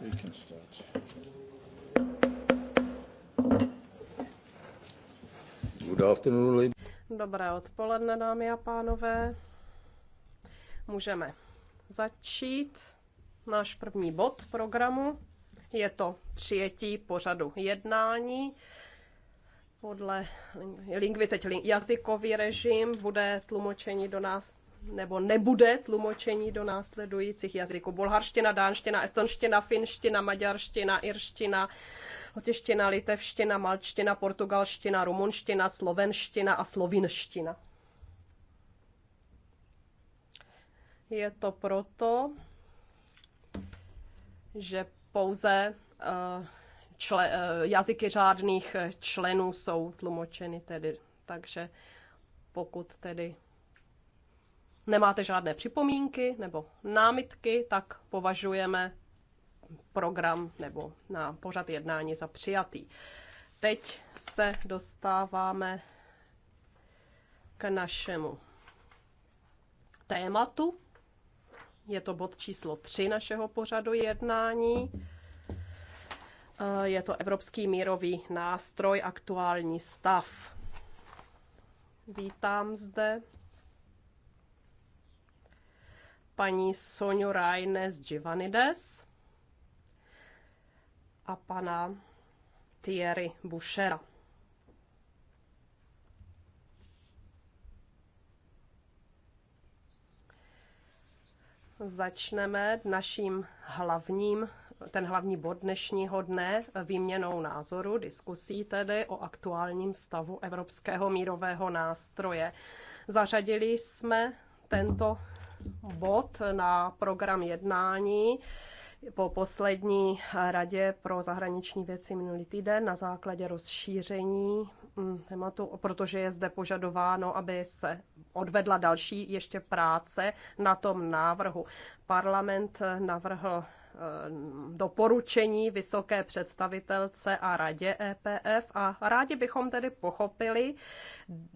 We can start. Good afternoon, Dobré odpoledne, dámy a pánové. Můžeme začít náš první bod programu. Je to přijetí pořadu jednání podle lingvy, teď jazykový režim, bude tlumočení do nás nebo nebude tlumočení do následujících jazyků. Bulharština, dánština, estonština, finština, maďarština, irština, lotěština, litevština, malčtina, portugalština, rumunština, slovenština a slovinština. Je to proto, že pouze eh, čle, eh, jazyky řádných členů jsou tlumočeny tedy. Takže pokud tedy nemáte žádné připomínky nebo námitky, tak považujeme program nebo na pořad jednání za přijatý. Teď se dostáváme k našemu tématu. Je to bod číslo 3 našeho pořadu jednání. Eh, je to Evropský mírový nástroj, aktuální stav. Vítám zde paní Sonio Rajnes Givanides a pana Thierry Bushera. Začneme naším hlavním, ten hlavní bod dnešního dne výměnou názoru, diskusí tedy o aktuálním stavu Evropského mírového nástroje. Zařadili jsme tento bod na program jednání po poslední radě pro zahraniční věci minulý týden na základě rozšíření mm, tématu, protože je zde požadováno, aby se odvedla další ještě práce na tom návrhu. Parlament navrhl Eh, doporučení vysoké představitelce a radě EPF a rádi bychom tedy pochopili,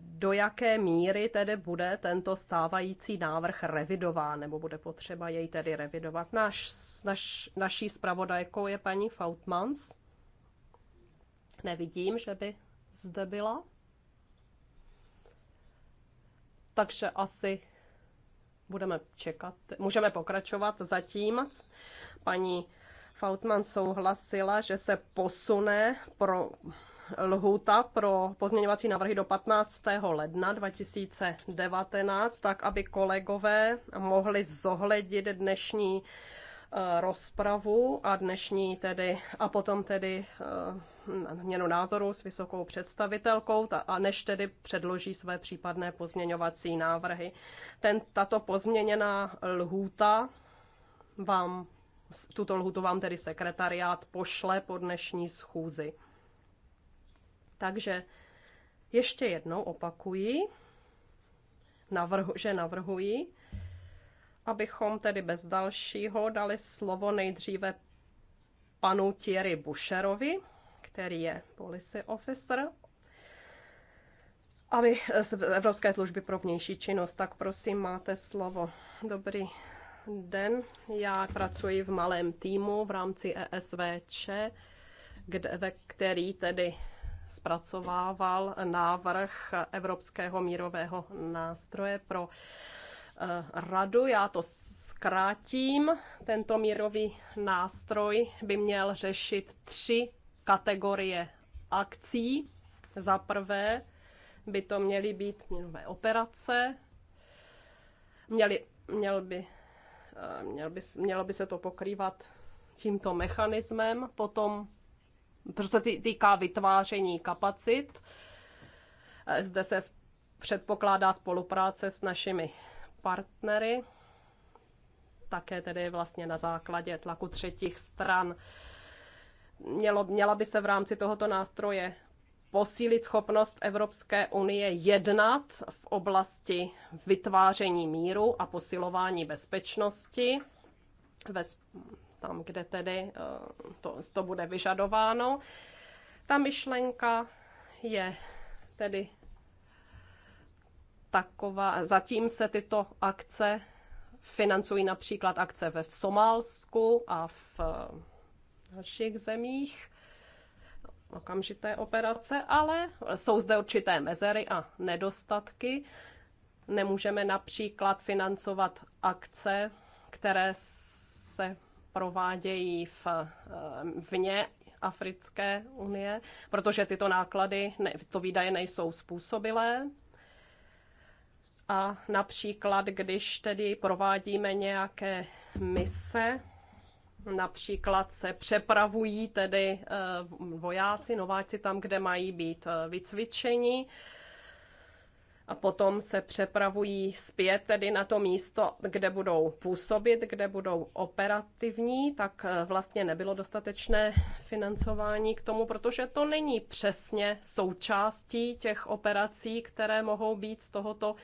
do jaké míry tedy bude tento stávající návrh revidován, nebo bude potřeba jej tedy revidovat. Naš, naš, naší zpravodajkou je paní Fautmans. Nevidím, že by zde byla. Takže asi budeme čekat, můžeme pokračovat zatím. Paní Fautman souhlasila, že se posune pro lhůta pro pozměňovací návrhy do 15. ledna 2019, tak aby kolegové mohli zohlednit dnešní eh, rozpravu a dnešní tedy a potom tedy eh, měnu názoru s vysokou představitelkou a než tedy předloží své případné pozměňovací návrhy. Ten, tato pozměněná lhůta vám, tuto lhůtu vám tedy sekretariát pošle po dnešní schůzi. Takže ještě jednou opakuji, navrhu, že navrhuji, abychom tedy bez dalšího dali slovo nejdříve panu Thierry Bušerovi, který je policy officer, aby z Evropské služby pro vnější činnost. Tak prosím, máte slovo. Dobrý den. Já pracuji v malém týmu v rámci ESVČ, kde, ve který tedy zpracovával návrh Evropského mírového nástroje pro eh, radu. Já to zkrátím. Tento mírový nástroj by měl řešit tři kategorie akcí. Za prvé by to měly být měnové operace, měly, měl by, eh, měl by, mělo by se to pokrývat tímto mechanismem, potom protože se týká vytváření kapacit. Eh, zde se předpokládá spolupráce s našimi partnery, také tedy vlastně na základě tlaku třetích stran mělo, měla by se v rámci tohoto nástroje posílit schopnost Evropské unie jednat v oblasti vytváření míru a posilování bezpečnosti, ve, tam, kde tedy eh, to, to bude vyžadováno. Ta myšlenka je tedy taková, zatím se tyto akce financují například akce ve v Somálsku a v našich zemích okamžité operace, ale jsou zde určité mezery a nedostatky. Nemůžeme například financovat akce, které se provádějí v, eh, vně Africké unie, protože tyto náklady, ne, to výdaje nejsou způsobilé. A například, když tedy provádíme nějaké mise, Například se přepravují tedy eh, vojáci, nováci tam, kde mají být eh, vycvičeni a potom se přepravují zpět tedy na to místo, kde budou působit, kde budou operativní, tak eh, vlastně nebylo dostatečné financování k tomu, protože to není přesně součástí těch operací, které mohou být z tohoto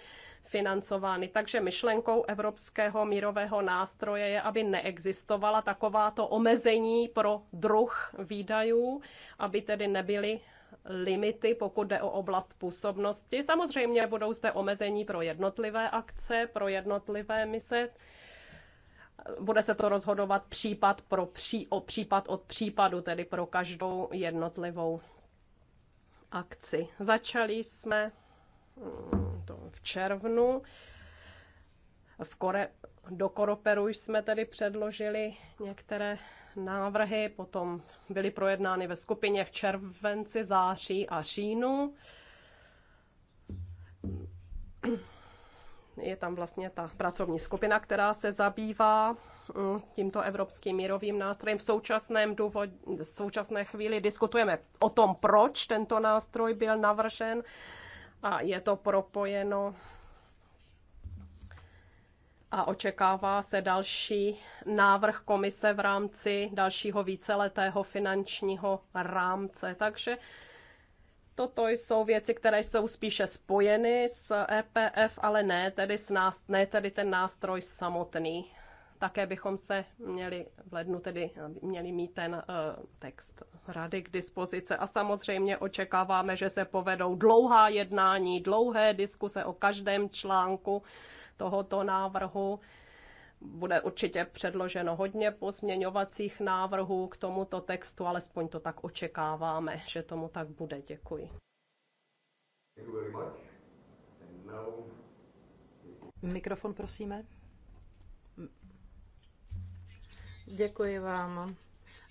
financovány. Takže myšlenkou evropského mírového nástroje je, aby neexistovala takováto omezení pro druh výdajů, aby tedy nebyly limity, pokud jde o oblast působnosti. Samozřejmě budou zde omezení pro jednotlivé akce, pro jednotlivé mise. Bude se to rozhodovat případ, pro pří, o případ od případu, tedy pro každou jednotlivou akci. Začali jsme mm, to v červnu. V Kore, do Koroperu jsme tedy předložili některé návrhy, potom byly projednány ve skupině v červenci, září a říjnu. Je tam vlastně ta pracovní skupina, která se zabývá mm, tímto evropským mírovým nástrojem. V, současném důvod, v současné chvíli diskutujeme o tom, proč tento nástroj byl navržen a je to propojeno a očekává se další návrh komise v rámci dalšího víceletého finančního rámce. Takže toto jsou věci, které jsou spíše spojeny s EPF, ale ne tedy, s nás, ne tedy ten nástroj samotný. Také bychom se měli v lednu tedy eh, měli mít ten eh, text rady k dispozici a samozřejmě očekáváme, že se povedou dlouhá jednání, dlouhé diskuse o každém článku tohoto návrhu bude určitě předloženo hodně pozměňovacích návrhů k tomuto textu, alespoň to tak očekáváme, že tomu tak bude. Děkuji. Mikrofon prosíme. Děkuji vám.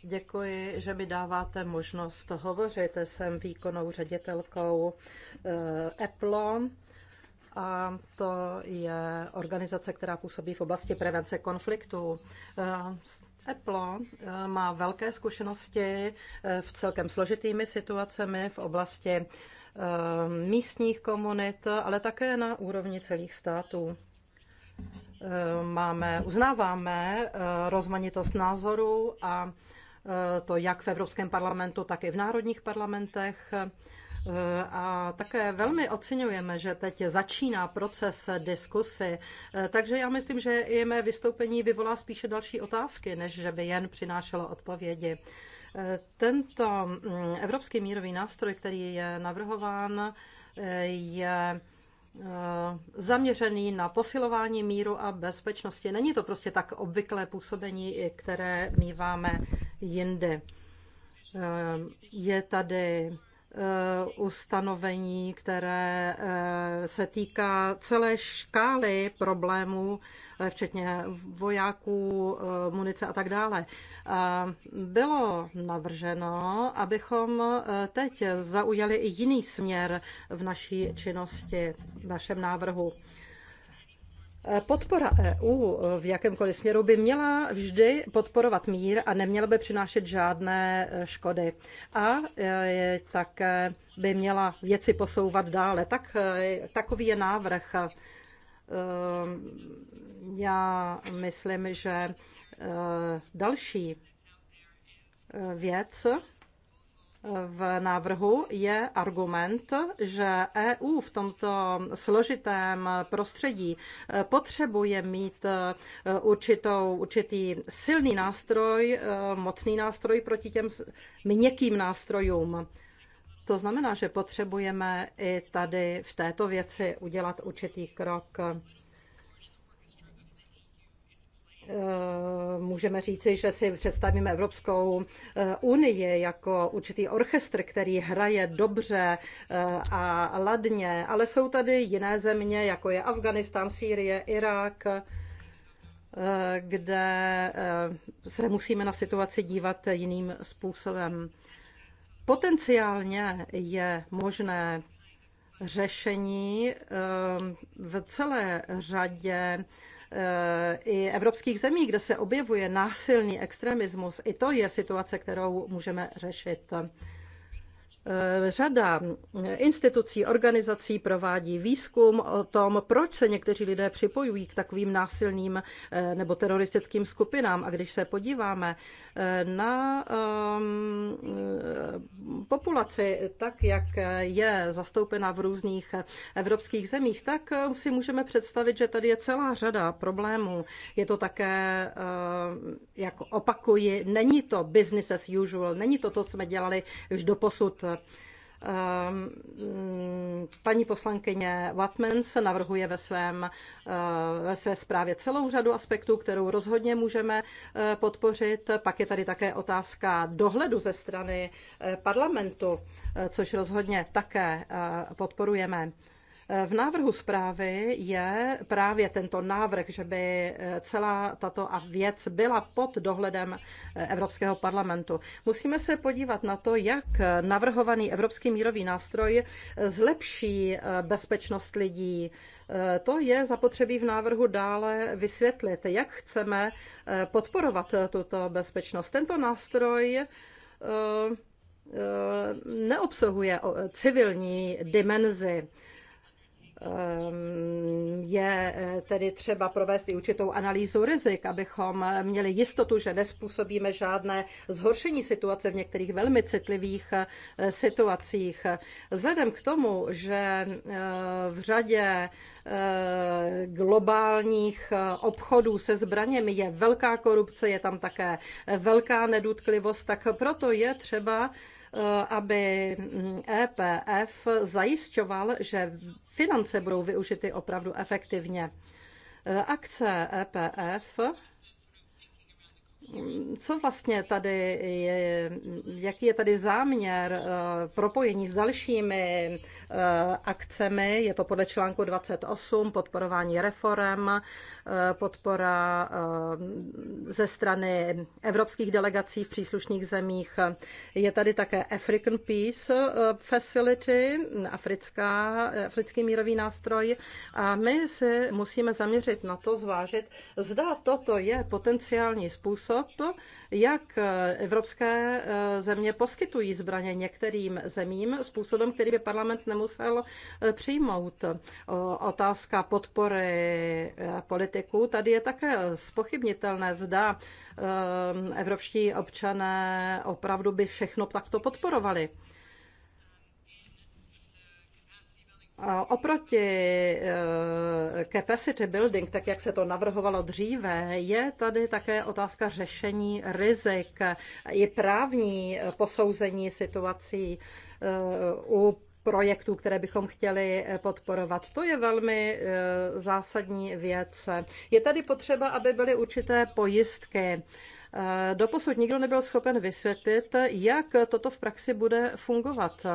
Děkuji, že mi dáváte možnost hovořit. Jsem výkonnou ředitelkou eh, EPLO a to je organizace, která působí v oblasti prevence konfliktů. Apple eh, eh, má velké zkušenosti v celkem složitými situacemi v oblasti místních komunit, ale také na úrovni celých států. Eh, máme, uznáváme eh, rozmanitost názorů a eh, to jak v Evropském parlamentu, tak i v národních parlamentech. A také velmi oceňujeme, že teď začíná proces diskusy, takže já myslím, že i mé vystoupení vyvolá spíše další otázky, než že by jen přinášelo odpovědi. Tento mm, evropský mírový nástroj, který je navrhován, je Eh, zaměřený na posilování míru a bezpečnosti. Není to prostě tak obvyklé působení, které míváme jindy. Eh, je tady eh, ustanovení, které se týká celé škály problémů, Eh, včetně vojáků, eh, munice a tak dále. Eh, bylo navrženo, abychom teď zaujali i jiný směr v naší činnosti, v našem návrhu. Podpora EU v jakémkoliv směru by měla vždy podporovat mír a neměla by přinášet žádné škody. A také by měla věci posouvat dále. Tak, takový je návrh Ehm, já myslím, že eh, další eh, věc eh, v návrhu je argument, že EU v tomto složitém prostředí potřebuje mít určitou, určitý silný nástroj, mocný nástroj proti těm měkkým nástrojům. To znamená, že potřebujeme i tady v této věci udělat určitý krok. Eh, můžeme říci, že si představíme Evropskou eh, unii jako určitý orchestr, který hraje dobře eh, a ladně, ale jsou tady jiné země, jako je Afganistán, Sýrie, Irák, kde se musíme na situaci dívat jiným způsobem. Potenciálně je možné řešení eh, v celé řadě eh, i evropských zemí, kde se objevuje násilný extremismus. I to je situace, kterou můžeme řešit. Eh, řada eh, institucí, organizací provádí výzkum o tom, proč se někteří lidé připojují k takovým násilným eh, nebo teroristickým skupinám. A když se podíváme na um, populaci, tak jak je zastoupena v různých evropských zemích, tak si můžeme představit, že tady je celá řada problémů. Je to také, um, jak opakuji, není to business as usual, není to to, co jsme dělali už do posud Eh, paní poslankyně se navrhuje ve, svém, eh, ve své zprávě celou řadu aspektů, kterou rozhodně můžeme eh, podpořit. Pak je tady také otázka dohledu ze strany parlamentu, což rozhodně také podporujeme. V návrhu zprávy je právě tento návrh, že by eh, celá tato věc byla pod dohledem eh, Evropského parlamentu. Musíme se podívat na to, jak navrhovaný Evropský mírový nástroj eh, zlepší bezpečnost lidí. To je zapotřebí v návrhu dále vysvětlit, jak chceme podporovat tuto bezpečnost. Tento nástroj neobsahuje civilní dimenzi. Ehm, je eh, tedy třeba provést i určitou analýzu rizik, abychom měli jistotu, že nespůsobíme žádné zhoršení situace v některých velmi citlivých eh, situacích. Vzhledem k tomu, že eh, v řadě globálních obchodů se zbraněmi je velká korupce, je tam také velká nedutklivost, tak proto je třeba Eh, aby mm, EPF zajišťoval, že finance budou využity opravdu efektivně. Eh, akce EPF co vlastně tady je, jaký je tady záměr eh, propojení s dalšími eh, akcemi? Je to podle článku 28 podporování reform, eh, podpora ze strany evropských delegací v příslušných zemích. Je tady také African Peace Facility, africká, africký mírový nástroj. A my si musíme zaměřit na to, zvážit, zda toto je potenciální způsob, způsob, jak evropské eh, země poskytují zbraně některým zemím způsobem, který by parlament nemusel eh, přijmout. Otázka podpory eh, politiků. Tady je také spochybnitelné, zda evropští občané opravdu by všechno takto podporovali. Oproti eh, capacity building, tak jak se to navrhovalo dříve, je tady také otázka řešení rizik i právní posouzení situací eh, u projektů, které bychom chtěli podporovat. To je velmi eh, zásadní věc. Je tady potřeba, aby byly určité pojistky. Doposud nikdo nebyl schopen vysvětlit, jak toto v praxi bude fungovat.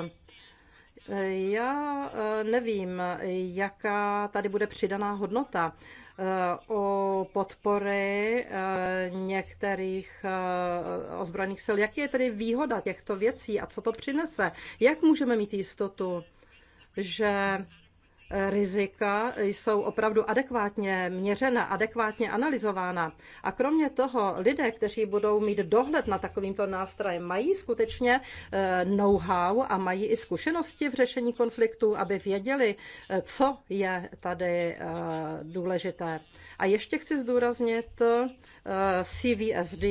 Já e, nevím, jaká tady bude přidaná hodnota e, o podpory e, některých ozbrojených sil. Jaký je tedy výhoda těchto věcí a co to přinese? Jak můžeme mít jistotu, že rizika jsou opravdu adekvátně měřena, adekvátně analyzována. A kromě toho lidé, kteří budou mít dohled na takovýmto nástrojem, mají skutečně eh, know-how a mají i zkušenosti v řešení konfliktů, aby věděli, eh, co je tady eh, důležité. A ještě chci zdůraznit CVSD,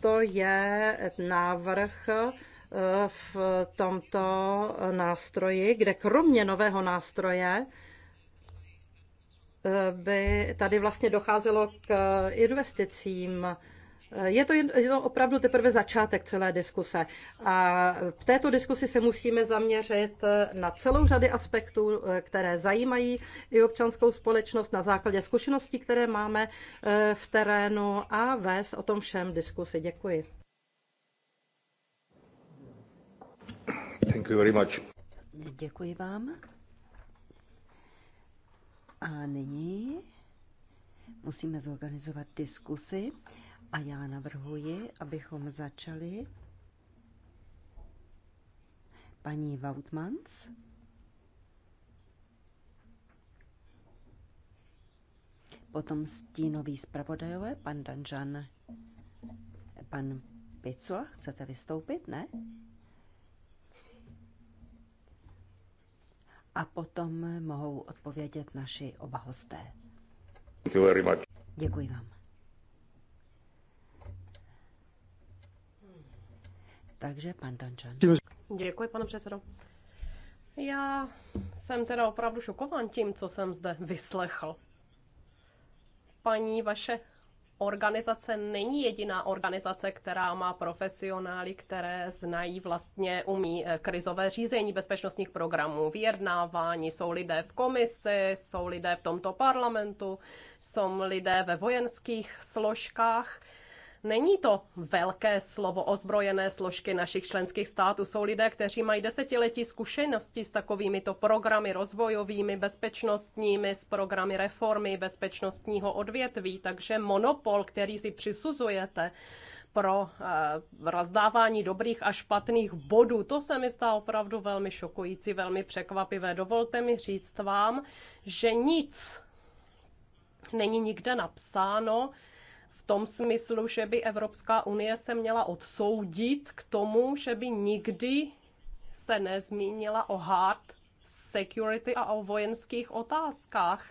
to je návrh v tomto nástroji, kde kromě nového nástroje eh, by tady vlastně docházelo k investicím. Eh, je to, je to opravdu teprve začátek celé diskuse. A v této diskusi se musíme zaměřit eh, na celou řady aspektů, které zajímají i občanskou společnost na základě zkušeností, které máme v terénu a vést o tom všem diskusi. Děkuji. Thank you very much. Děkuji vám. A nyní musíme zorganizovat diskusy a já navrhuji, abychom začali paní Vautmans. Potom stínový zpravodajové, pan Danžan, pan Picula, chcete vystoupit, ne? a potom mohou odpovědět naši oba hosté. Děkuji vám. Takže pan Tančan. Děkuji, pane předsedo. Já jsem teda opravdu šokován tím, co jsem zde vyslechl. Paní, vaše organizace není jediná organizace, která má profesionály, které znají vlastně, umí eh, krizové řízení bezpečnostních programů, vyjednávání, jsou lidé v komisi, jsou lidé v tomto parlamentu, jsou lidé ve vojenských složkách, Není to velké slovo ozbrojené složky našich členských států. Jsou lidé, kteří mají desetiletí zkušenosti s takovýmito programy rozvojovými, bezpečnostními, s programy reformy bezpečnostního odvětví. Takže monopol, který si přisuzujete, pro eh, rozdávání dobrých a špatných bodů. To se mi stá opravdu velmi šokující, velmi překvapivé. Dovolte mi říct vám, že nic není nikde napsáno, tom smyslu, že by Evropská unie se měla odsoudit k tomu, že by nikdy se nezmínila o hard security a o vojenských otázkách.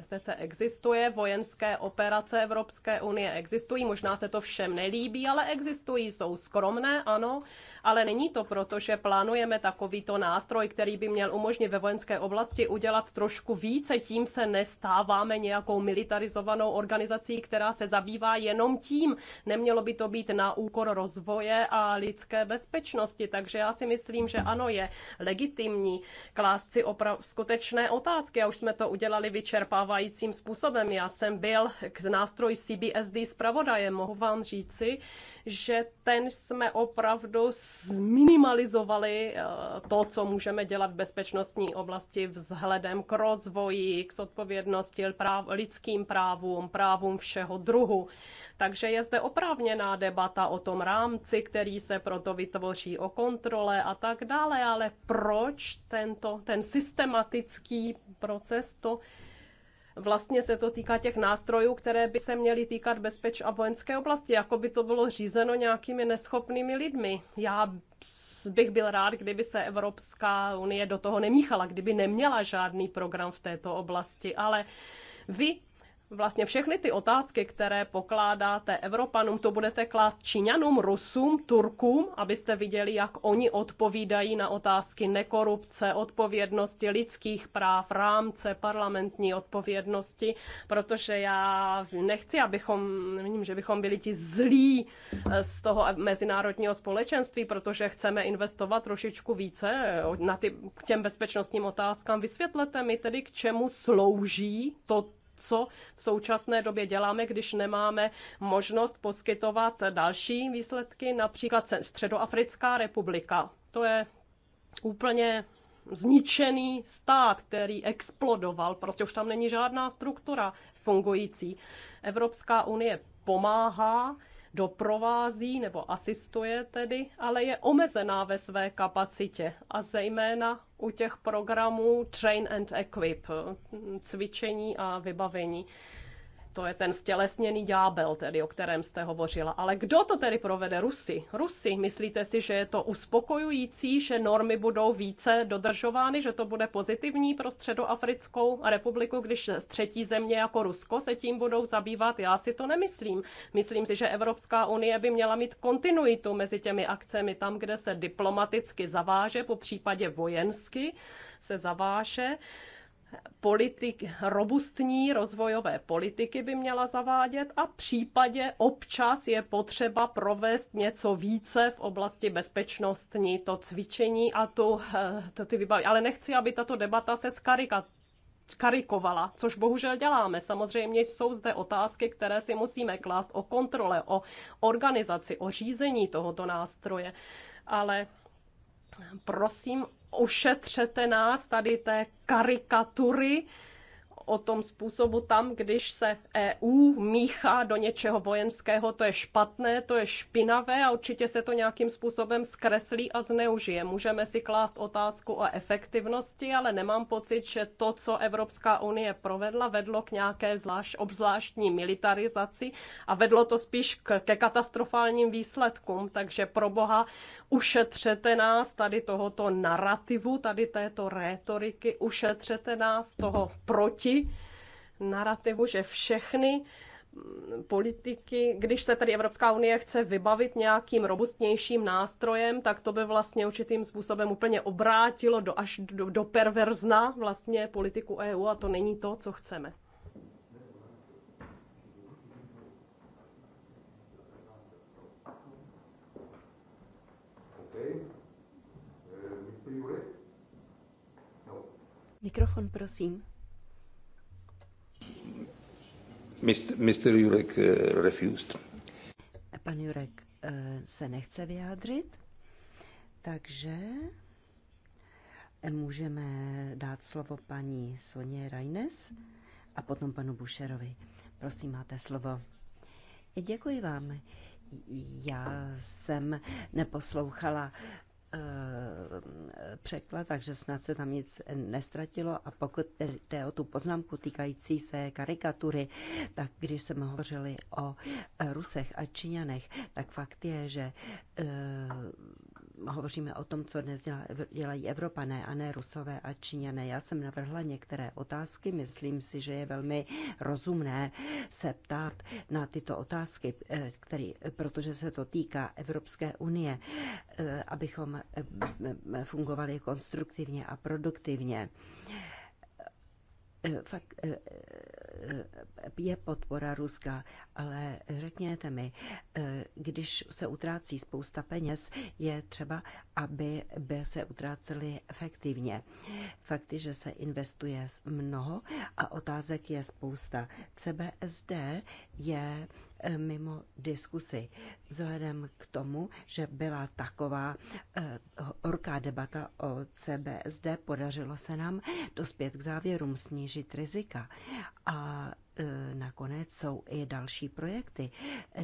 STC existuje, vojenské operace Evropské unie existují, možná se to všem nelíbí, ale existují, jsou skromné, ano, ale není to proto, že plánujeme takovýto nástroj, který by měl umožnit ve vojenské oblasti udělat trošku více, tím se nestáváme nějakou militarizovanou organizací, která se zabývá jenom tím. Nemělo by to být na úkor rozvoje a lidské bezpečnosti, takže já si myslím, že ano, je legitimní klást si skutečné otázky a už jsme to udělali vyčerpávajícím způsobem. Já jsem byl k nástroji CBSD zpravodaje. Mohu vám říci, že ten jsme opravdu zminimalizovali eh, to, co můžeme dělat v bezpečnostní oblasti vzhledem k rozvoji, k odpovědnosti práv, lidským právům, právům všeho druhu. Takže je zde oprávněná debata o tom rámci, který se proto vytvoří, o kontrole a tak dále, ale proč tento, ten systematický proces to Vlastně se to týká těch nástrojů, které by se měly týkat bezpeč a vojenské oblasti, jako by to bylo řízeno nějakými neschopnými lidmi. Já bych byl rád, kdyby se Evropská unie do toho nemíchala, kdyby neměla žádný program v této oblasti, ale vy vlastně všechny ty otázky, které pokládáte Evropanům, to budete klást Číňanům, Rusům, Turkům, abyste viděli, jak oni odpovídají na otázky nekorupce, odpovědnosti lidských práv, rámce parlamentní odpovědnosti, protože já nechci, abychom, nevím, že bychom byli ti zlí eh, z toho mezinárodního společenství, protože chceme investovat trošičku více eh, na ty, k těm bezpečnostním otázkám. Vysvětlete mi tedy, k čemu slouží to, co v současné době děláme, když nemáme možnost poskytovat další výsledky, například Středoafrická republika. To je úplně zničený stát, který explodoval, prostě už tam není žádná struktura fungující. Evropská unie pomáhá doprovází nebo asistuje tedy, ale je omezená ve své kapacitě a zejména u těch programů Train and Equip, cvičení a vybavení to je ten stělesněný ďábel, tedy, o kterém jste hovořila. Ale kdo to tedy provede? Rusy. Rusy, myslíte si, že je to uspokojující, že normy budou více dodržovány, že to bude pozitivní pro Středoafrickou republiku, když z třetí země jako Rusko se tím budou zabývat? Já si to nemyslím. Myslím si, že Evropská unie by měla mít kontinuitu mezi těmi akcemi tam, kde se diplomaticky zaváže, po případě vojensky se zaváže politik, robustní rozvojové politiky by měla zavádět a případě občas je potřeba provést něco více v oblasti bezpečnostní, to cvičení a tu, eh, to ty vybaví. Ale nechci, aby tato debata se skarikat karikovala, což bohužel děláme. Samozřejmě jsou zde otázky, které si musíme klást o kontrole, o organizaci, o řízení tohoto nástroje, ale prosím ošetřete nás tady té karikatury, o tom způsobu tam, když se EU míchá do něčeho vojenského, to je špatné, to je špinavé a určitě se to nějakým způsobem zkreslí a zneužije. Můžeme si klást otázku o efektivnosti, ale nemám pocit, že to, co Evropská unie provedla, vedlo k nějaké zvlášť, obzvláštní militarizaci a vedlo to spíš k, ke katastrofálním výsledkům. Takže pro boha ušetřete nás tady tohoto narrativu, tady této rétoriky, ušetřete nás toho proti narrativu, že všechny mm, politiky, když se tady Evropská unie chce vybavit nějakým robustnějším nástrojem, tak to by vlastně určitým způsobem úplně obrátilo do, až do, do perverzna vlastně politiku EU a to není to, co chceme. Eh, no. Mikrofon, prosím. Mr. Eh, refused. Pan Jurek eh, se nechce vyjádřit, takže eh, můžeme dát slovo paní Soně Rajnes a potom panu Bušerovi. Prosím, máte slovo. Děkuji vám. Já jsem neposlouchala Eh, překlad, takže snad se tam nic nestratilo. A pokud jde o tu poznámku týkající se karikatury, tak když jsme hovořili o eh, Rusech a Číňanech, tak fakt je, že eh, hovoříme o tom, co dnes dělá, dělají Evropané a ne Rusové a Číňané. Já jsem navrhla některé otázky. Myslím si, že je velmi rozumné se ptát na tyto otázky, eh, který, protože se to týká Evropské unie, eh, abychom eh, fungovali konstruktivně a produktivně. Eh, fakt, eh, eh, je podpora ruská, ale řekněte mi, když se utrácí spousta peněz, je třeba, aby by se utráceli efektivně. Fakt je, že se investuje mnoho a otázek je spousta. CBSD je Eh, mimo diskusi Vzhledem k tomu, že byla taková eh, horká debata o CBSD, podařilo se nám dospět k závěrům, snížit rizika. A eh, nakonec jsou i další projekty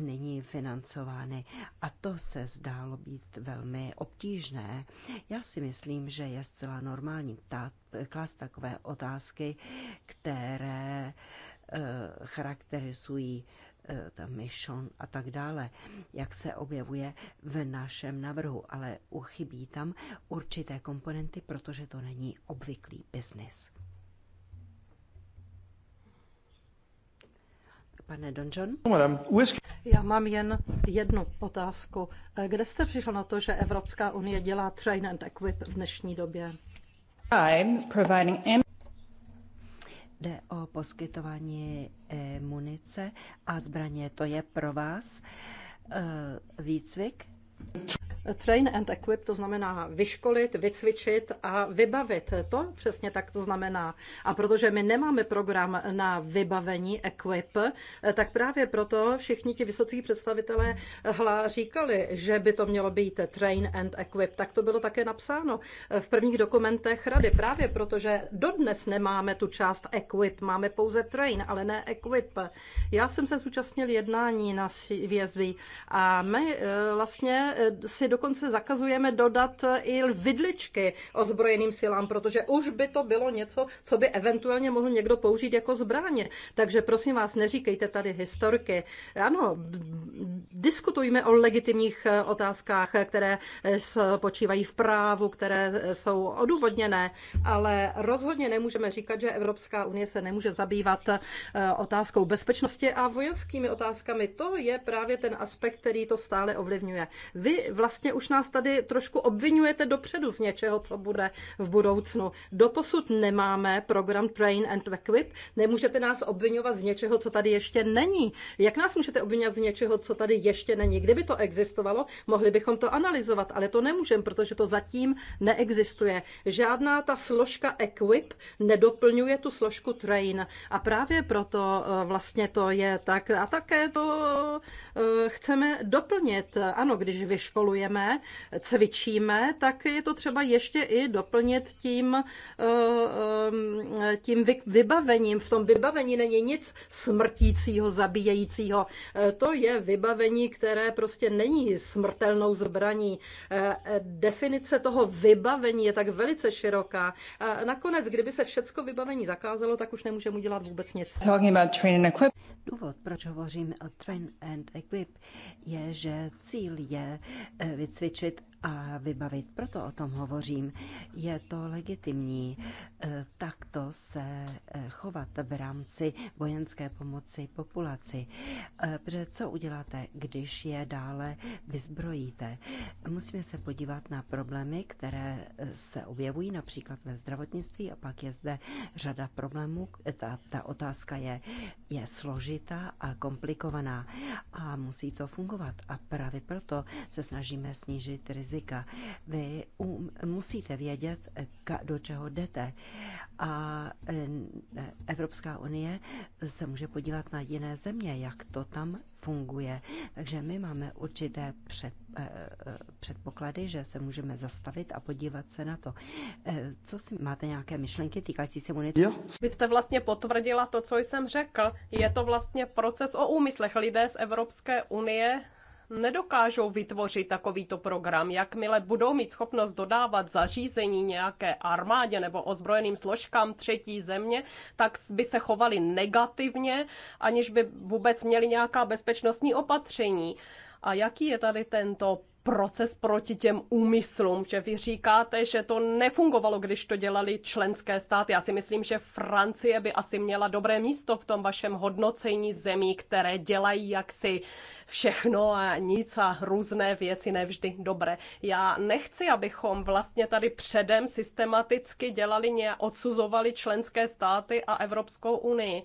nyní financovány a to se zdálo být velmi obtížné. Já si myslím, že je zcela normální ptát, klas takové otázky, které charakterizují Eh, ta mission a tak dále, jak se objevuje v našem navrhu, ale uchybí tam určité komponenty, protože to není obvyklý biznis. Pane Donjon? No, Já mám jen jednu otázku. Eh, kde jste přišel na to, že Evropská unie dělá train and equip v dnešní době? Jde o poskytování eh, munice a zbraně. To je pro vás eh, výcvik? Train and equip to znamená vyškolit, vycvičit a vybavit. To přesně tak to znamená. A protože my nemáme program na vybavení equip, tak právě proto všichni ti vysocí představitelé hla říkali, že by to mělo být train and equip. Tak to bylo také napsáno v prvních dokumentech rady. Právě protože dodnes nemáme tu část equip, máme pouze train, ale ne equip. Já jsem se zúčastnil jednání na CVSB a my eh, vlastně eh, si dokonce zakazujeme dodat eh, i vidličky ozbrojeným silám, protože už by to bylo něco, co by eventuálně mohl někdo použít jako zbraně. Takže prosím vás, neříkejte tady historky. Ano, diskutujme o legitimních eh, otázkách, eh, které spočívají v právu, které jsou odůvodněné, ale rozhodně nemůžeme říkat, že Evropská unie se nemůže zabývat otázkou bezpečnosti a vojenskými otázkami. To je právě ten aspekt, který to stále ovlivňuje. Vy vlastně vlastně už nás tady trošku obvinujete dopředu z něčeho, co bude v budoucnu. Doposud nemáme program Train and Equip, nemůžete nás obvinovat z něčeho, co tady ještě není. Jak nás můžete obvinovat z něčeho, co tady ještě není? Kdyby to existovalo, mohli bychom to analyzovat, ale to nemůžeme, protože to zatím neexistuje. Žádná ta složka Equip nedoplňuje tu složku Train a právě proto eh, vlastně to je tak. A také to eh, chceme doplnit. Ano, když vyškolujeme pracujeme, cvičíme, tak je to třeba ještě i doplnit tím, eh, eh, tím vybavením. V tom vybavení není nic smrtícího, zabíjejícího. Eh, to je vybavení, které prostě není smrtelnou zbraní. Definice toho vybavení je tak velice široká. Nakonec, kdyby se všecko vybavení zakázalo, tak už nemůžeme udělat vůbec nic. Důvod, proč hovořím o train and equip, je, že cíl je vycvičit a vybavit. Proto o tom hovořím. Je to legitimní eh, takto se eh, chovat v rámci vojenské pomoci populaci. Eh, protože co uděláte, když je dále vyzbrojíte? Musíme se podívat na problémy, které se objevují například ve zdravotnictví a pak je zde řada problémů. Ta, ta otázka je, je složitá a komplikovaná a musí to fungovat. A právě proto se snažíme snížit riziko rizika. Vy um, musíte vědět, eh, ka, do čeho jdete. A eh, eh, Evropská unie se může podívat na jiné země, jak to tam funguje. Takže my máme určité před, předpoklady, že se můžeme zastavit a podívat se na to. Co si máte nějaké myšlenky týkající se monitoringu? Vy jste vlastně potvrdila to, co jsem řekl. Je to vlastně proces o úmyslech. Lidé z Evropské unie nedokážou vytvořit takovýto program. Jakmile budou mít schopnost dodávat zařízení nějaké armádě nebo ozbrojeným složkám třetí země, tak by se chovali negativně, aniž by vůbec měli nějaká bezpečnostní opatření. A jaký je tady tento proces proti těm úmyslům, že vy říkáte, že to nefungovalo, když to dělali členské státy. Já si myslím, že Francie by asi měla dobré místo v tom vašem hodnocení zemí, které dělají jaksi všechno a nic a různé věci nevždy dobré. Já nechci, abychom vlastně tady předem systematicky dělali nějak, odsuzovali členské státy a Evropskou unii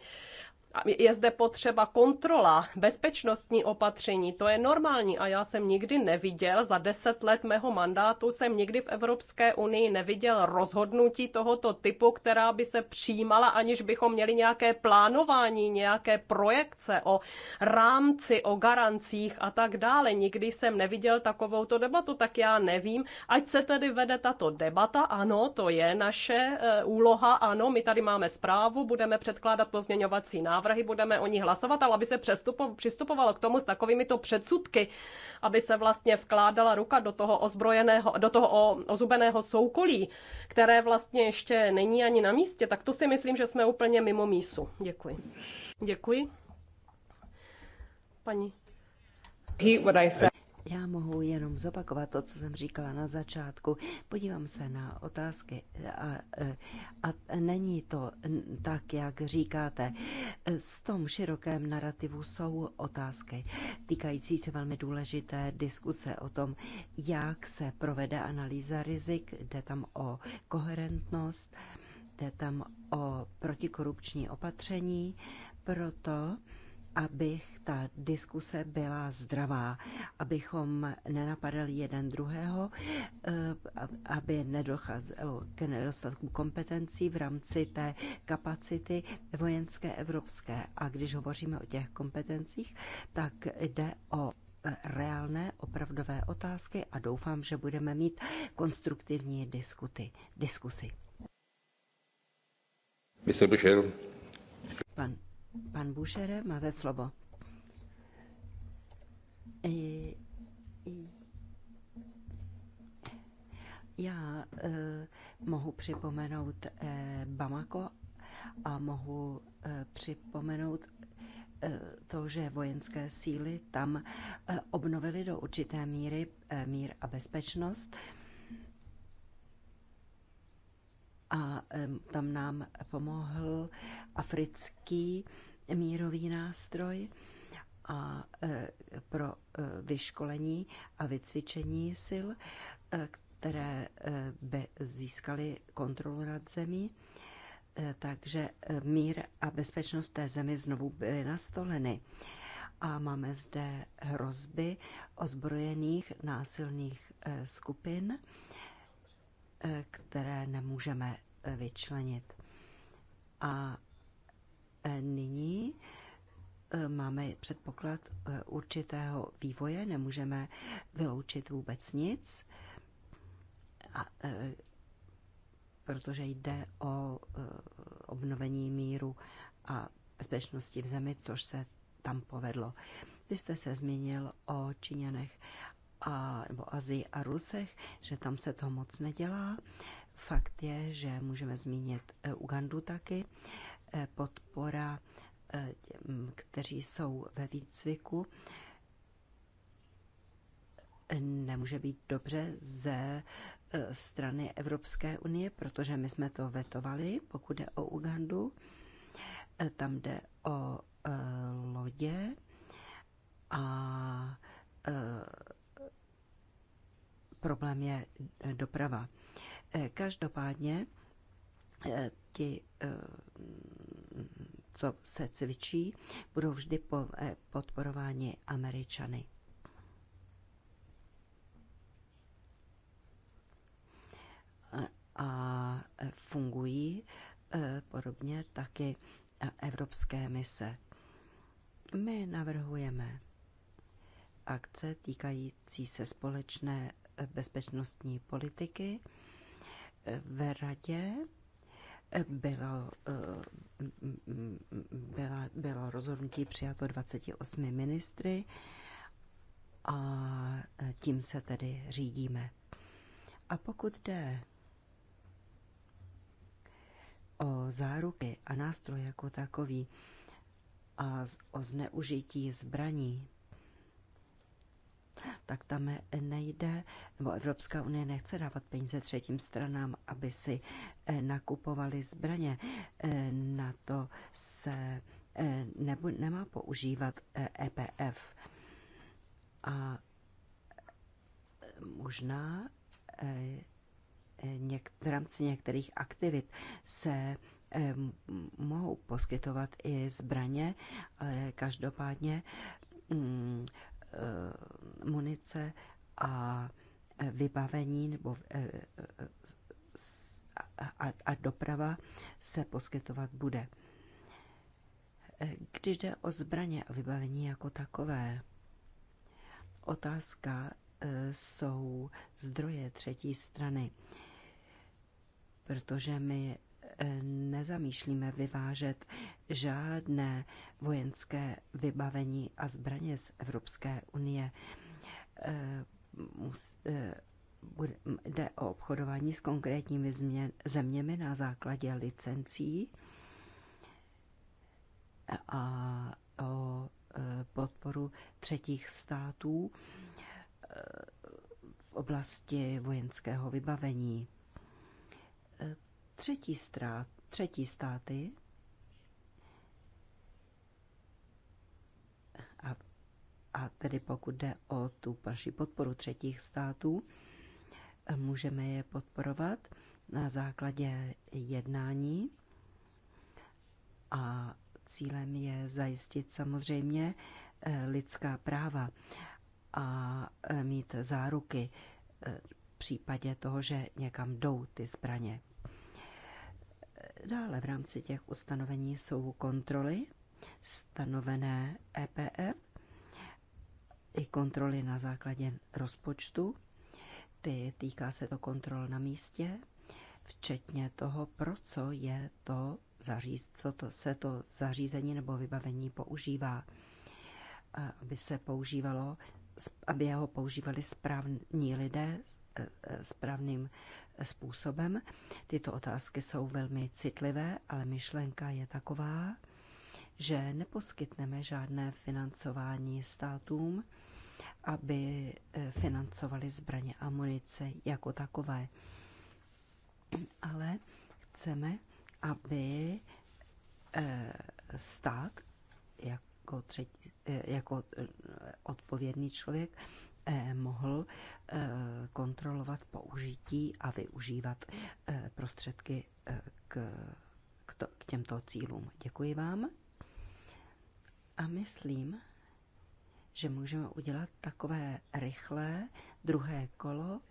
je zde potřeba kontrola, bezpečnostní opatření, to je normální a já jsem nikdy neviděl, za deset let mého mandátu jsem nikdy v Evropské unii neviděl rozhodnutí tohoto typu, která by se přijímala, aniž bychom měli nějaké plánování, nějaké projekce o rámci, o garancích a tak dále. Nikdy jsem neviděl takovouto debatu, tak já nevím. Ať se tedy vede tato debata, ano, to je naše eh, úloha, ano, my tady máme zprávu, budeme předkládat pozměňovací návrh, návrhy, budeme o ní hlasovat, ale aby se přistupovalo k tomu s takovými to předsudky, aby se vlastně vkládala ruka do toho ozbrojeného, do toho ozubeného soukolí, které vlastně ještě není ani na místě, tak to si myslím, že jsme úplně mimo mísu. Děkuji. Děkuji. Paní. What I said. Já mohu jenom zopakovat to, co jsem říkala na začátku. Podívám se na otázky a, a, není to tak, jak říkáte. S tom širokém narrativu jsou otázky týkající se velmi důležité diskuse o tom, jak se provede analýza rizik, jde tam o koherentnost, jde tam o protikorupční opatření, proto abych ta diskuse byla zdravá, abychom nenapadali jeden druhého, eh, aby nedocházelo k nedostatku kompetencí v rámci té kapacity vojenské evropské. A když hovoříme o těch kompetencích, tak jde o eh, reálné, opravdové otázky a doufám, že budeme mít konstruktivní diskuty, diskusy. Mr. Bushel. Pan Pan Bušere, máte slovo. E, e, já eh, mohu připomenout eh, Bamako a mohu eh, připomenout e, to, že vojenské síly tam obnovily do určité míry mír a bezpečnost. Eh, a tam nám pomohl africký mírový nástroj a e, pro e, vyškolení a vycvičení sil, e, které by získaly kontrolu nad zemí. Takže mír a bezpečnost té zemi znovu byly nastoleny. A máme zde hrozby ozbrojených násilných skupin Eh, které nemůžeme eh, vyčlenit. A eh, nyní máme předpoklad určitého vývoje, nemůžeme vyloučit vůbec nic, a, protože jde o obnovení míru a bezpečnosti v zemi, což se tam povedlo. Vy jste se zmínil o Číňanech a, nebo Azii a Rusech, že tam se to moc nedělá. Fakt je, že můžeme zmínit e, Ugandu taky. E, podpora e, těm, kteří jsou ve výcviku, nemůže být dobře ze strany Evropské unie, protože my jsme to vetovali, pokud jde o Ugandu. Tam jde o lodě a problém je eh, doprava. Eh, každopádně eh, ti, co se cvičí, budou vždy podporováni Američany. A fungují podobně taky evropské mise. My navrhujeme akce týkající se společné bezpečnostní politiky v radě bylo, eh, bylo, bylo rozhodnutí přijato 28 ministry a tím se tedy řídíme. A pokud jde o záruky a nástroj jako takový a o zneužití zbraní, tak tam nejde, nebo Evropská unie nechce dávat peníze třetím stranám, aby si eh, nakupovali zbraně. Eh, na to se eh, nebo nemá používat EPF. E A možná něk, v rámci některých aktivit se mohou poskytovat i zbraně, ale každopádně mm, Eh, munice a eh, vybavení nebo eh, a, a doprava se poskytovat bude. Když jde o zbraně a vybavení jako takové, otázka jsou zdroje třetí strany, protože my Eh, nezamýšlíme vyvážet žádné vojenské vybavení a zbraně z Evropské unie. Eh, eh, jde o obchodování s konkrétními zeměmi na základě licencí a o podporu třetích států v oblasti vojenského vybavení. Třetí, strát, třetí státy a, a tedy pokud jde o tu další podporu třetích států, můžeme je podporovat na základě jednání a cílem je zajistit samozřejmě eh, lidská práva a eh, mít záruky eh, v případě toho, že někam jdou ty zbraně. Dále v rámci těch ustanovení jsou kontroly stanovené EPF i kontroly na základě rozpočtu. Ty týká se to kontrol na místě, včetně toho, pro co je to zaříz, co to, se to zařízení nebo vybavení používá, aby se používalo, aby ho používali správní lidé správným způsobem. Tyto otázky jsou velmi citlivé, ale myšlenka je taková, že neposkytneme žádné financování státům, aby eh, financovali zbraně a munice jako takové. Ale chceme, aby eh, stát jako, třetí, eh, jako odpovědný člověk E mohl e, kontrolovat použití a využívat e, prostředky k, k, to, k těmto cílům. Děkuji vám a myslím, že můžeme udělat takové rychlé druhé kolo.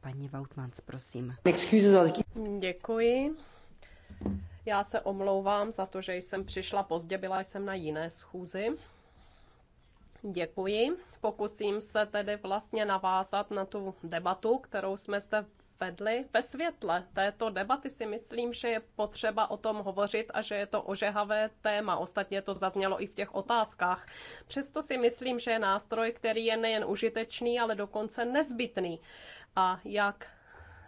Paní Vautmans, prosím. Děkuji. Já se omlouvám za to, že jsem přišla pozdě, byla jsem na jiné schůzi. Děkuji. Pokusím se tedy vlastně navázat na tu debatu, kterou jsme zde vedli. Ve světle této debaty si myslím, že je potřeba o tom hovořit a že je to ožehavé téma. Ostatně to zaznělo i v těch otázkách. Přesto si myslím, že je nástroj, který je nejen užitečný, ale dokonce nezbytný. A jak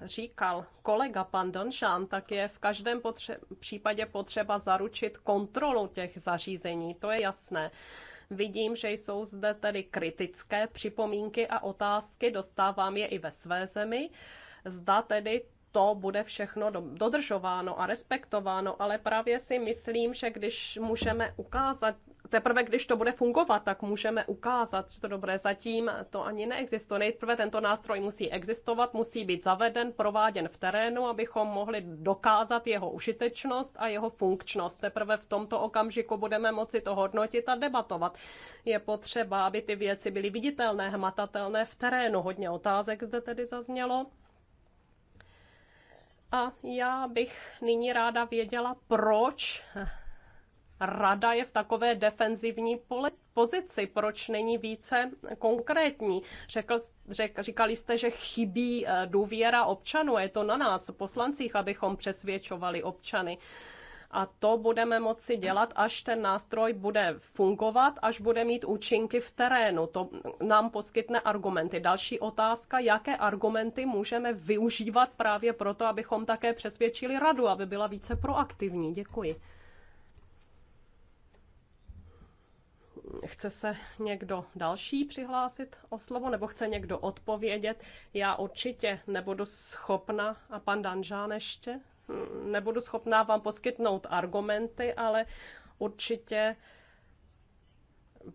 říkal kolega pan Donšan, tak je v každém potře- případě potřeba zaručit kontrolu těch zařízení. To je jasné. Vidím, že jsou zde tedy kritické připomínky a otázky, dostávám je i ve své zemi. Zda tedy to bude všechno dodržováno a respektováno, ale právě si myslím, že když můžeme ukázat teprve když to bude fungovat, tak můžeme ukázat, že to dobré. Zatím to ani neexistuje. Nejprve tento nástroj musí existovat, musí být zaveden, prováděn v terénu, abychom mohli dokázat jeho užitečnost a jeho funkčnost. Teprve v tomto okamžiku budeme moci to hodnotit a debatovat. Je potřeba, aby ty věci byly viditelné, hmatatelné v terénu. Hodně otázek zde tedy zaznělo. A já bych nyní ráda věděla, proč rada je v takové defenzivní pozici, proč není více konkrétní. Řekl, řek, říkali jste, že chybí eh, důvěra občanů, je to na nás, poslancích, abychom přesvědčovali občany a to budeme moci dělat, až ten nástroj bude fungovat, až bude mít účinky v terénu. To nám poskytne argumenty. Další otázka, jaké argumenty můžeme využívat právě proto, abychom také přesvědčili radu, aby byla více proaktivní. Děkuji. chce se někdo další přihlásit o slovo, nebo chce někdo odpovědět? Já určitě nebudu schopna, a pan Danžán ještě, hm, nebudu schopná vám poskytnout argumenty, ale určitě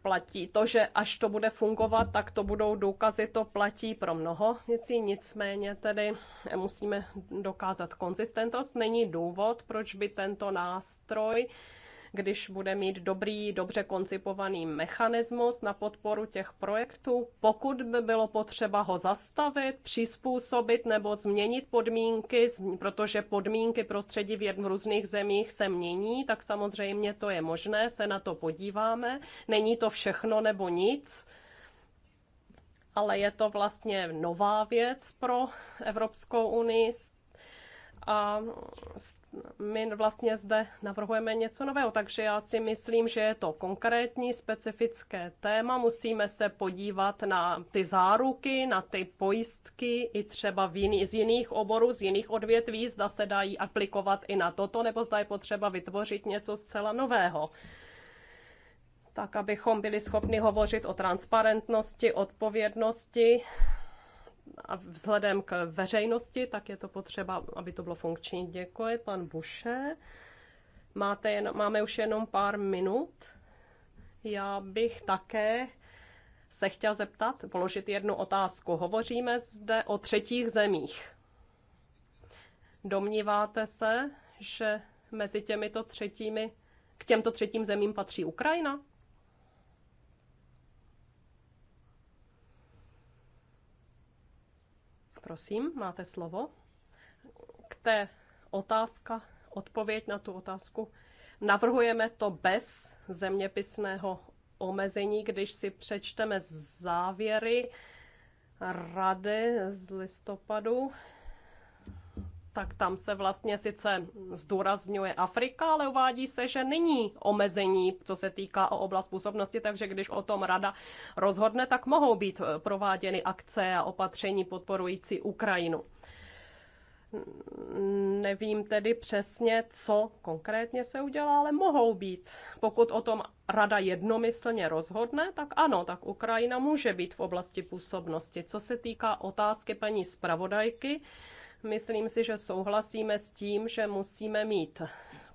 platí to, že až to bude fungovat, tak to budou důkazy, to platí pro mnoho věcí, nicméně tedy musíme dokázat konzistentnost. Není důvod, proč by tento nástroj když bude mít dobrý, dobře koncipovaný mechanismus na podporu těch projektů, pokud by bylo potřeba ho zastavit, přizpůsobit nebo změnit podmínky, protože podmínky prostředí v různých zemích se mění, tak samozřejmě to je možné, se na to podíváme. Není to všechno nebo nic ale je to vlastně nová věc pro Evropskou unii a my vlastně zde navrhujeme něco nového, takže já si myslím, že je to konkrétní, specifické téma. Musíme se podívat na ty záruky, na ty pojistky i třeba v jiný, z jiných oborů, z jiných odvětví, zda se dají aplikovat i na toto, nebo zda je potřeba vytvořit něco zcela nového tak abychom byli schopni hovořit o transparentnosti, odpovědnosti, a vzhledem k veřejnosti, tak je to potřeba, aby to bylo funkční. Děkuji, pan Buše. Máte jen, máme už jenom pár minut. Já bych také se chtěl zeptat, položit jednu otázku. Hovoříme zde o třetích zemích. Domníváte se, že mezi těmito třetími, k těmto třetím zemím patří Ukrajina? Prosím, máte slovo. K té otázka, odpověď na tu otázku. Navrhujeme to bez zeměpisného omezení, když si přečteme závěry rady z listopadu tak tam se vlastně sice zdůrazňuje Afrika, ale uvádí se, že není omezení, co se týká o oblast působnosti, takže když o tom rada rozhodne, tak mohou být eh, prováděny akce a opatření podporující Ukrajinu. Nevím tedy přesně, co konkrétně se udělá, ale mohou být. Pokud o tom rada jednomyslně rozhodne, tak ano, tak Ukrajina může být v oblasti působnosti. Co se týká otázky paní zpravodajky, Myslím si, že souhlasíme s tím, že musíme mít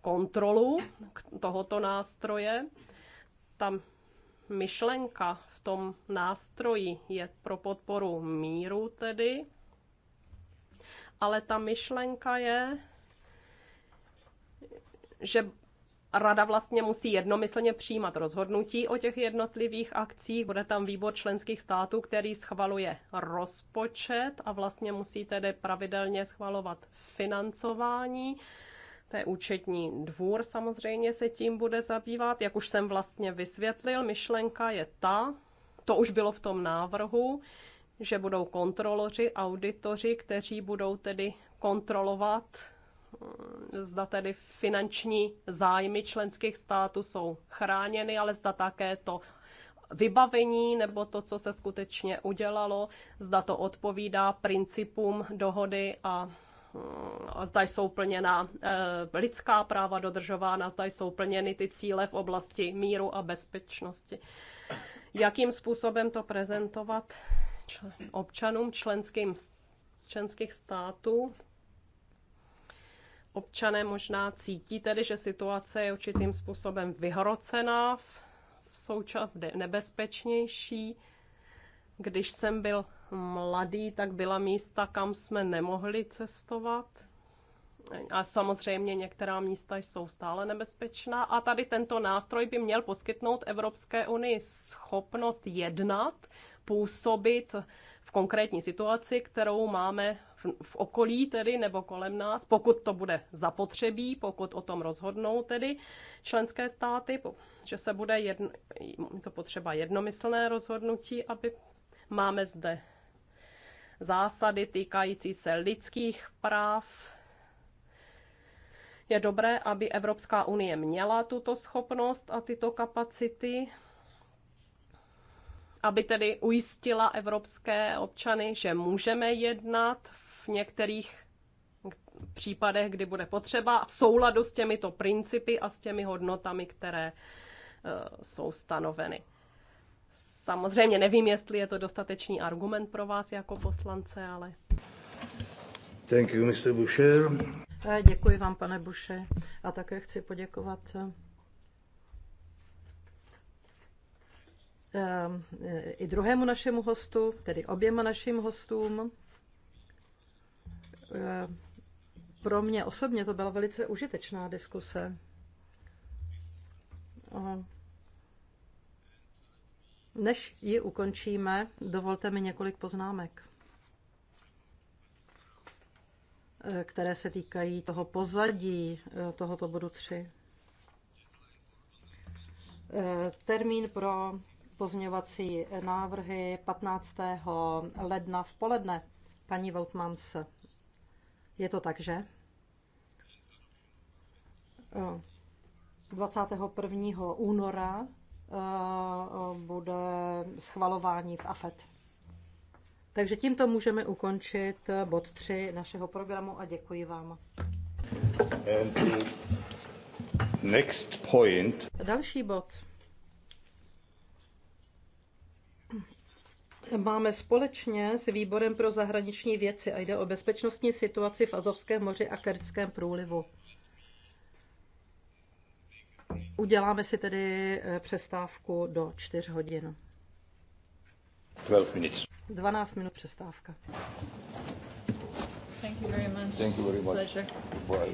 kontrolu tohoto nástroje. Tam myšlenka v tom nástroji je pro podporu míru tedy, ale ta myšlenka je, že Rada vlastně musí jednomyslně přijímat rozhodnutí o těch jednotlivých akcích. Bude tam výbor členských států, který schvaluje rozpočet a vlastně musí tedy pravidelně schvalovat financování. To je účetní dvůr samozřejmě se tím bude zabývat. Jak už jsem vlastně vysvětlil, myšlenka je ta, to už bylo v tom návrhu, že budou kontroloři, auditoři, kteří budou tedy kontrolovat zda tedy finanční zájmy členských států jsou chráněny, ale zda také to vybavení nebo to, co se skutečně udělalo, zda to odpovídá principům dohody a zda jsou plněna eh, lidská práva dodržována, zda jsou plněny ty cíle v oblasti míru a bezpečnosti. Jakým způsobem to prezentovat občanům členským, členských států? Občané možná cítí tedy, že situace je určitým způsobem vyhrocená, v současné nebezpečnější. Když jsem byl mladý, tak byla místa, kam jsme nemohli cestovat. A samozřejmě některá místa jsou stále nebezpečná. A tady tento nástroj by měl poskytnout Evropské unii schopnost jednat, působit v konkrétní situaci, kterou máme v okolí tedy nebo kolem nás, pokud to bude zapotřebí, pokud o tom rozhodnou tedy členské státy, že se bude jedno, to potřeba jednomyslné rozhodnutí, aby máme zde zásady týkající se lidských práv, je dobré, aby Evropská unie měla tuto schopnost a tyto kapacity, aby tedy ujistila evropské občany, že můžeme jednat v některých případech, kdy bude potřeba, v souladu s těmito principy a s těmi hodnotami, které e, jsou stanoveny. Samozřejmě nevím, jestli je to dostatečný argument pro vás jako poslance, ale... Thank you, Mr. Boucher. E, děkuji vám, pane Buše. A také chci poděkovat e, i druhému našemu hostu, tedy oběma našim hostům. Eh, pro mě osobně to byla velice užitečná diskuse. Než ji ukončíme, dovolte mi několik poznámek, eh, které se týkají toho pozadí eh, tohoto bodu 3. Termín pro pozměňovací návrhy 15. ledna v poledne. Paní Voutmans. Je to tak, že? 21. Eh, února eh, bude schvalování v AFET. Takže tímto můžeme ukončit eh, bod 3 našeho programu a děkuji vám. Next point. Další bod. máme společně s Výborem pro zahraniční věci a jde o bezpečnostní situaci v Azovském moři a Kerčském průlivu. Uděláme si tedy eh, přestávku do 4 hodin. 12 minut. 12 minut přestávka. Thank you very much. Thank you very much. Pleasure. Bye.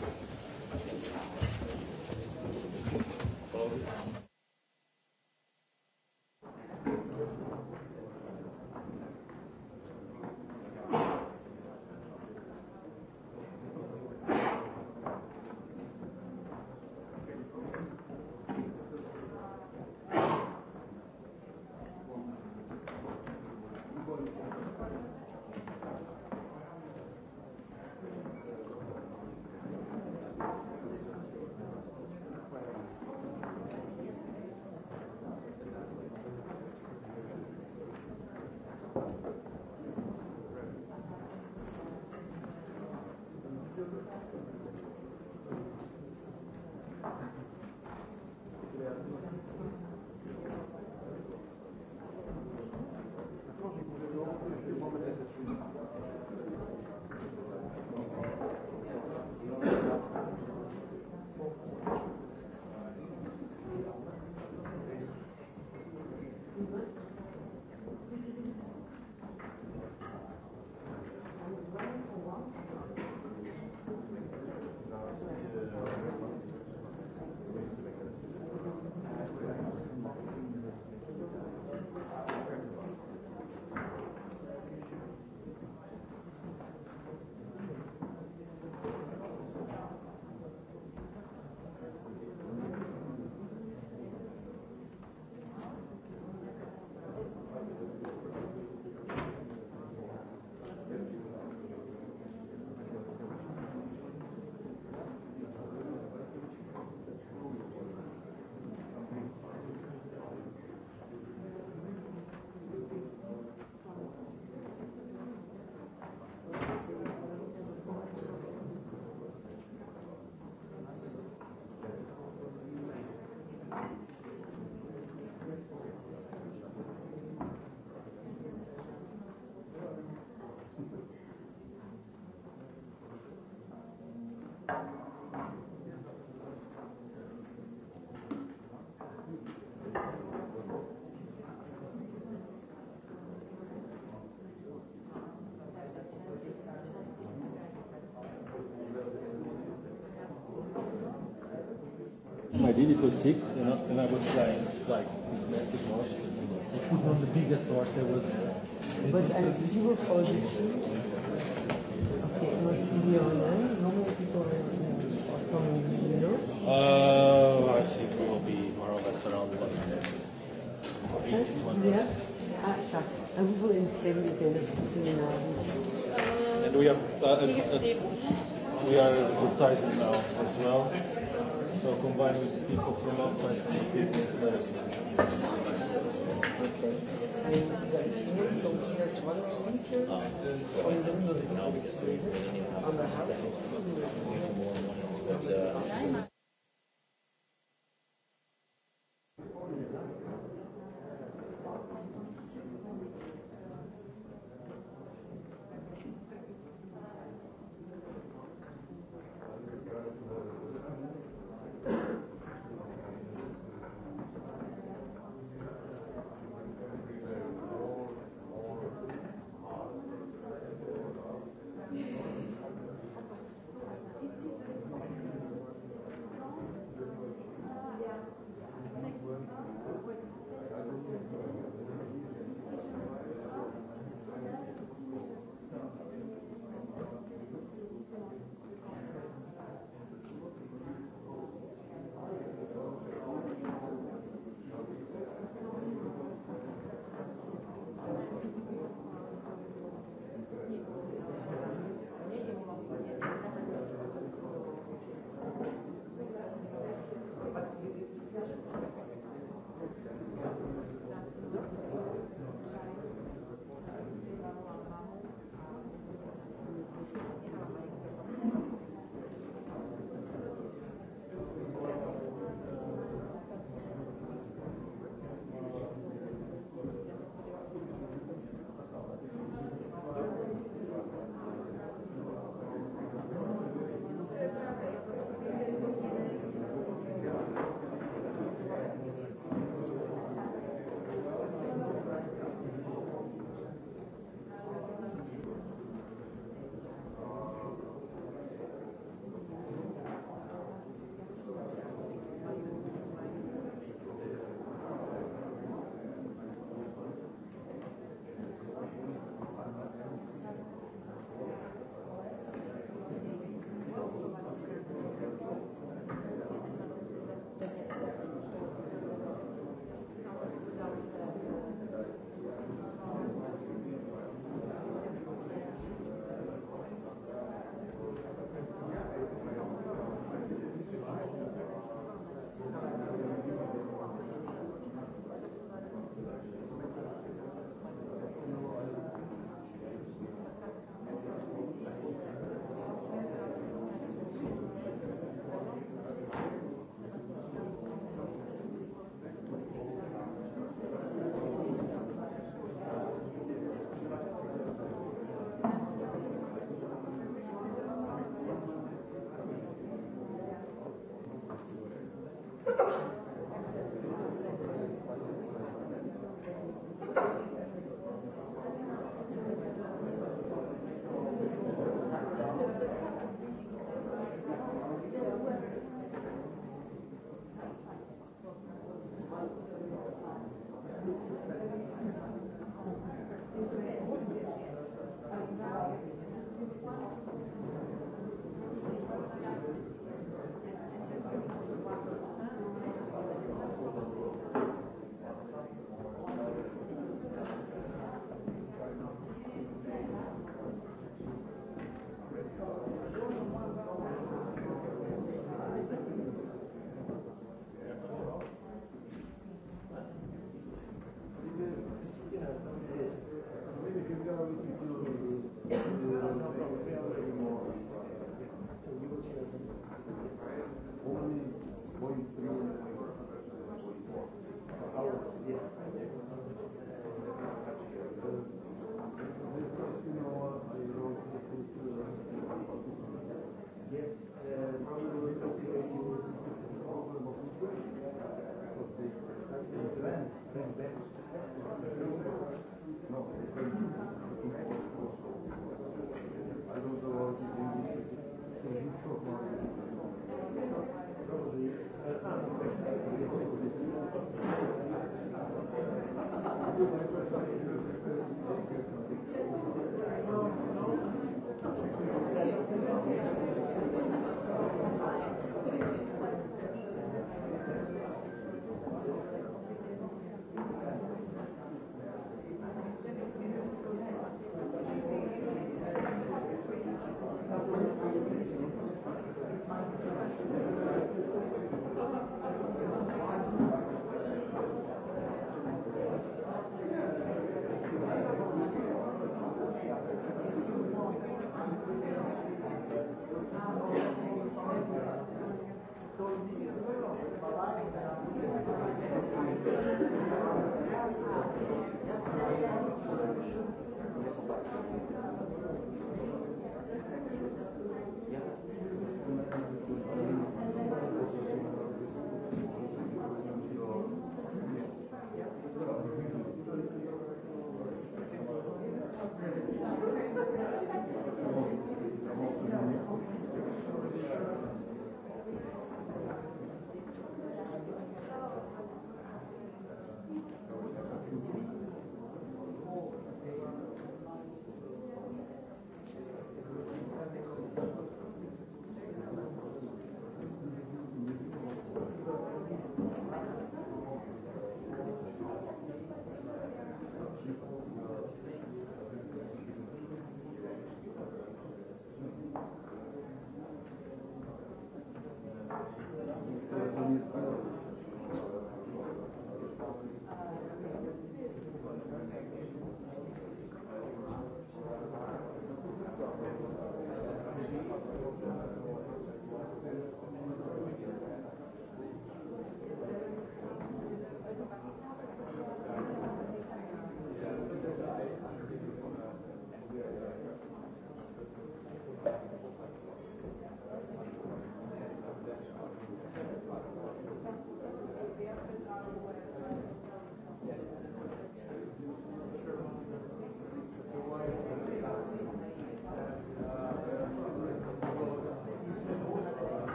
did, it was six, and and I was flying like this massive horse. I put on the biggest horse there was there. But and uh, you were this. Okay, was really online. How many people are from Europe? Uh, I think we will be more or less around 100. Yeah. Ah, tak. A wie viele Instände sind das Seminar? And we are, uh, uh, uh, we are advertising now as well. So combined with people from outside people. On the houses.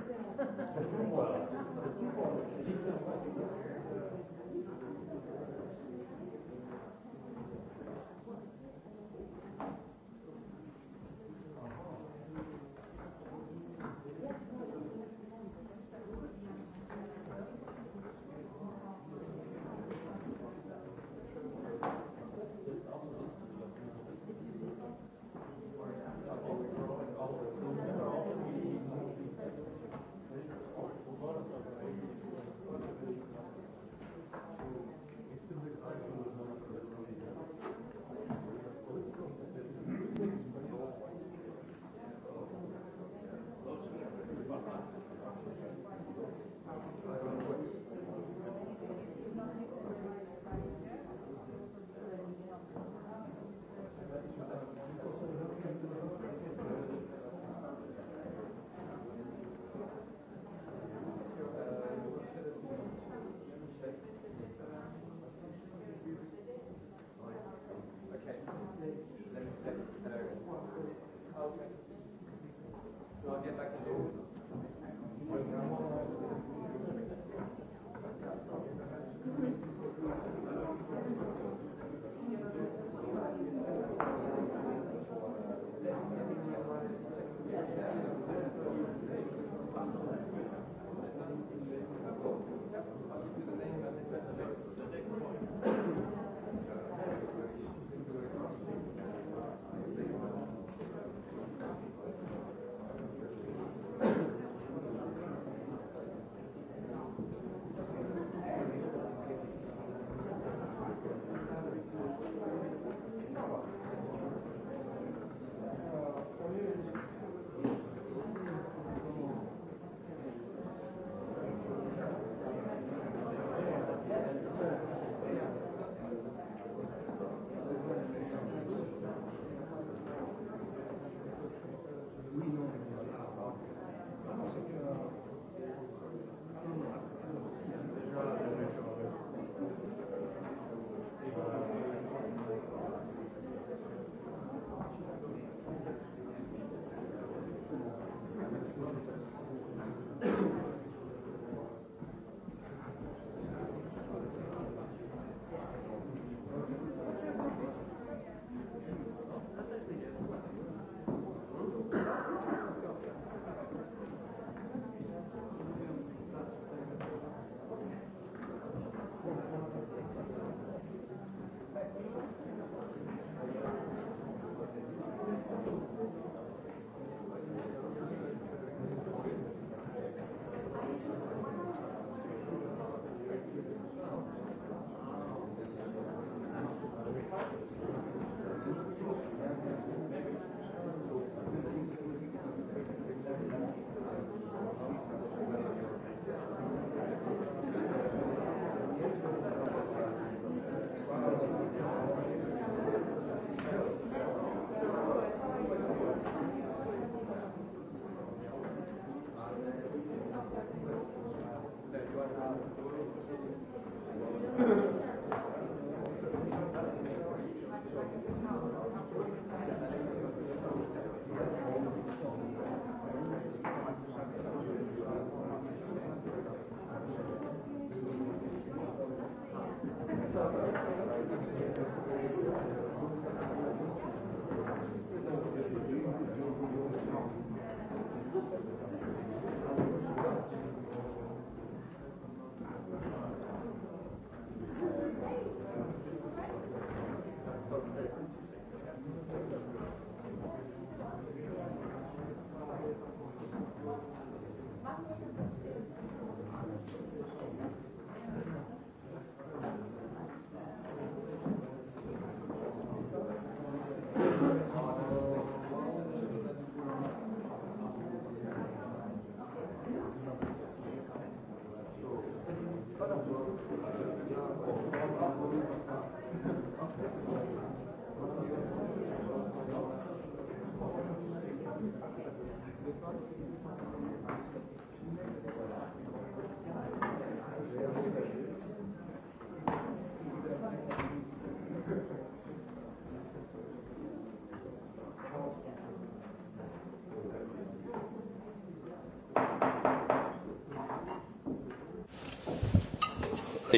Thank you.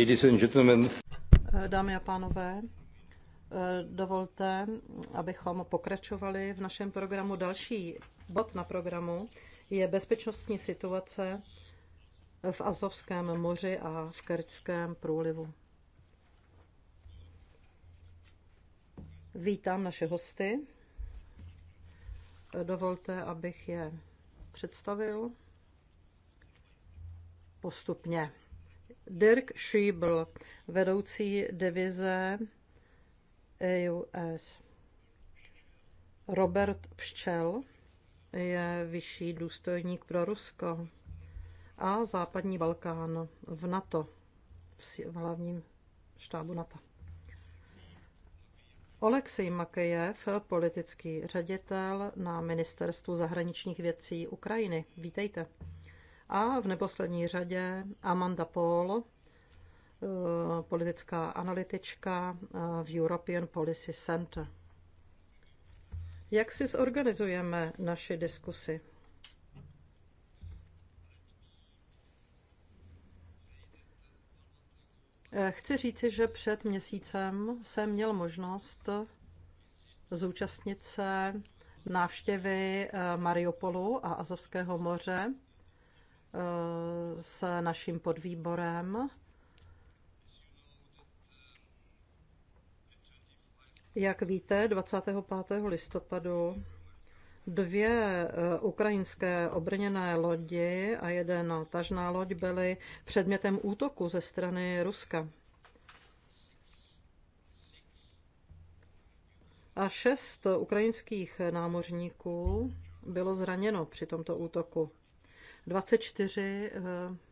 Ladies and gentlemen. Eh, dámy a pánové, eh, dovolte, abychom pokračovali v našem programu. Další bod na programu je bezpečnostní situace v Azovském moři a v Kerčském průlivu. Vítám naše hosty. Eh, dovolte, abych je představil postupně. Dirk Schiebel, vedoucí divize EUS. Robert Pščel je vyšší důstojník pro Rusko a západní Balkán v NATO, v hlavním štábu NATO. Oleksij Makejev, politický ředitel na Ministerstvu zahraničních věcí Ukrajiny. Vítejte. A v neposlední řadě Amanda Paul, eh, politická analytička eh, v European Policy Center. Jak si zorganizujeme naši diskusy? Eh, chci říci, že před měsícem jsem měl možnost zúčastnit se návštěvy Mariupolu a Azovského moře s naším podvýborem. Jak víte, 25. listopadu Dvě eh, ukrajinské obrněné lodi a jeden tažná loď byly předmětem útoku ze strany Ruska. A šest ukrajinských námořníků bylo zraněno při tomto útoku. 24 eh,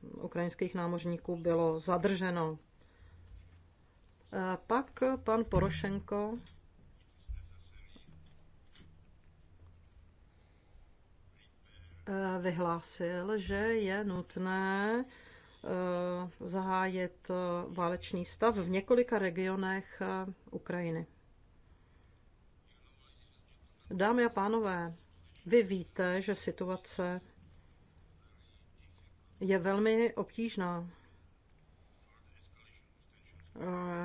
ukrajinských námořníků bylo zadrženo. Eh, pak pan Porošenko eh, vyhlásil, že je nutné zahájit válečný stav v několika regionech Ukrajiny. Dámy a pánové, vy víte, že situace je velmi obtížná.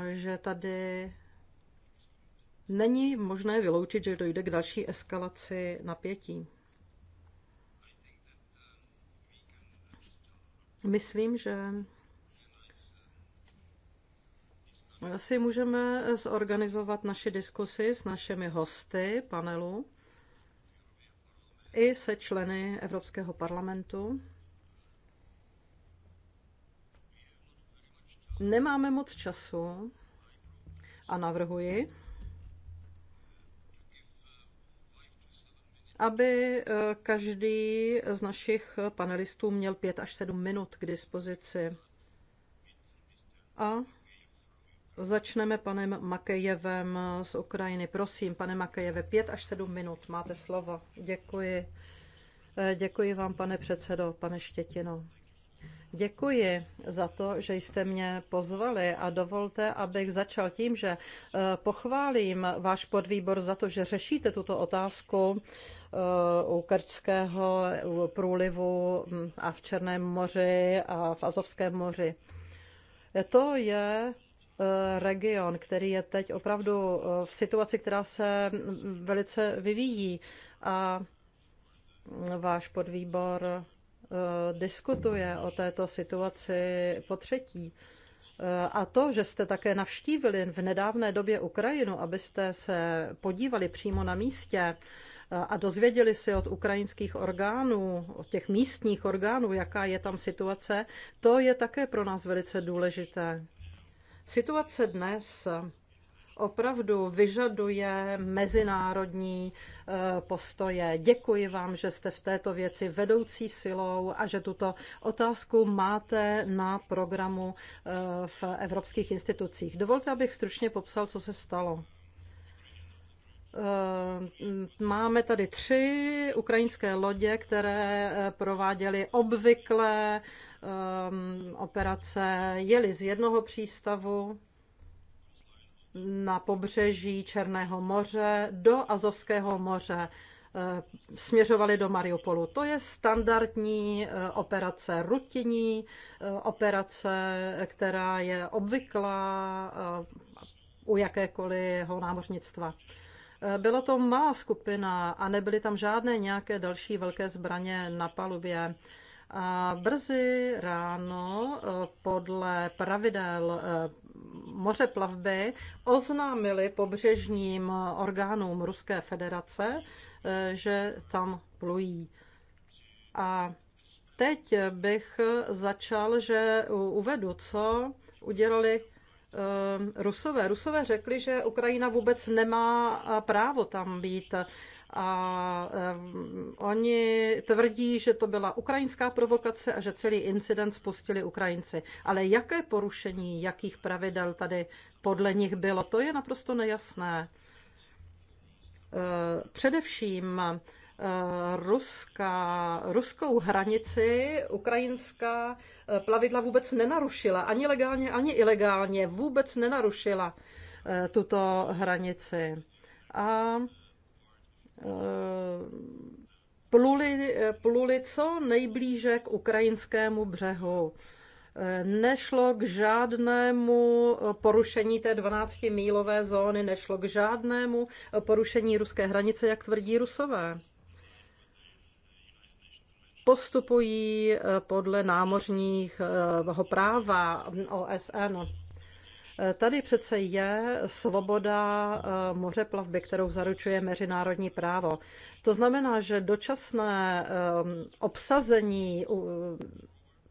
Eh, že tady není možné vyloučit, že dojde k další eskalaci napětí. Myslím, že si můžeme zorganizovat naši diskusi s našimi hosty panelu i se členy Evropského parlamentu. Nemáme moc času a navrhuji, aby eh, každý z našich panelistů měl pět až sedm minut k dispozici. A začneme panem Makejevem z Ukrajiny. Prosím, pane Makejeve, pět až sedm minut, máte slovo. Děkuji. Eh, děkuji vám, pane předsedo, pane Štětino. Děkuji za to, že jste mě pozvali a dovolte, abych začal tím, že eh, pochválím váš podvýbor za to, že řešíte tuto otázku eh, u krčského průlivu mm, a v Černém moři a v Azovském moři. To je eh, region, který je teď opravdu v situaci, která se mm, velice vyvíjí a mm, váš podvýbor Eh, diskutuje o této situaci po třetí. Eh, a to, že jste také navštívili v nedávné době Ukrajinu, abyste se podívali přímo na místě eh, a dozvěděli si od ukrajinských orgánů, od těch místních orgánů, jaká je tam situace, to je také pro nás velice důležité. Situace dnes opravdu vyžaduje mezinárodní eh, postoje. Děkuji vám, že jste v této věci vedoucí silou a že tuto otázku máte na programu eh, v evropských institucích. Dovolte, abych stručně popsal, co se stalo. Eh, máme tady tři ukrajinské lodě, které prováděly obvyklé operace, jeli z jednoho přístavu na pobřeží Černého moře do Azovského moře eh, směřovali do Mariupolu. To je standardní eh, operace, rutinní eh, operace, která je obvyklá u jakékoliv námořnictva. Byla to malá skupina a nebyly tam žádné nějaké další velké zbraně na palubě. A brzy ráno eh, podle pravidel eh, moře plavby oznámili pobřežním orgánům Ruské federace, eh, že tam plují. A teď bych začal, že uvedu, co udělali Rusové. Rusové řekli, že Ukrajina vůbec nemá právo tam být, a um, oni tvrdí, že to byla ukrajinská provokace a že celý incident spustili Ukrajinci. Ale jaké porušení, jakých pravidel tady podle nich bylo, to je naprosto nejasné. Eh, především eh, ruská, ruskou hranici ukrajinská plavidla vůbec nenarušila, ani legálně, ani ilegálně, vůbec nenarušila tuto hranici. A pluli, pluli co nejblíže k ukrajinskému břehu. Nešlo k žádnému porušení té 12-mílové zóny, nešlo k žádnému porušení ruské hranice, jak tvrdí rusové. Postupují podle námořního práva OSN. Tady přece je svoboda eh, mořeplavby, kterou zaručuje mezinárodní právo. To znamená, že dočasné eh, obsazení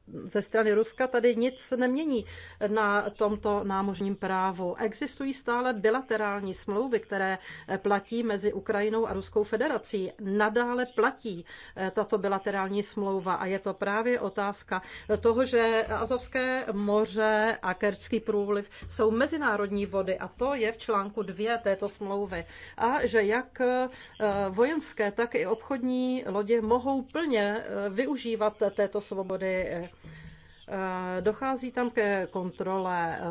ze strany Ruska tady nic nemění na tomto námořním právu. Existují stále bilaterální smlouvy, které platí mezi Ukrajinou a Ruskou federací. Nadále platí eh, tato bilaterální smlouva a je to právě otázka toho, že Azovské moře a Kerčský průliv jsou mezinárodní vody a to je v článku dvě této smlouvy. A že jak eh, vojenské, tak i obchodní lodě mohou plně eh, využívat této svobody Eh, dochází tam ke kontrole eh,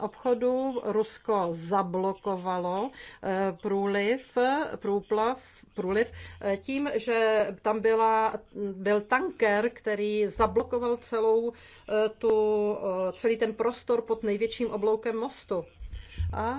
obchodu. Rusko zablokovalo eh, průliv, průplav, průliv tím, že tam byla, byl tanker, který zablokoval celou tu, celý ten prostor pod největším obloukem mostu. A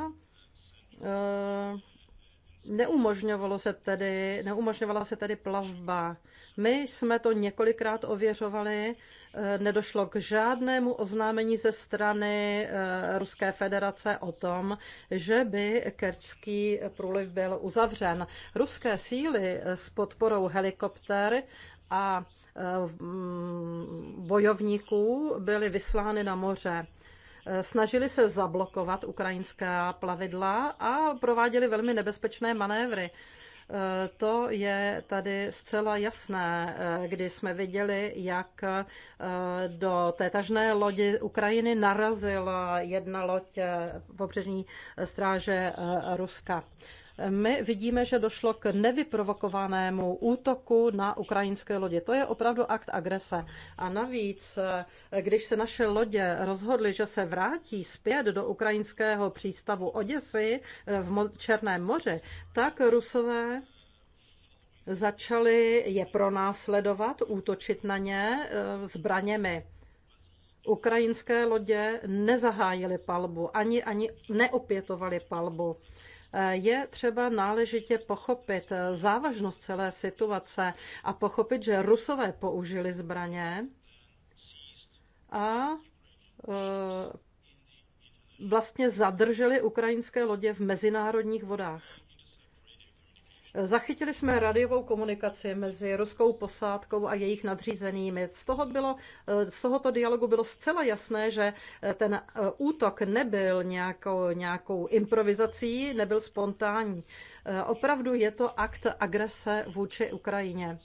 Neumožňovalo se tedy, neumožňovala se tedy plavba. My jsme to několikrát ověřovali, eh, nedošlo k žádnému oznámení ze strany eh, Ruské federace o tom, že by kerčský průliv byl uzavřen. Ruské síly eh, s podporou helikopter a mm, bojovníků byly vyslány na moře. Eh, snažili se zablokovat ukrajinská plavidla a prováděli velmi nebezpečné manévry. Eh, to je tady zcela jasné, eh, kdy jsme viděli, jak do té tažné lodi Ukrajiny narazila jedna loď pobřežní stráže Ruska my vidíme, že došlo k nevyprovokovanému útoku na ukrajinské lodě. To je opravdu akt agrese. A navíc, když se naše lodě rozhodly, že se vrátí zpět do ukrajinského přístavu Oděsy eh, v Černém moři, tak Rusové začali je pronásledovat, útočit na ně eh, zbraněmi. Ukrajinské lodě nezahájily palbu, ani, ani neopětovaly palbu je třeba náležitě pochopit eh, závažnost celé situace a pochopit, že Rusové použili zbraně a eh, vlastně zadrželi ukrajinské lodě v mezinárodních vodách. Zachytili jsme radiovou komunikaci mezi ruskou posádkou a jejich nadřízenými. Z, toho bylo, eh, z tohoto dialogu bylo zcela jasné, že eh, ten eh, útok nebyl nějakou, nějakou improvizací, nebyl spontánní. Opravdu je to akt agrese vůči Ukrajině.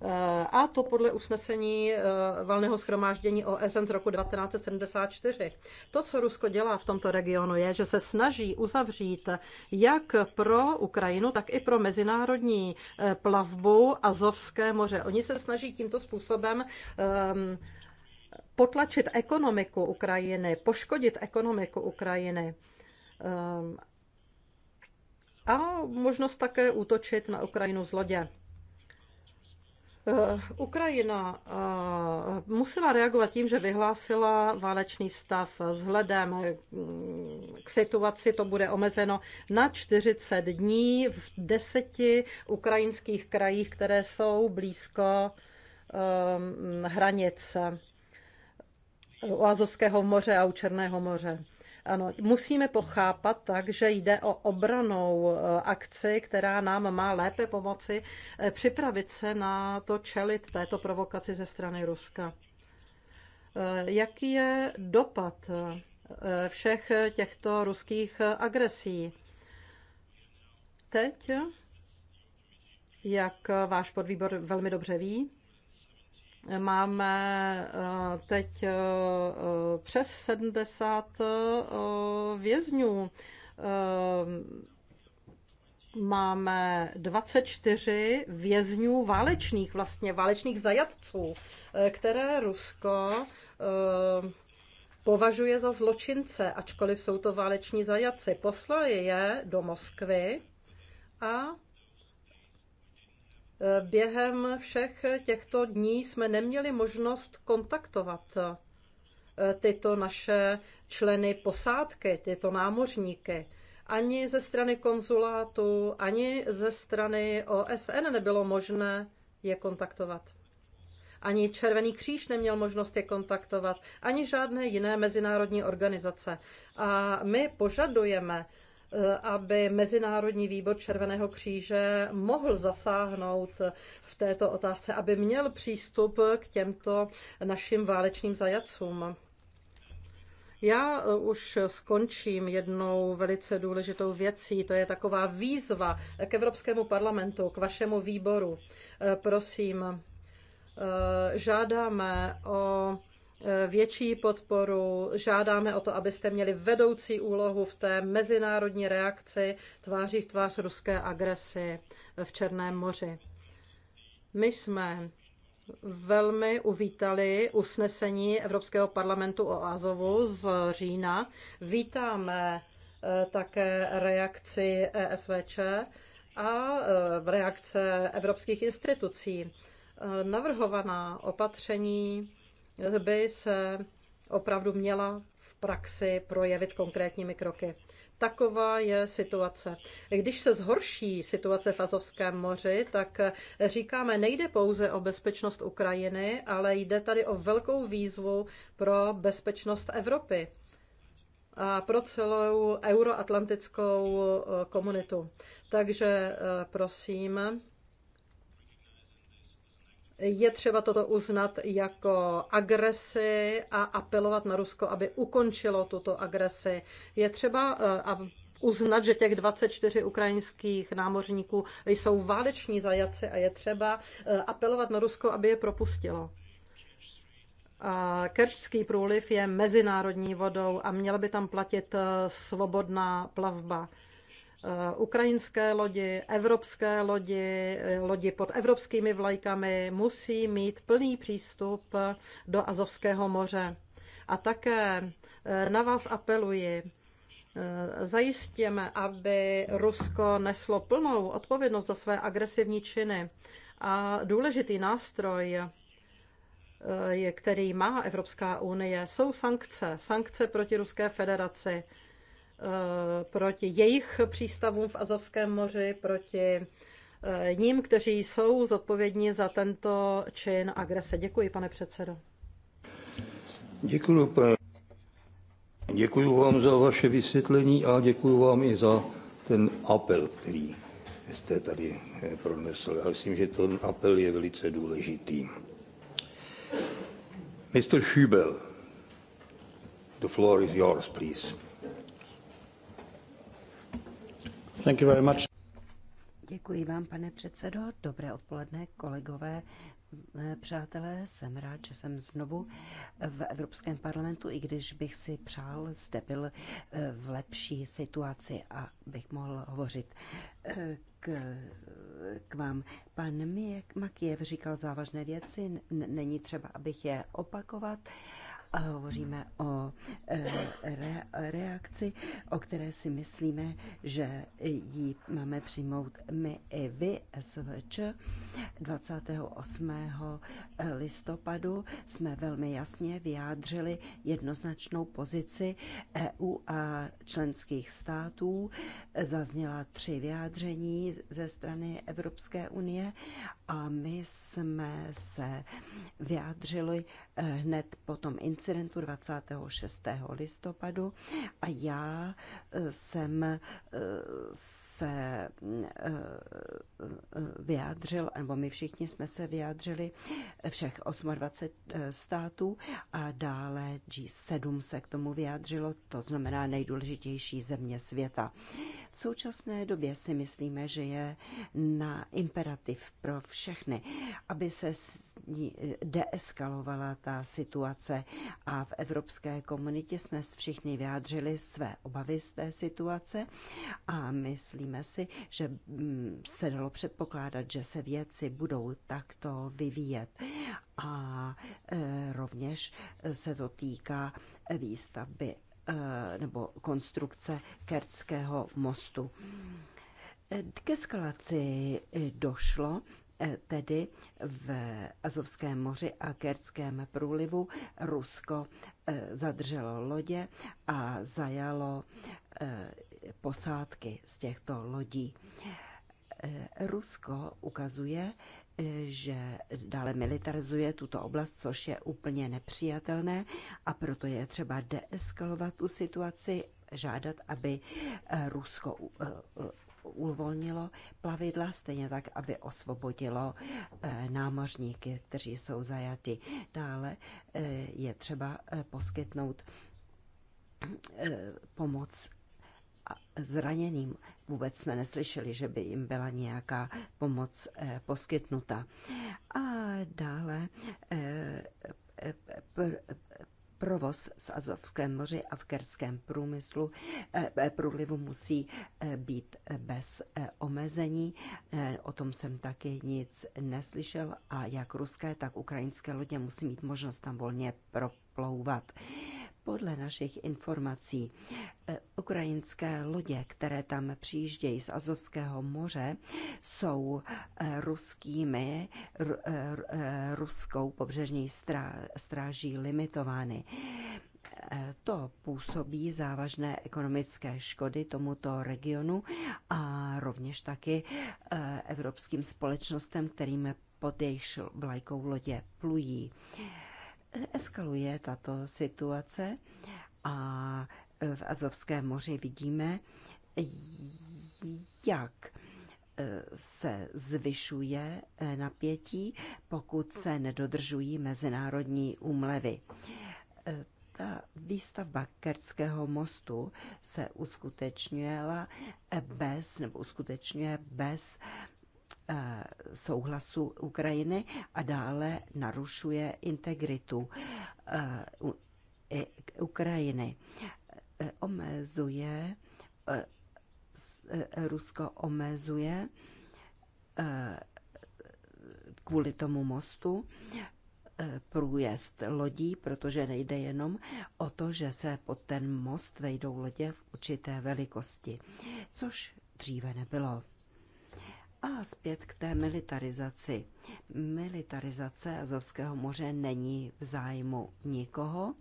Eh, a to podle usnesení eh, valného schromáždění OSN z roku 1974. To, co Rusko dělá v tomto regionu, je, že se snaží uzavřít jak pro Ukrajinu, tak i pro mezinárodní eh, plavbu Azovské moře. Oni se snaží tímto způsobem potlačit ekonomiku Ukrajiny, poškodit ekonomiku Ukrajiny a možnost také útočit na Ukrajinu z lodě. Eh, Ukrajina eh, musela reagovat tím, že vyhlásila válečný stav. Vzhledem mm, k situaci to bude omezeno na 40 dní v deseti ukrajinských krajích, které jsou blízko eh, hranic u Azovského moře a u Černého moře. Ano, musíme pochápat tak, že jde o obranou e, akci, která nám má lépe pomoci e, připravit se na to čelit této provokaci ze strany Ruska. E, jaký je dopad všech těchto ruských agresí? Teď, jak váš podvýbor velmi dobře ví, Máme eh, teď eh, eh, přes 70 vězňů. Máme 24 vězňů válečných, vlastně válečných zajatců, které Rusko považuje za zločince, ačkoliv jsou to váleční zajatci. Poslali je do Moskvy a Během všech těchto dní jsme neměli možnost kontaktovat eh, tyto naše členy posádky, tyto námořníky. Ani ze strany konzulátu, ani ze strany OSN nebylo možné je kontaktovat. Ani Červený kříž neměl možnost je kontaktovat, ani žádné jiné mezinárodní organizace. A my požadujeme, Eh, aby Mezinárodní výbor Červeného kříže mohl zasáhnout v této otázce, aby měl přístup k těmto našim válečným zajacům. Já eh, už skončím jednou velice důležitou věcí. To je taková výzva k Evropskému parlamentu, k vašemu výboru. Eh, prosím, žádáme o větší podporu, žádáme o to, abyste měli vedoucí úlohu v té mezinárodní reakci tváří v tvář ruské agresi v Černém moři. My jsme velmi uvítali usnesení Evropského parlamentu o Azovu z října. Vítáme eh, také reakci ESVČ a eh, reakce evropských institucí. Eh, navrhovaná opatření by se opravdu měla v praxi projevit konkrétními kroky. Taková je situace. Když se zhorší situace v Azovském moři, tak říkáme, nejde pouze o bezpečnost Ukrajiny, ale jde tady o velkou výzvu pro bezpečnost Evropy a pro celou euroatlantickou eh, komunitu. Takže eh, prosím, je třeba toto uznat jako agresi a apelovat na Rusko, aby ukončilo tuto agresi. Je třeba eh, uznat, že těch 24 ukrajinských námořníků jsou váleční zajaci a je třeba eh, apelovat na Rusko, aby je propustilo. A Kerčský průliv je mezinárodní vodou a měla by tam platit eh, svobodná plavba. Eh, ukrajinské lodi, evropské lodi, eh, lodi pod evropskými vlajkami musí mít plný přístup do Azovského moře. A také eh, na vás apeluji, zajistěme, aby Rusko neslo plnou odpovědnost za své agresivní činy. A důležitý nástroj, který má Evropská unie, jsou sankce. Sankce proti Ruské federaci Eh, proti jejich přístavům v Azovském moři, proti eh, ním, kteří jsou zodpovědní za tento čin agrese. Děkuji, pane předsedo. Děkuji, pane. Děkuji vám za vaše vysvětlení a děkuji vám i za ten apel, který jste tady eh, pronesl. Já myslím, že ten apel je velice důležitý. Mr. Schübel, the floor is yours, please. Thank you very much. Děkuji vám, pane předsedo. Dobré odpoledne, kolegové. Přátelé, jsem rád, že jsem znovu v Evropském parlamentu, i když bych si přál, zde byl eh, v lepší situaci a bych mohl hovořit eh, k, k vám. Pan Makiev říkal závažné věci, není třeba, abych je opakovat a hovoříme o e, re, reakci, o které si myslíme, že ji máme přijmout my i vy, SVČ. 28. listopadu jsme velmi jasně vyjádřili jednoznačnou pozici EU a členských států. Zazněla tři vyjádření ze strany Evropské unie a my jsme se vyjádřili hned po tom incidentu 26. listopadu a já eh, jsem eh, se mm, eh, vyjádřil, nebo my všichni jsme se vyjádřili všech 28 států a dále G7 se k tomu vyjádřilo, to znamená nejdůležitější země světa. V současné době si myslíme, že je na imperativ pro všechny, aby se deeskalovala ta ta situace a v Evropské komunitě jsme všichni vyjádřili své obavy z té situace a myslíme si, že mm, se dalo předpokládat, že se věci budou takto vyvíjet. A e, rovněž e, se to týká výstavby e, nebo konstrukce Kertského mostu. K eskalaci došlo E, tedy v Azovském moři a Kerckém průlivu Rusko e, zadrželo lodě a zajalo e, posádky z těchto lodí. Rusko ukazuje, že dále militarizuje tuto oblast, což je úplně nepřijatelné a proto je třeba deeskalovat tu situaci, žádat, aby Rusko uvolnilo plavidla, stejně tak, aby osvobodilo eh, námořníky, kteří jsou zajati. Dále eh, je třeba eh, poskytnout pomoc zraněným. Vůbec jsme neslyšeli, že by jim byla nějaká pomoc poskytnuta. A dále provoz s Azovském moři a v kerském průmyslu eh, eh, průlivu musí eh, být bez omezení. O tom jsem taky nic neslyšel a jak ruské, tak ukrajinské lodě musí mít možnost tam volně proplouvat. Podle našich informací eh, ukrajinské lodě, které tam přijíždějí z Azovského moře, jsou eh, ruskými, eh, ruskou pobřežní stráží limitovány. To působí závažné ekonomické škody tomuto regionu a rovněž taky evropským společnostem, kterým pod jejich vlajkou lodě plují eskaluje tato situace a v Azovském moři vidíme, jak e, se zvyšuje e, napětí, pokud se nedodržují mezinárodní úmlevy. E, ta výstavba Kerckého mostu se uskutečňuje bez, nebo uskutečňuje bez Eh, souhlasu Ukrajiny a dále narušuje integritu eh, Ukrajiny. Eh, omezuje, Rusko omezuje kvůli tomu mostu průjezd lodí, protože nejde jenom o to, že se pod ten most vejdou lodě v určité velikosti, což dříve nebylo. A zpět k té militarizaci. Militarizace Azovského moře není v zájmu nikoho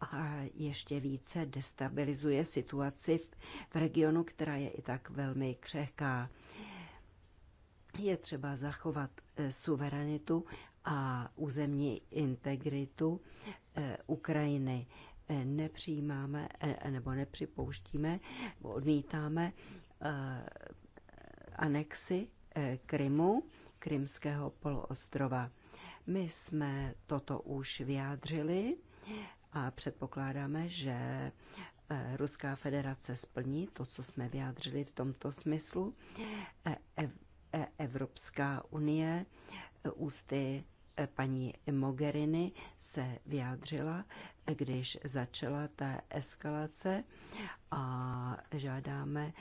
a ještě více destabilizuje situaci v regionu, která je i tak velmi křehká. Je třeba zachovat eh, suverenitu a územní integritu eh, Ukrajiny eh, nepřijímáme nebo nepřipouštíme, odmítáme anexi eh, Krymu, Krymského poloostrova. My jsme toto už vyjádřili a předpokládáme, že eh, Ruská federace splní to, co jsme vyjádřili v tomto smyslu. Eh, Evropská unie ústy paní Mogherini se vyjádřila, když začala ta eskalace a žádáme,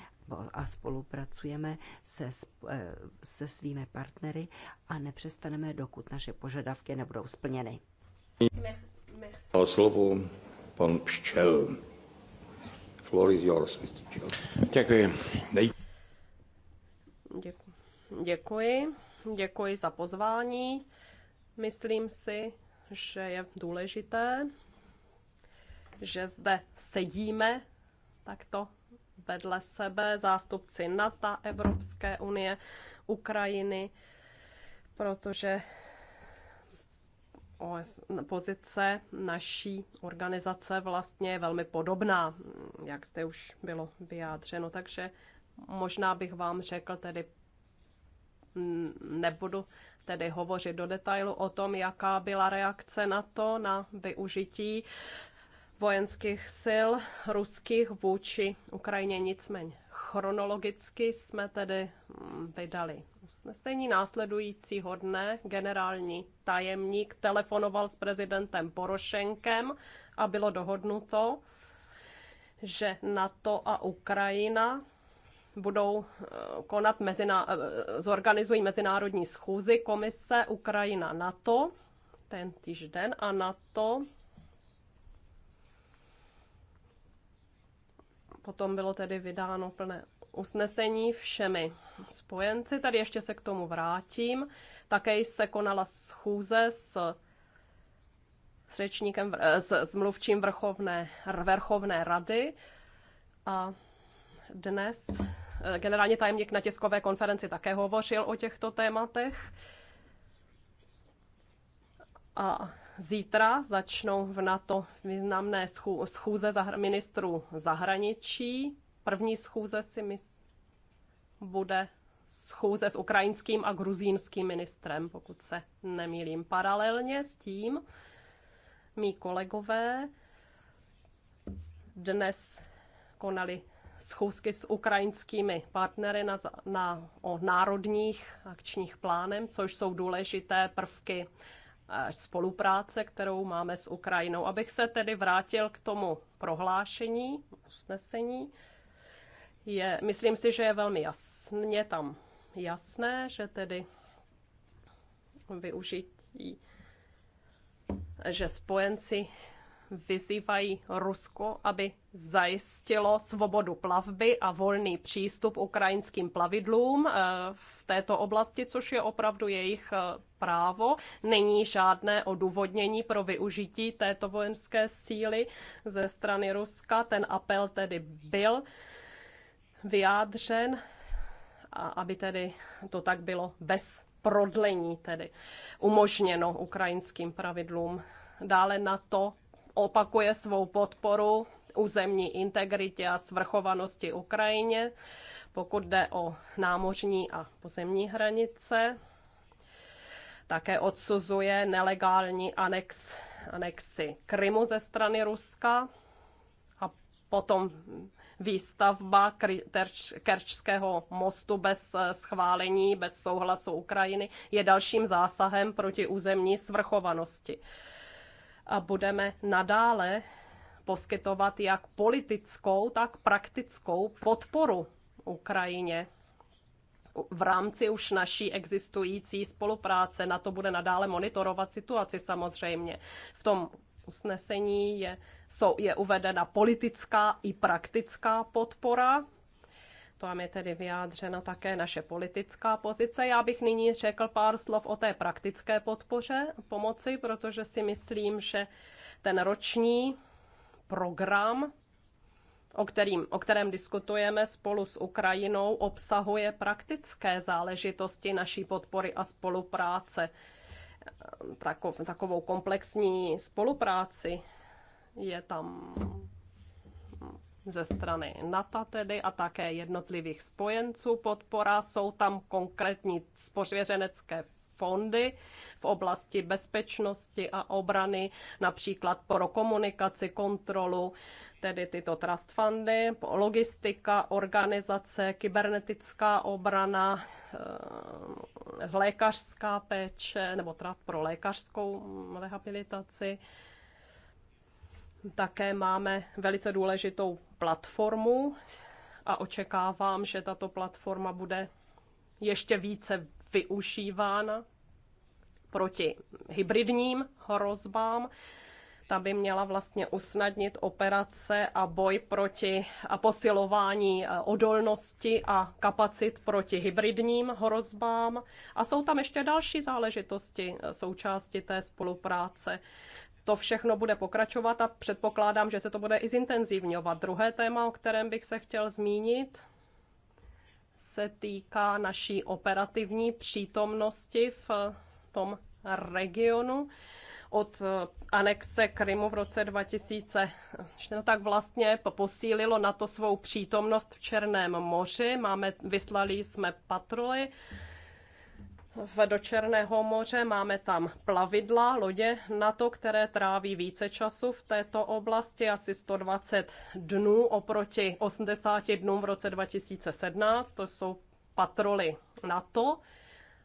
a spolupracujeme se, eh, se svými partnery a nepřestaneme, dokud naše požadavky nebudou splněny. O slovu pan Pščel. Floor is yours, Mr. Pščel. Děkuji. Děkuji. Děkuji. Děkuji za pozvání. Myslím si, že je důležité, že zde sedíme takto vedle sebe zástupci NATO, Evropské unie, Ukrajiny, protože pozice naší organizace vlastně je velmi podobná, jak zde už bylo vyjádřeno. Takže možná bych vám řekl tedy, nebudu tedy hovořit do detailu o tom, jaká byla reakce na to, na využití vojenských sil ruských vůči Ukrajině. Nicméně chronologicky jsme tedy mm, vydali usnesení následujícího dne. Generální tajemník telefonoval s prezidentem Porošenkem a bylo dohodnuto, že NATO a Ukrajina budou eh, konat meziná, eh, zorganizují mezinárodní schůzi komise Ukrajina NATO ten týž den a NATO Potom bylo tedy vydáno plné usnesení všemi spojenci. Tady ještě se k tomu vrátím. Také se konala schůze s s řečníkem, s, s mluvčím vrchovné, vrchovné rady a dnes eh, generální tajemník na tiskové konferenci také hovořil o těchto tématech. A Zítra začnou v NATO významné schůze zahr- ministrů zahraničí. První schůze si mys- bude schůze s ukrajinským a gruzínským ministrem, pokud se nemýlím. Paralelně s tím mý kolegové dnes konali schůzky s ukrajinskými partnery na, na, o národních akčních plánem, což jsou důležité prvky spolupráce, kterou máme s Ukrajinou. Abych se tedy vrátil k tomu prohlášení, usnesení, je, myslím si, že je velmi jasně tam jasné, že tedy využití, že spojenci vyzývají Rusko, aby zajistilo svobodu plavby a volný přístup ukrajinským plavidlům eh, v této oblasti, což je opravdu jejich eh, právo. Není žádné odůvodnění pro využití této vojenské síly ze strany Ruska. Ten apel tedy byl vyjádřen, a aby tedy to tak bylo bez prodlení tedy umožněno ukrajinským pravidlům dále na to opakuje svou podporu územní integritě a svrchovanosti Ukrajině, pokud jde o námořní a pozemní hranice. Také odsuzuje nelegální anex, anexi Krymu ze strany Ruska a potom výstavba Kerčského mostu bez eh, schválení, bez souhlasu Ukrajiny je dalším zásahem proti územní svrchovanosti a budeme nadále poskytovat jak politickou, tak praktickou podporu Ukrajině v rámci už naší existující spolupráce. Na to bude nadále monitorovat situaci samozřejmě. V tom usnesení je, jsou, je uvedena politická i praktická podpora tam je tedy vyjádřena také naše politická pozice. Já bych nyní řekl pár slov o té praktické podpoře pomoci, protože si myslím, že ten roční program, o, kterým, o kterém diskutujeme spolu s Ukrajinou, obsahuje praktické záležitosti naší podpory a spolupráce. takovou komplexní spolupráci je tam ze strany NATO tedy a také jednotlivých spojenců podpora. Jsou tam konkrétní spořvěřenecké fondy v oblasti bezpečnosti a obrany, například pro komunikaci, kontrolu, tedy tyto trust fundy, logistika, organizace, kybernetická obrana, eh, lékařská péče nebo trust pro lékařskou rehabilitaci také máme velice důležitou platformu a očekávám, že tato platforma bude ještě více využívána proti hybridním hrozbám. Ta by měla vlastně usnadnit operace a boj proti a posilování e, odolnosti a kapacit proti hybridním hrozbám. A jsou tam ještě další záležitosti, e, součásti té spolupráce to všechno bude pokračovat a předpokládám, že se to bude i zintenzivňovat. Druhé téma, o kterém bych se chtěl zmínit, se týká naší operativní přítomnosti v tom regionu od anexe Krymu v roce 2000, no tak vlastně posílilo na to svou přítomnost v Černém moři. Máme, vyslali jsme patroly v do Černého moře. Máme tam plavidla, lodě na to, které tráví více času v této oblasti, asi 120 dnů oproti 80 dnům v roce 2017. To jsou patroly to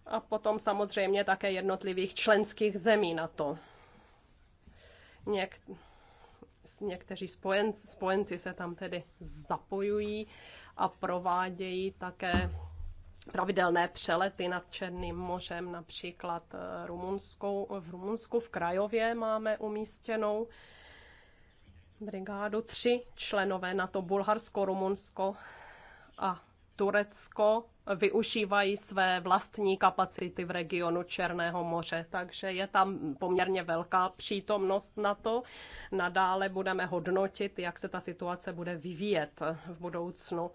a potom samozřejmě také jednotlivých členských zemí to. Něk, někteří spojenci, spojenci se tam tedy zapojují a provádějí také pravidelné přelety nad Černým mořem, například eh, Rumunskou, v Rumunsku v Krajově máme umístěnou brigádu. Tři členové na to Bulharsko, Rumunsko a Turecko využívají své vlastní kapacity v regionu Černého moře, takže je tam poměrně velká přítomnost na to. Nadále budeme hodnotit, jak se ta situace bude vyvíjet v budoucnu.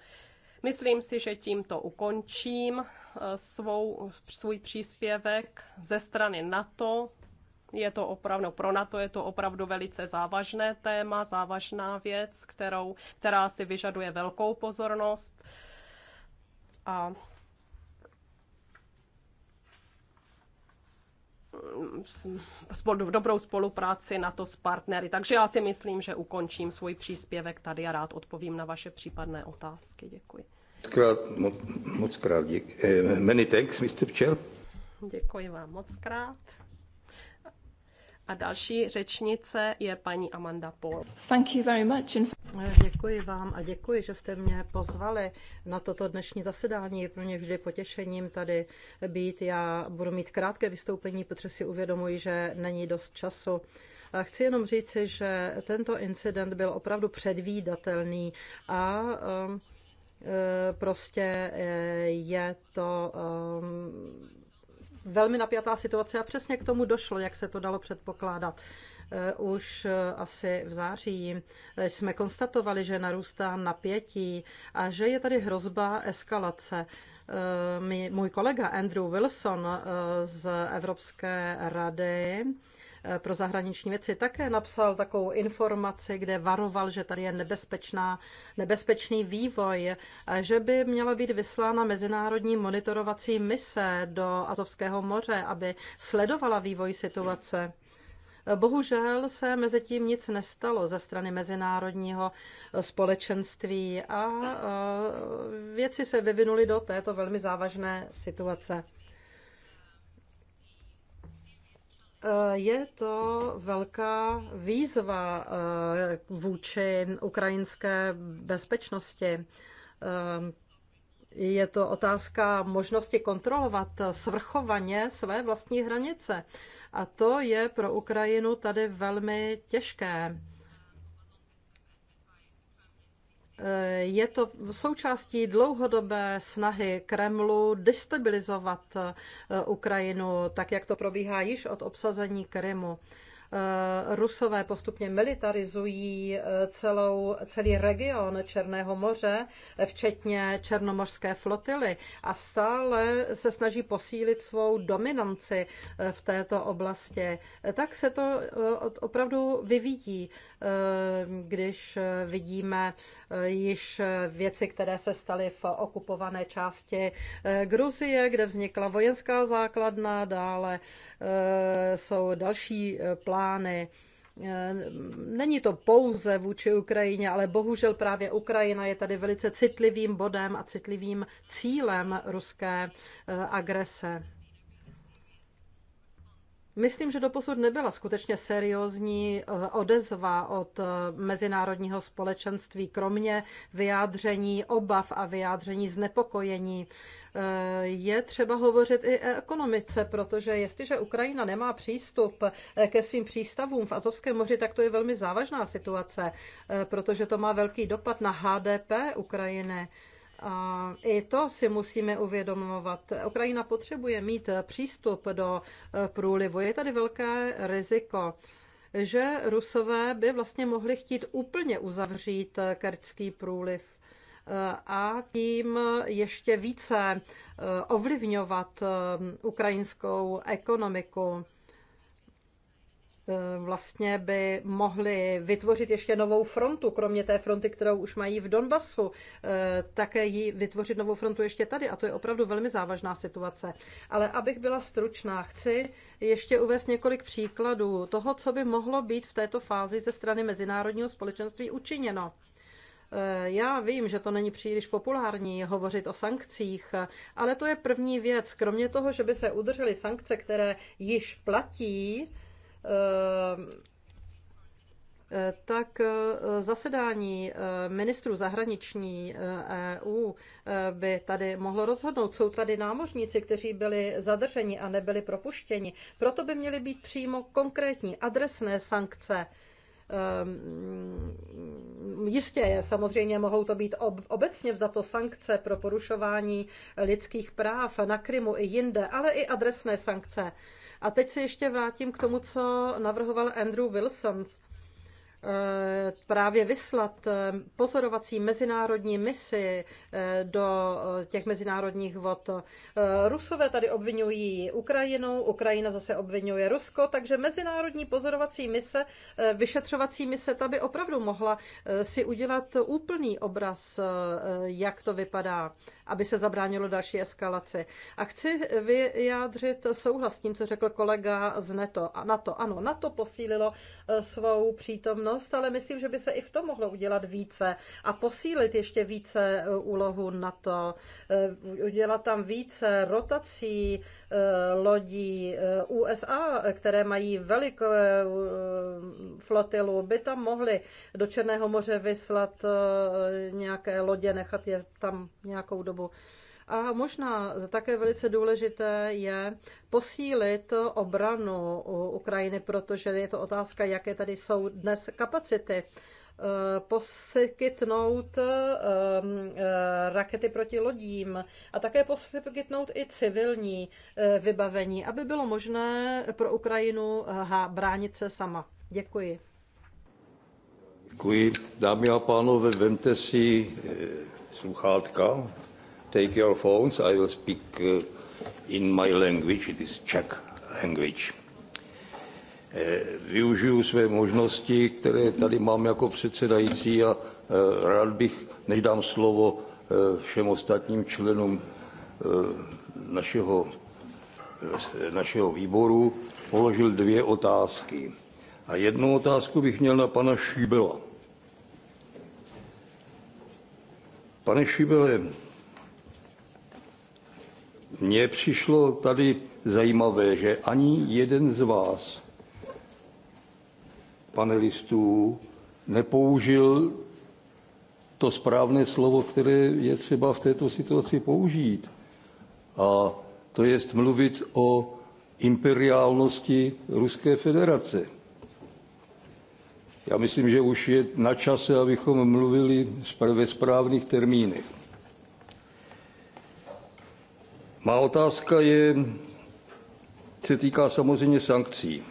Myslím si, že tímto ukončím eh, svou, svůj příspěvek ze strany NATO. Je to opravdu, pro NATO je to opravdu velice závažné téma, závažná věc, kterou, která si vyžaduje velkou pozornost. A dobrou spolupráci na to s partnery. Takže já si myslím, že ukončím svůj příspěvek tady a rád odpovím na vaše případné otázky. Děkuji. Moc krát, moc, moc krát dík. Eh, many thanks, Mr. Chair. Děkuji vám moc krát. A další řečnice je paní Amanda Paul. Thank you very much. Děkuji vám a děkuji, že jste mě pozvali na toto dnešní zasedání. Je pro mě vždy potěšením tady být. Já budu mít krátké vystoupení, protože si uvědomuji, že není dost času. Chci jenom říci, že tento incident byl opravdu předvídatelný a um, e, prostě e, je to um, velmi napjatá situace a přesně k tomu došlo, jak se to dalo předpokládat. Eh, už eh, asi v září eh, jsme konstatovali, že narůstá napětí a že je tady hrozba eskalace. Můj kolega Andrew Wilson z Evropské rady Eh, pro zahraniční věci také napsal takovou informaci, kde varoval, že tady je nebezpečná, nebezpečný vývoj, eh, že by měla být vyslána mezinárodní monitorovací mise do Azovského moře, aby sledovala vývoj situace. Eh, bohužel se mezi tím nic nestalo ze strany mezinárodního společenství a věci se vyvinuly do této velmi závažné situace. Eh, je to velká výzva eh, vůči ukrajinské bezpečnosti. Eh, je to otázka možnosti kontrolovat svrchovaně své vlastní hranice. A to je pro Ukrajinu tady velmi těžké. Eh, je to v součástí dlouhodobé snahy Kremlu destabilizovat eh, Ukrajinu, tak jak to probíhá již od obsazení Krymu. Eh, Rusové postupně militarizují eh, celou, celý region Černého moře, eh, včetně černomořské flotily a stále se snaží posílit svou dominanci v této oblasti. Tak se to opravdu vyvíjí, když vidíme již věci, které se staly v okupované části Gruzie, kde vznikla vojenská základna, dále Eh, jsou další eh, plány. Eh, není to pouze vůči Ukrajině, ale bohužel právě Ukrajina je tady velice citlivým bodem a citlivým cílem ruské agrese. Myslím, že doposud nebyla skutečně seriózní eh, odezva od eh, mezinárodního společenství, kromě vyjádření obav a vyjádření znepokojení. Eh, je třeba hovořit i o ekonomice, protože jestliže Ukrajina nemá přístup ke svým přístavům v Azovském moři, tak to je velmi závažná situace, protože to má velký dopad na HDP Ukrajiny. A I to si musíme uvědomovat. Ukrajina potřebuje mít přístup do eh, průlivu. Je tady velké riziko, že Rusové by vlastně mohli chtít úplně uzavřít eh, kerčský průliv eh, a tím ještě více ovlivňovat ukrajinskou ekonomiku. Eh, vlastně by mohli vytvořit ještě novou frontu, kromě té fronty, kterou už mají v Donbasu, eh, také ji vytvořit novou frontu ještě tady. A to je opravdu velmi závažná situace. Ale abych byla stručná, chci ještě uvést několik příkladů toho, co by mohlo být v této fázi ze strany mezinárodního společenství učiněno. Eh, já vím, že to není příliš populární hovořit o sankcích, ale to je první věc. Kromě toho, že by se udržely sankce, které již platí, Eh, tak eh, zasedání eh, ministrů zahraniční EU e by tady mohlo rozhodnout. Jsou tady námořníci, kteří byli zadrženi a nebyli propuštěni. Proto by měly být přímo konkrétní adresné sankce. Ehm, jistě je, samozřejmě mohou to být ob, obecně vzato sankce pro porušování lidských práv na Krymu i jinde, ale i adresné sankce. A teď se ještě vrátím k tomu, co navrhoval Andrew Wilson. Eh, právě vyslat eh, pozorovací mezinárodní misi eh, do těch mezinárodních vod. Rusové tady obvinují Ukrajinu, Ukrajina zase obvinuje Rusko, takže mezinárodní pozorovací mise, vyšetřovací mise, ta by opravdu mohla si udělat úplný obraz, jak to vypadá aby se zabránilo další eskalaci. A chci vyjádřit souhlas s tím, co řekl kolega z NATO. A na to ano, na to posílilo eh, svou přítomnost, ale myslím, že by se i v tom mohlo udělat více a posílit ještě více eh, úlohu NATO, eh, udělat tam více rotací lodí USA, které mají velikou flotilu, by tam mohly do Černého moře vyslat nějaké lodě, nechat je tam nějakou dobu dobu. A možná také velice důležité je posílit obranu Ukrajiny, protože je to otázka, jaké tady jsou dnes kapacity. E, poskytnout e, e, rakety proti lodím a také poskytnout i civilní vybavení, aby bylo možné pro Ukrajinu bránit se sama. Děkuji. Děkuji. Dámy a pánové, vemte si sluchátka take your phones. I will speak uh, in my language, it is Czech language. Eh, využiju své možnosti, které tady mám jako předsedající a eh, rád bych, než dám slovo eh, všem ostatním členům našeho, našeho výboru, položil dvě otázky. A jednu otázku bych měl na pana Šíbela. Pane Šíbele, mně přišlo tady zajímavé, že ani jeden z vás, panelistů, nepoužil to správné slovo, které je třeba v této situaci použít. A to je mluvit o imperiálnosti Ruské federace. Já myslím, že už je na čase, abychom mluvili ve správných termínech. Má otázka je, se týká samozřejmě sankcí.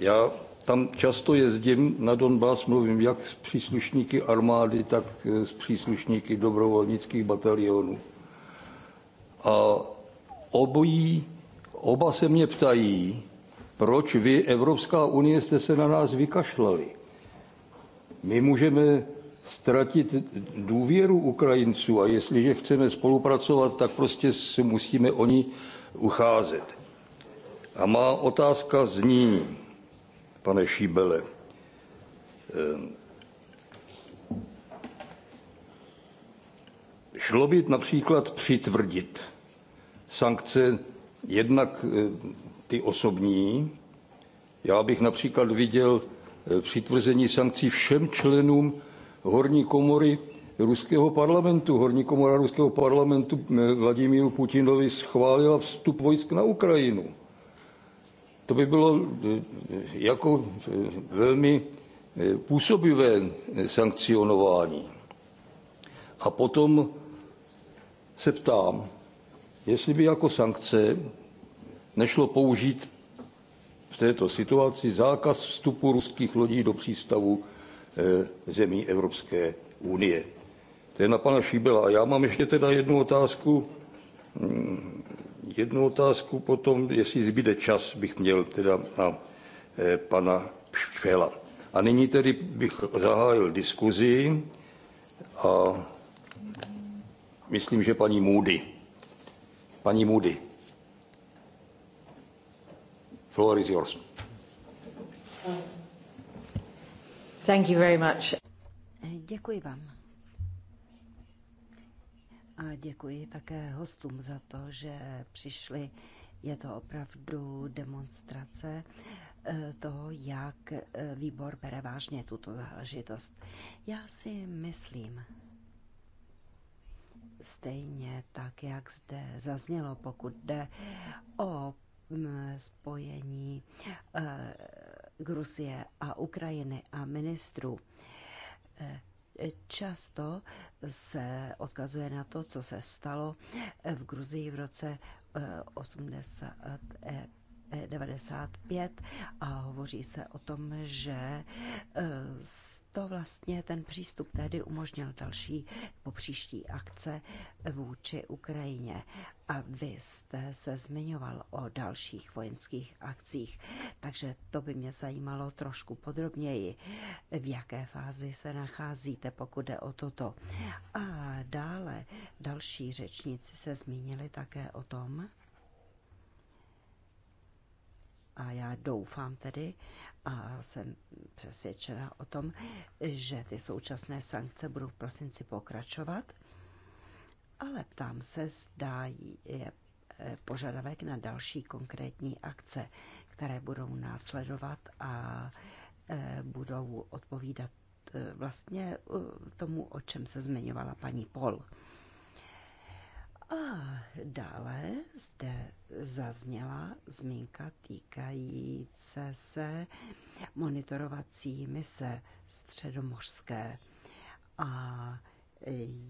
Já tam často jezdím na Donbass, mluvím jak s příslušníky armády, tak eh, s příslušníky dobrovolnických batalionů. A obojí, oba se mě ptají, proč vy, Evropská unie, jste se na nás vykašlali. My můžeme ztratit důvěru Ukrajinců a jestliže chceme spolupracovat, tak prostě se musíme o ní ucházet. A má otázka zní, pane Šíbele, eh, šlo by například přitvrdit sankce jednak eh, ty osobní, já bych například viděl eh, přitvrzení sankcí všem členům horní komory ruského parlamentu. Horní komora ruského parlamentu eh, Vladimíru Putinovi schválila vstup vojsk na Ukrajinu. To by bylo eh, jako eh, velmi působivé sankcionování. A potom se ptám, jestli by jako sankce nešlo použít v této situaci zákaz vstupu ruských lodí do přístavu Eh, zemí Evropské unie. To je na pana Šíbela. A já mám ještě teda jednu otázku. Hmm, jednu otázku potom, jestli zbyde čas, bych měl teda na eh, pana Špela. A nyní tedy bych zahájil diskuzi a myslím, že paní Můdy. Paní Moody. Floor is yours. Thank you very much. Děkuji vám. A děkuji také hostům za to, že přišli. Je to opravdu demonstrace eh, toho, jak eh, výbor bere vážně tuto záležitost. Já si myslím, stejně tak, jak zde zaznělo, pokud jde o mm, spojení eh, Gruzie a Ukrajiny a ministrů eh, často se odkazuje na to, co se stalo eh, v Gruzii v roce 1995 eh, a hovoří se o tom, že to vlastně ten přístup tehdy umožnil další po příští akce vůči Ukrajině. A vy jste se zmiňoval o dalších vojenských akcích, takže to by mě zajímalo trošku podrobněji, v jaké fázi se nacházíte, pokud jde o toto. A dále další řečníci se zmínili také o tom, a já doufám tedy, a jsem přesvědčena o tom, že ty současné sankce budou v prosinci pokračovat, ale ptám se, zdá je e, požadavek na další konkrétní akce, které budou následovat a e, budou odpovídat e, vlastně tomu, o čem se zmiňovala paní Pol. A dále zde zazněla zmínka týkající se monitorovací mise středomořské. A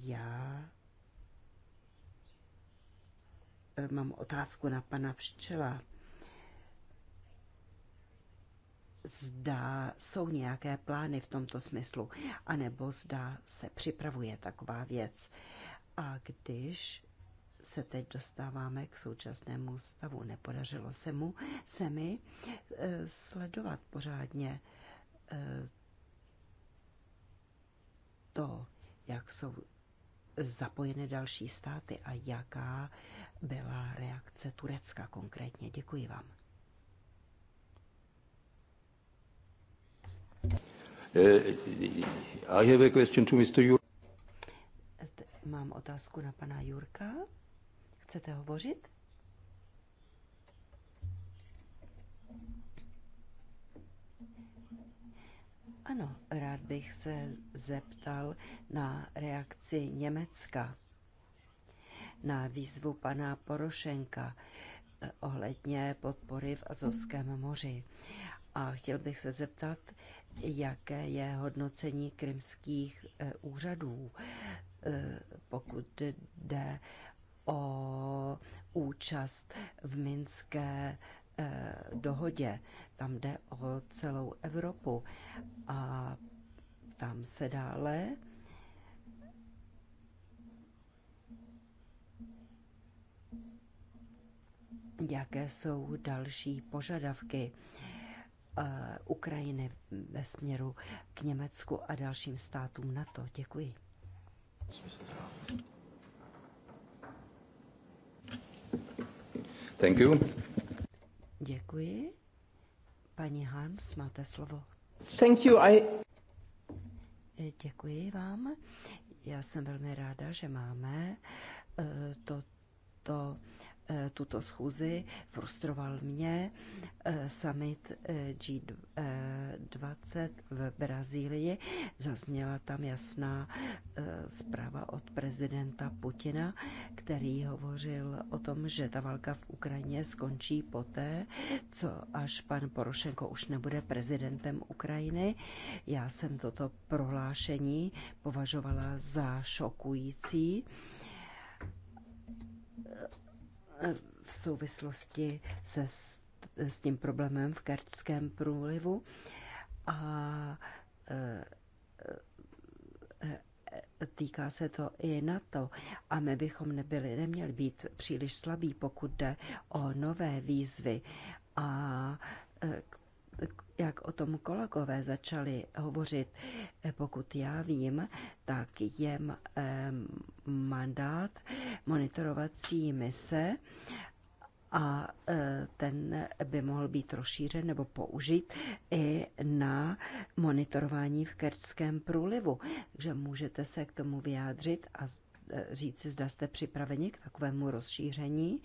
já eh, mám otázku na pana Pščela. Zda jsou nějaké plány v tomto smyslu, anebo zda se připravuje taková věc. A když se teď dostáváme k současnému stavu. Nepodařilo se mu se mi eh, sledovat pořádně eh, to, jak jsou zapojeny další státy a jaká byla reakce Turecka konkrétně. Děkuji vám. Eh, I have a question to Mr. Jur- Mám otázku na pana Jurka. Chcete hovořit? Ano, rád bych se zeptal na reakci Německa na výzvu pana Porošenka eh, ohledně podpory v Azovském moři. A chtěl bych se zeptat, jaké je hodnocení krymských eh, úřadů, eh, pokud jde o účast v Minské eh, dohodě. Tam jde o celou Evropu a tam se dále jaké jsou další požadavky eh, Ukrajiny ve směru k Německu a dalším státům NATO. Děkuji. Thank you. Děkuji. Paní Harms, máte slovo. Thank you. I... Eh, děkuji vám. Já jsem velmi ráda, že máme eh, toto Eh, tuto schůzi, frustroval mě eh, summit eh, G20 v Brazílii. Zazněla tam jasná zpráva od prezidenta Putina, který hovořil o tom, že ta válka v Ukrajině skončí poté, co až pan Porošenko už nebude prezidentem Ukrajiny. Já jsem toto prohlášení považovala za šokující v souvislosti se s tím problémem v Kerčském průlivu a e, e, e, týká se to i na to a my bychom nebyli, neměli být příliš slabí, pokud jde o nové výzvy a k jak o tom kolegové začali hovořit, eh, pokud já vím, tak je mandát monitorovací mise a eh, ten by mohl být rozšířen nebo použit i na monitorování v kertském průlivu. Takže můžete se k tomu vyjádřit a Eh, říci, zda jste připraveni k takovému rozšíření.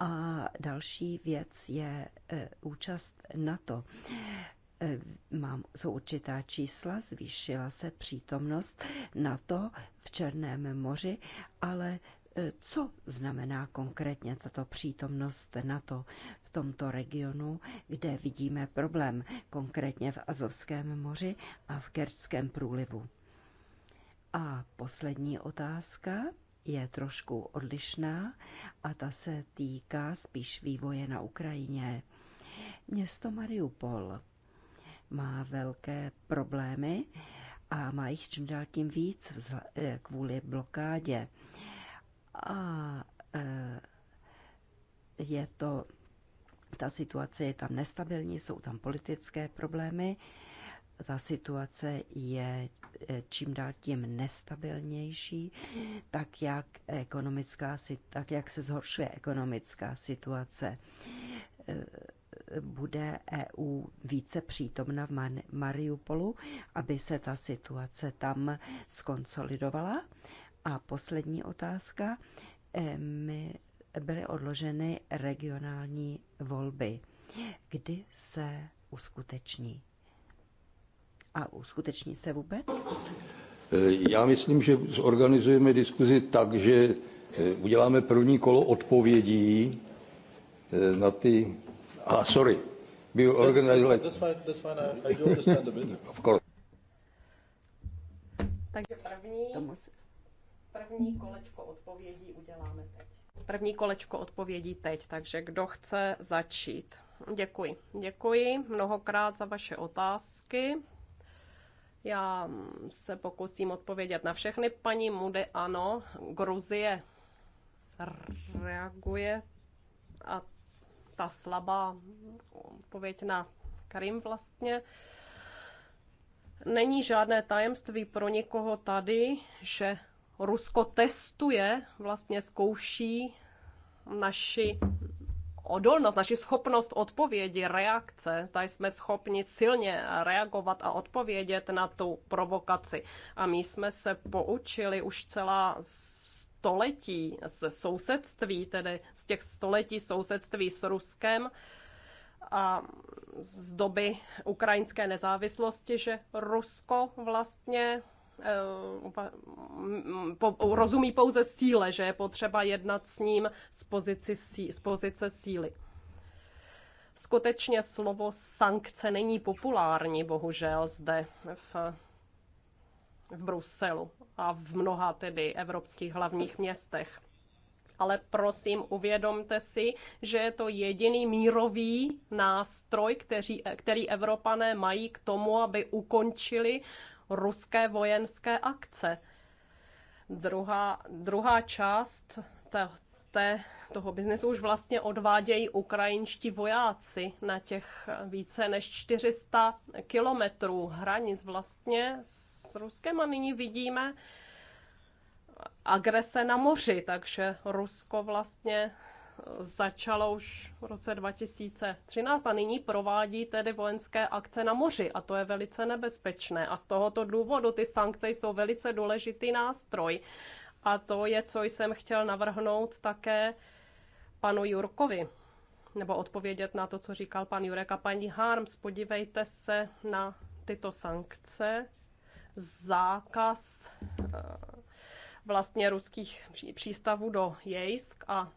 A další věc je eh, účast na to. Eh, mám, jsou určitá čísla, zvýšila se přítomnost na to v Černém moři, ale co znamená konkrétně tato přítomnost NATO v tomto regionu, kde vidíme problém, konkrétně v Azovském moři a v Kerčském průlivu? A poslední otázka je trošku odlišná a ta se týká spíš vývoje na Ukrajině. Město Mariupol má velké problémy a má jich čím dál tím víc eh, kvůli blokádě. A eh, je to, ta situace je tam nestabilní, jsou tam politické problémy ta situace je eh, čím dál tím nestabilnější, tak jak, ekonomická, tak jak se zhoršuje ekonomická situace. Eh, bude EU více přítomna v Mariupolu, aby se ta situace tam skonsolidovala? A poslední otázka. Eh, my byly odloženy regionální volby. Kdy se uskuteční? a uskuteční se vůbec? E, já myslím, že zorganizujeme diskuzi tak, že e, uděláme první kolo odpovědí e, na ty... A ah, sorry, we organize... That's, fine, that's fine, I, do understand a bit. Of course. Takže první, první kolečko odpovědí uděláme teď. První kolečko odpovědí teď, takže kdo chce začít? Děkuji. Děkuji mnohokrát za vaše otázky. Já se pokusím odpovědět na všechny. Paní Mude, ano, Gruzie reaguje a ta slabá odpověď na Karim vlastně. Není žádné tajemství pro někoho tady, že Rusko testuje, vlastně zkouší naši odolnost, naši schopnost odpovědi, reakce, zda jsme schopni silně reagovat a odpovědět na tu provokaci. A my jsme se poučili už celá století z sousedství, tedy z těch století sousedství s Ruskem a z doby ukrajinské nezávislosti, že Rusko vlastně Eh, mm, rozumí pouze síle, že je potřeba jednat s ním z, pozici, z pozice síly. Skutečně slovo sankce není populární, bohužel, zde v, v Bruselu a v mnoha tedy evropských hlavních městech ale prosím, uvědomte si, že je to jediný mírový nástroj, který, který Evropané mají k tomu, aby ukončili ruské vojenské akce. Druhá, druhá část té, té, toho biznesu už vlastně odvádějí ukrajinští vojáci na těch více než 400 kilometrů hranic vlastně s Ruskem a nyní vidíme agrese na moři, takže Rusko vlastně začalo už v roce 2013 a nyní provádí tedy vojenské akce na moři a to je velice nebezpečné. A z tohoto důvodu ty sankce jsou velice důležitý nástroj. A to je, co jsem chtěl navrhnout také panu Jurkovi, nebo odpovědět na to, co říkal pan Jurek a paní Harms. Podívejte se na tyto sankce. Zákaz eh, vlastně ruských přístavů do Jejsk a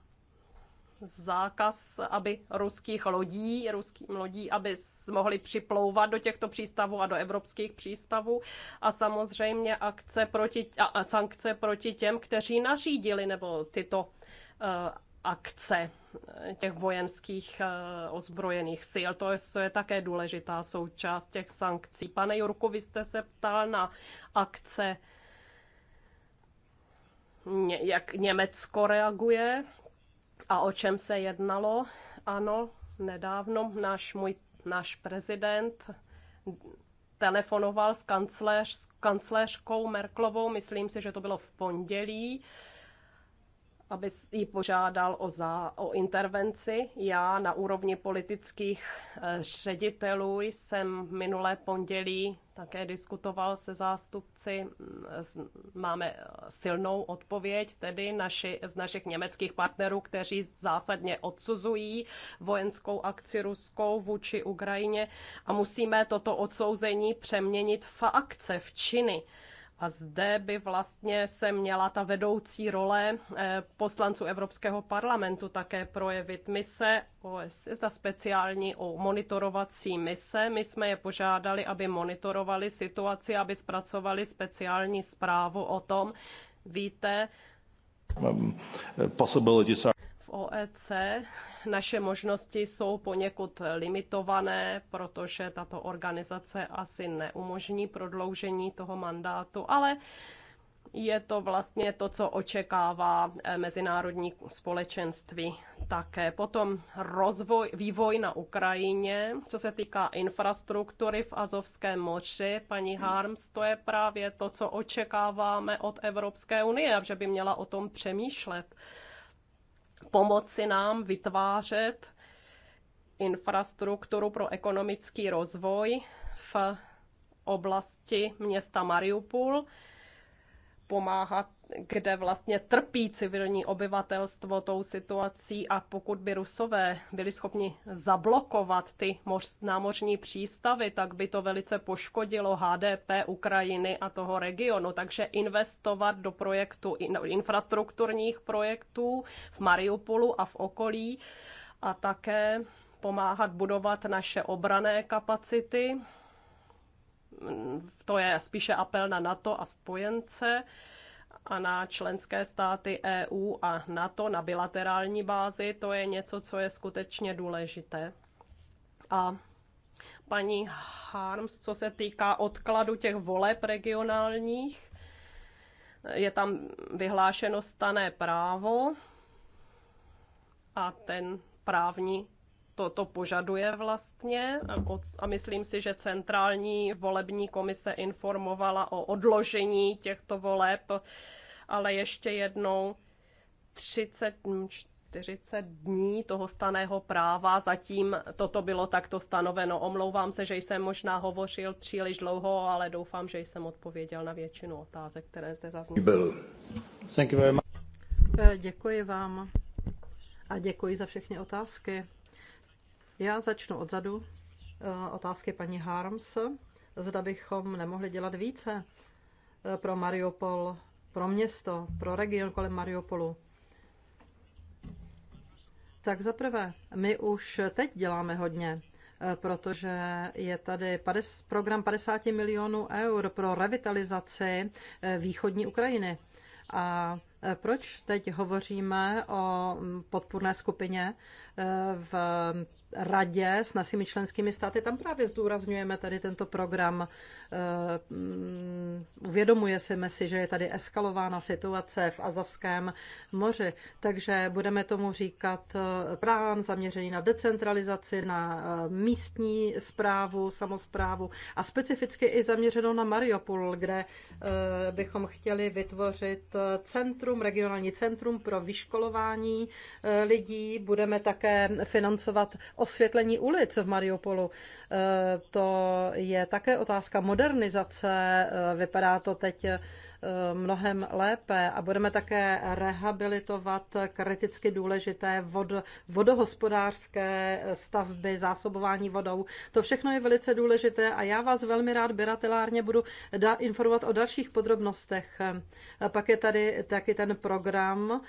zákaz, aby ruských lodí, ruským lodí, aby mohli připlouvat do těchto přístavů a do evropských přístavů a samozřejmě akce proti, a sankce proti těm, kteří nařídili nebo tyto uh, akce eh, těch vojenských uh, ozbrojených sil. To je, to je také důležitá součást těch sankcí. Pane Jurku, vy jste se ptal na akce, jak Německo reaguje a o čem se jednalo? Ano, nedávno náš, můj, náš prezident telefonoval s kancléř, kancléřkou Merklovou, myslím si, že to bylo v pondělí, aby ji požádal o, za, o intervenci. Já na úrovni politických eh, ředitelů jsem minulé pondělí také diskutoval se zástupci. Mm, máme eh, silnou odpověď tedy naši, z našich německých partnerů, kteří zásadně odsuzují vojenskou akci ruskou vůči Ukrajině a musíme toto odsouzení přeměnit v akce, v činy. A zde by vlastně se měla ta vedoucí role eh, poslanců Evropského parlamentu také projevit. Mise ta speciální o monitorovací mise, my jsme je požádali, aby monitorovali situaci, aby zpracovali speciální zprávu o tom. Víte, um, eh, possibilities are OEC naše možnosti jsou poněkud limitované, protože tato organizace asi neumožní prodloužení toho mandátu, ale je to vlastně to, co očekává eh, mezinárodní společenství také. Potom rozvoj, vývoj na Ukrajině, co se týká infrastruktury v Azovském moři. Paní Harms, to je právě to, co očekáváme od Evropské unie, že by měla o tom přemýšlet pomoci nám vytvářet infrastrukturu pro ekonomický rozvoj v oblasti města Mariupol pomáhat, kde vlastně trpí civilní obyvatelstvo tou situací a pokud by Rusové byli schopni zablokovat ty moř, námořní přístavy, tak by to velice poškodilo HDP Ukrajiny a toho regionu. Takže investovat do projektu, infrastrukturních projektů v Mariupolu a v okolí a také pomáhat budovat naše obrané kapacity to je spíše apel na NATO a spojence a na členské státy EU a NATO na bilaterální bázi, to je něco, co je skutečně důležité. A paní Harms, co se týká odkladu těch voleb regionálních, je tam vyhlášeno stané právo a ten právní to, to požaduje vlastně a myslím si, že centrální volební komise informovala o odložení těchto voleb, ale ještě jednou 30, 40 mm, dní toho staného práva. Zatím toto bylo takto stanoveno. Omlouvám se, že jsem možná hovořil příliš dlouho, ale doufám, že jsem odpověděl na většinu otázek, které zde zazněly. Děkuji vám a děkuji za všechny otázky. Já začnu odzadu. Eh, otázky paní Harms. Zda bychom nemohli dělat více eh, pro Mariupol, pro město, pro region kolem Mariupolu. Tak zaprvé, my už teď děláme hodně, eh, protože je tady program 50 milionů eur pro revitalizaci východní Ukrajiny. A proč teď hovoříme o mm, podpůrné skupině v radě s našimi členskými státy. Tam právě zdůrazňujeme tady tento program. Eh, mm, uvědomuje si si, že je tady eskalována situace v Azovském moři, takže budeme tomu říkat eh, plán zaměřený na decentralizaci, na eh, místní zprávu, samozprávu a specificky i zaměřenou na Mariupol, kde bychom chtěli vytvořit centrum, regionální centrum pro vyškolování lidí. Budeme také financovat osvětlení ulic v Mariupolu. Eh, to je také otázka modernizace. Eh, vypadá to teď eh, mnohem lépe a budeme také rehabilitovat kriticky důležité vod, vodohospodářské stavby, zásobování vodou. To všechno je velice důležité a já vás velmi rád bilaterálně budu informovat o dalších podrobnostech. Pak je tady taky ten program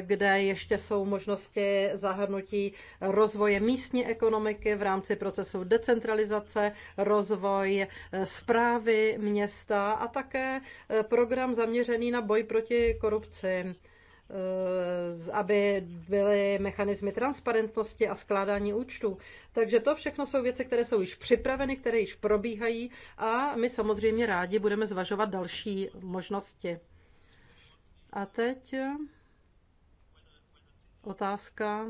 kde ještě jsou možnosti zahrnutí rozvoje místní ekonomiky v rámci procesu decentralizace, rozvoj zprávy eh, města a také eh, program zaměřený na boj proti korupci eh, aby byly mechanismy transparentnosti a skládání účtů. Takže to všechno jsou věci, které jsou již připraveny, které již probíhají a my samozřejmě rádi budeme zvažovat další možnosti. A teď otázka,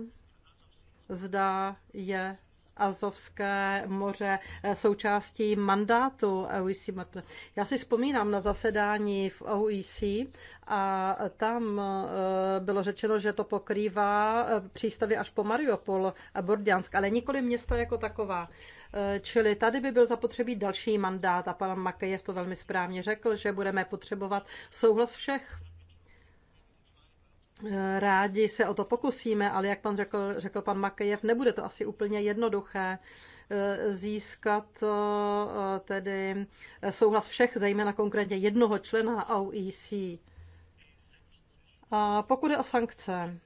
zda je Azovské moře součástí mandátu OEC. Já si vzpomínám na zasedání v OEC a tam eh, bylo řečeno, že to pokrývá eh, přístavy až po Mariupol a Bordiansk, ale nikoli města jako taková. Eh, čili tady by byl zapotřebí další mandát a pan Makejev to velmi správně řekl, že budeme potřebovat souhlas všech Rádi se o to pokusíme, ale jak pan řekl, řekl pan Makejev, nebude to asi úplně jednoduché eh, získat eh, tedy eh, souhlas všech, zejména konkrétně jednoho člena OEC. A pokud je o sankce,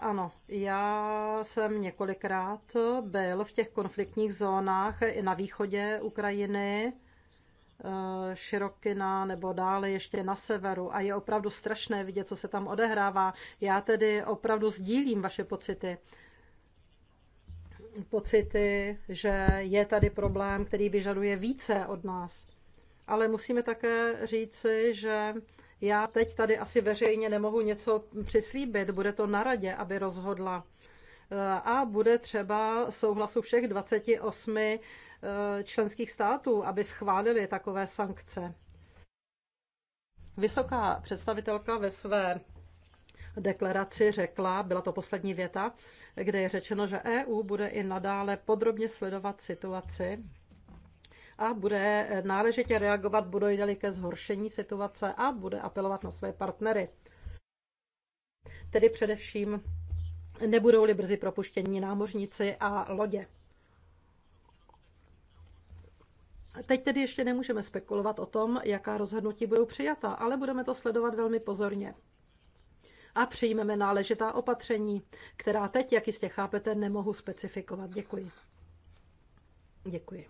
ano, já jsem několikrát byl v těch konfliktních zónách i na východě Ukrajiny Eh, Širokina nebo dále ještě na severu a je opravdu strašné vidět, co se tam odehrává. Já tedy opravdu sdílím vaše pocity. Pocity, že je tady problém, který vyžaduje více od nás. Ale musíme také říci, že já teď tady asi veřejně nemohu něco přislíbit, bude to na radě, aby rozhodla a bude třeba souhlasu všech 28 eh, členských států, aby schválili takové sankce. Vysoká představitelka ve své deklaraci řekla, byla to poslední věta, kde je řečeno, že EU bude i nadále podrobně sledovat situaci a bude náležitě reagovat, bude-li ke zhoršení situace a bude apelovat na své partnery. Tedy především nebudou-li brzy propuštěni námořníci a lodě. Teď tedy ještě nemůžeme spekulovat o tom, jaká rozhodnutí budou přijata, ale budeme to sledovat velmi pozorně. A přijmeme náležitá opatření, která teď, jak jistě chápete, nemohu specifikovat. Děkuji. Děkuji.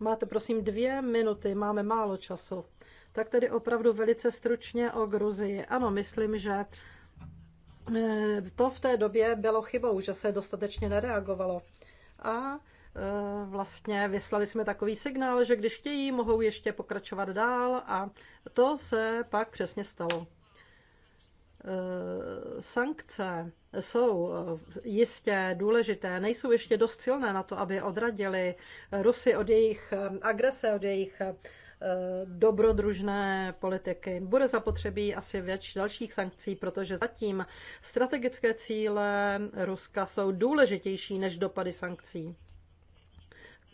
Máte prosím dvě minuty, máme málo času. Tak tedy opravdu velice stručně o Gruzii. Ano, myslím, že Eh, to v té době bylo chybou, že se dostatečně nereagovalo. A eh, vlastně vyslali jsme takový signál, že když chtějí, mohou ještě pokračovat dál a to se pak přesně stalo. Eh, sankce jsou jistě důležité, nejsou ještě dost silné na to, aby odradili Rusy od jejich agrese, od jejich Eh, dobrodružné politiky. Bude zapotřebí asi věč dalších sankcí, protože zatím strategické cíle Ruska jsou důležitější než dopady sankcí.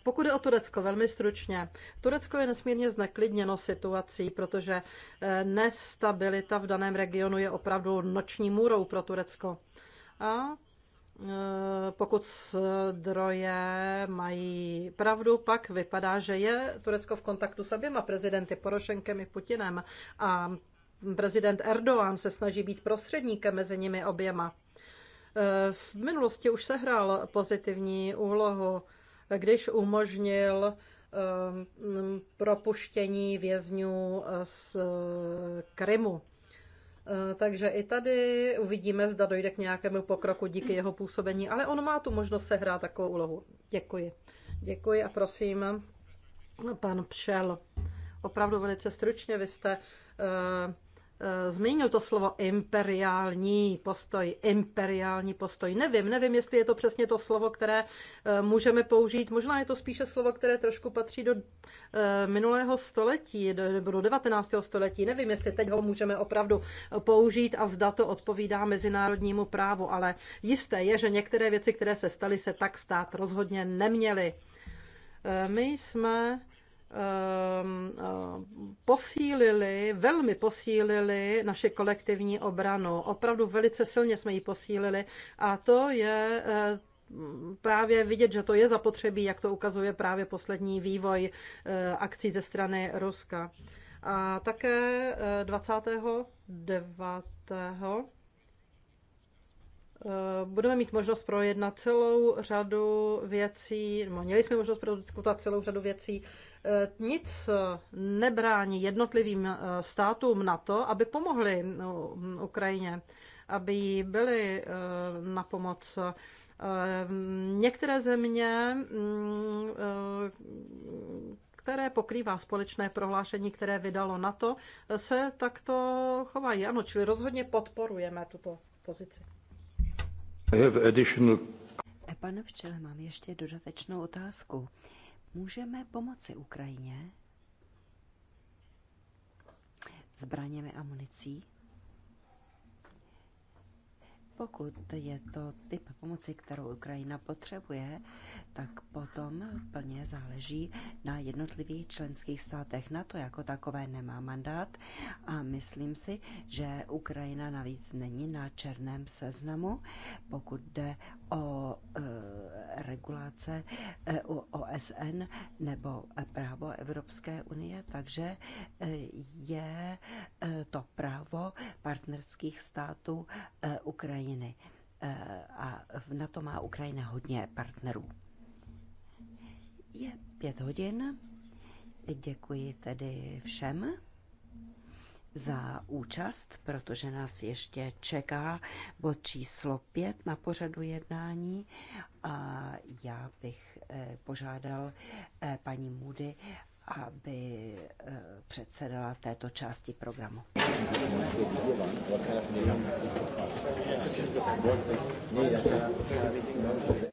Pokud je o Turecko, velmi stručně. Turecko je nesmírně zneklidněno situací, protože eh, nestabilita v daném regionu je opravdu noční můrou pro Turecko. A Eh, pokud zdroje mají pravdu, pak vypadá, že je Turecko v kontaktu s oběma prezidenty, Porošenkem i Putinem. A prezident Erdoğan se snaží být prostředníkem mezi nimi oběma. Eh, v minulosti už sehrál pozitivní úlohu, když umožnil eh, propuštění vězňů z Krymu. Eh, takže i tady uvidíme, zda dojde k nějakému pokroku díky jeho působení, ale on má tu možnost sehrát takovou úlohu. Děkuji. Děkuji a prosím, pan Pšel. Opravdu velice stručně, vy jste eh, Eh, zmínil to slovo imperiální postoj, imperiální postoj. Nevím, nevím, jestli je to přesně to slovo, které eh, můžeme použít. Možná je to spíše slovo, které trošku patří do eh, minulého století, nebo do 19. století. Nevím, jestli teď ho můžeme opravdu použít a zda to odpovídá mezinárodnímu právu, ale jisté je, že některé věci, které se staly, se tak stát rozhodně neměly. My jsme Um, uh, posílili, velmi posílili naši kolektivní obranu. Opravdu velice silně jsme ji posílili a to je uh, právě vidět, že to je zapotřebí, jak to ukazuje právě poslední vývoj uh, akcí ze strany Ruska. A také 29. Eh, budeme mít možnost projednat celou řadu věcí, no, měli jsme možnost prodiskutovat celou řadu věcí. Eh, nic eh, nebrání jednotlivým státům na to, aby pomohli no, mm, Ukrajině, aby jí byli na pomoc. Některé země, mm, které pokrývá společné prohlášení, které vydalo NATO, se takto chovají. Ano, čili rozhodně podporujeme tuto pozici. E, pane Včele, mám ještě dodatečnou otázku. Můžeme pomoci Ukrajině zbraněmi a municí? Pokud je to typ pomoci, kterou Ukrajina potřebuje, tak potom plně záleží na jednotlivých členských státech. Na to jako takové nemá mandát a myslím si, že Ukrajina navíc není na černém seznamu, pokud jde o e, regulace e, o OSN nebo právo Evropské unie, takže e, je e, to právo partnerských států e, Ukrajiny Ukrajiny. Eh, a na to má Ukrajina hodně partnerů. Je pět hodin. Děkuji tedy všem za účast, protože nás ještě čeká bod číslo pět na pořadu jednání a já bych eh, požádal eh, paní Moody, aby předsedala této části programu. Nee, dat is niet.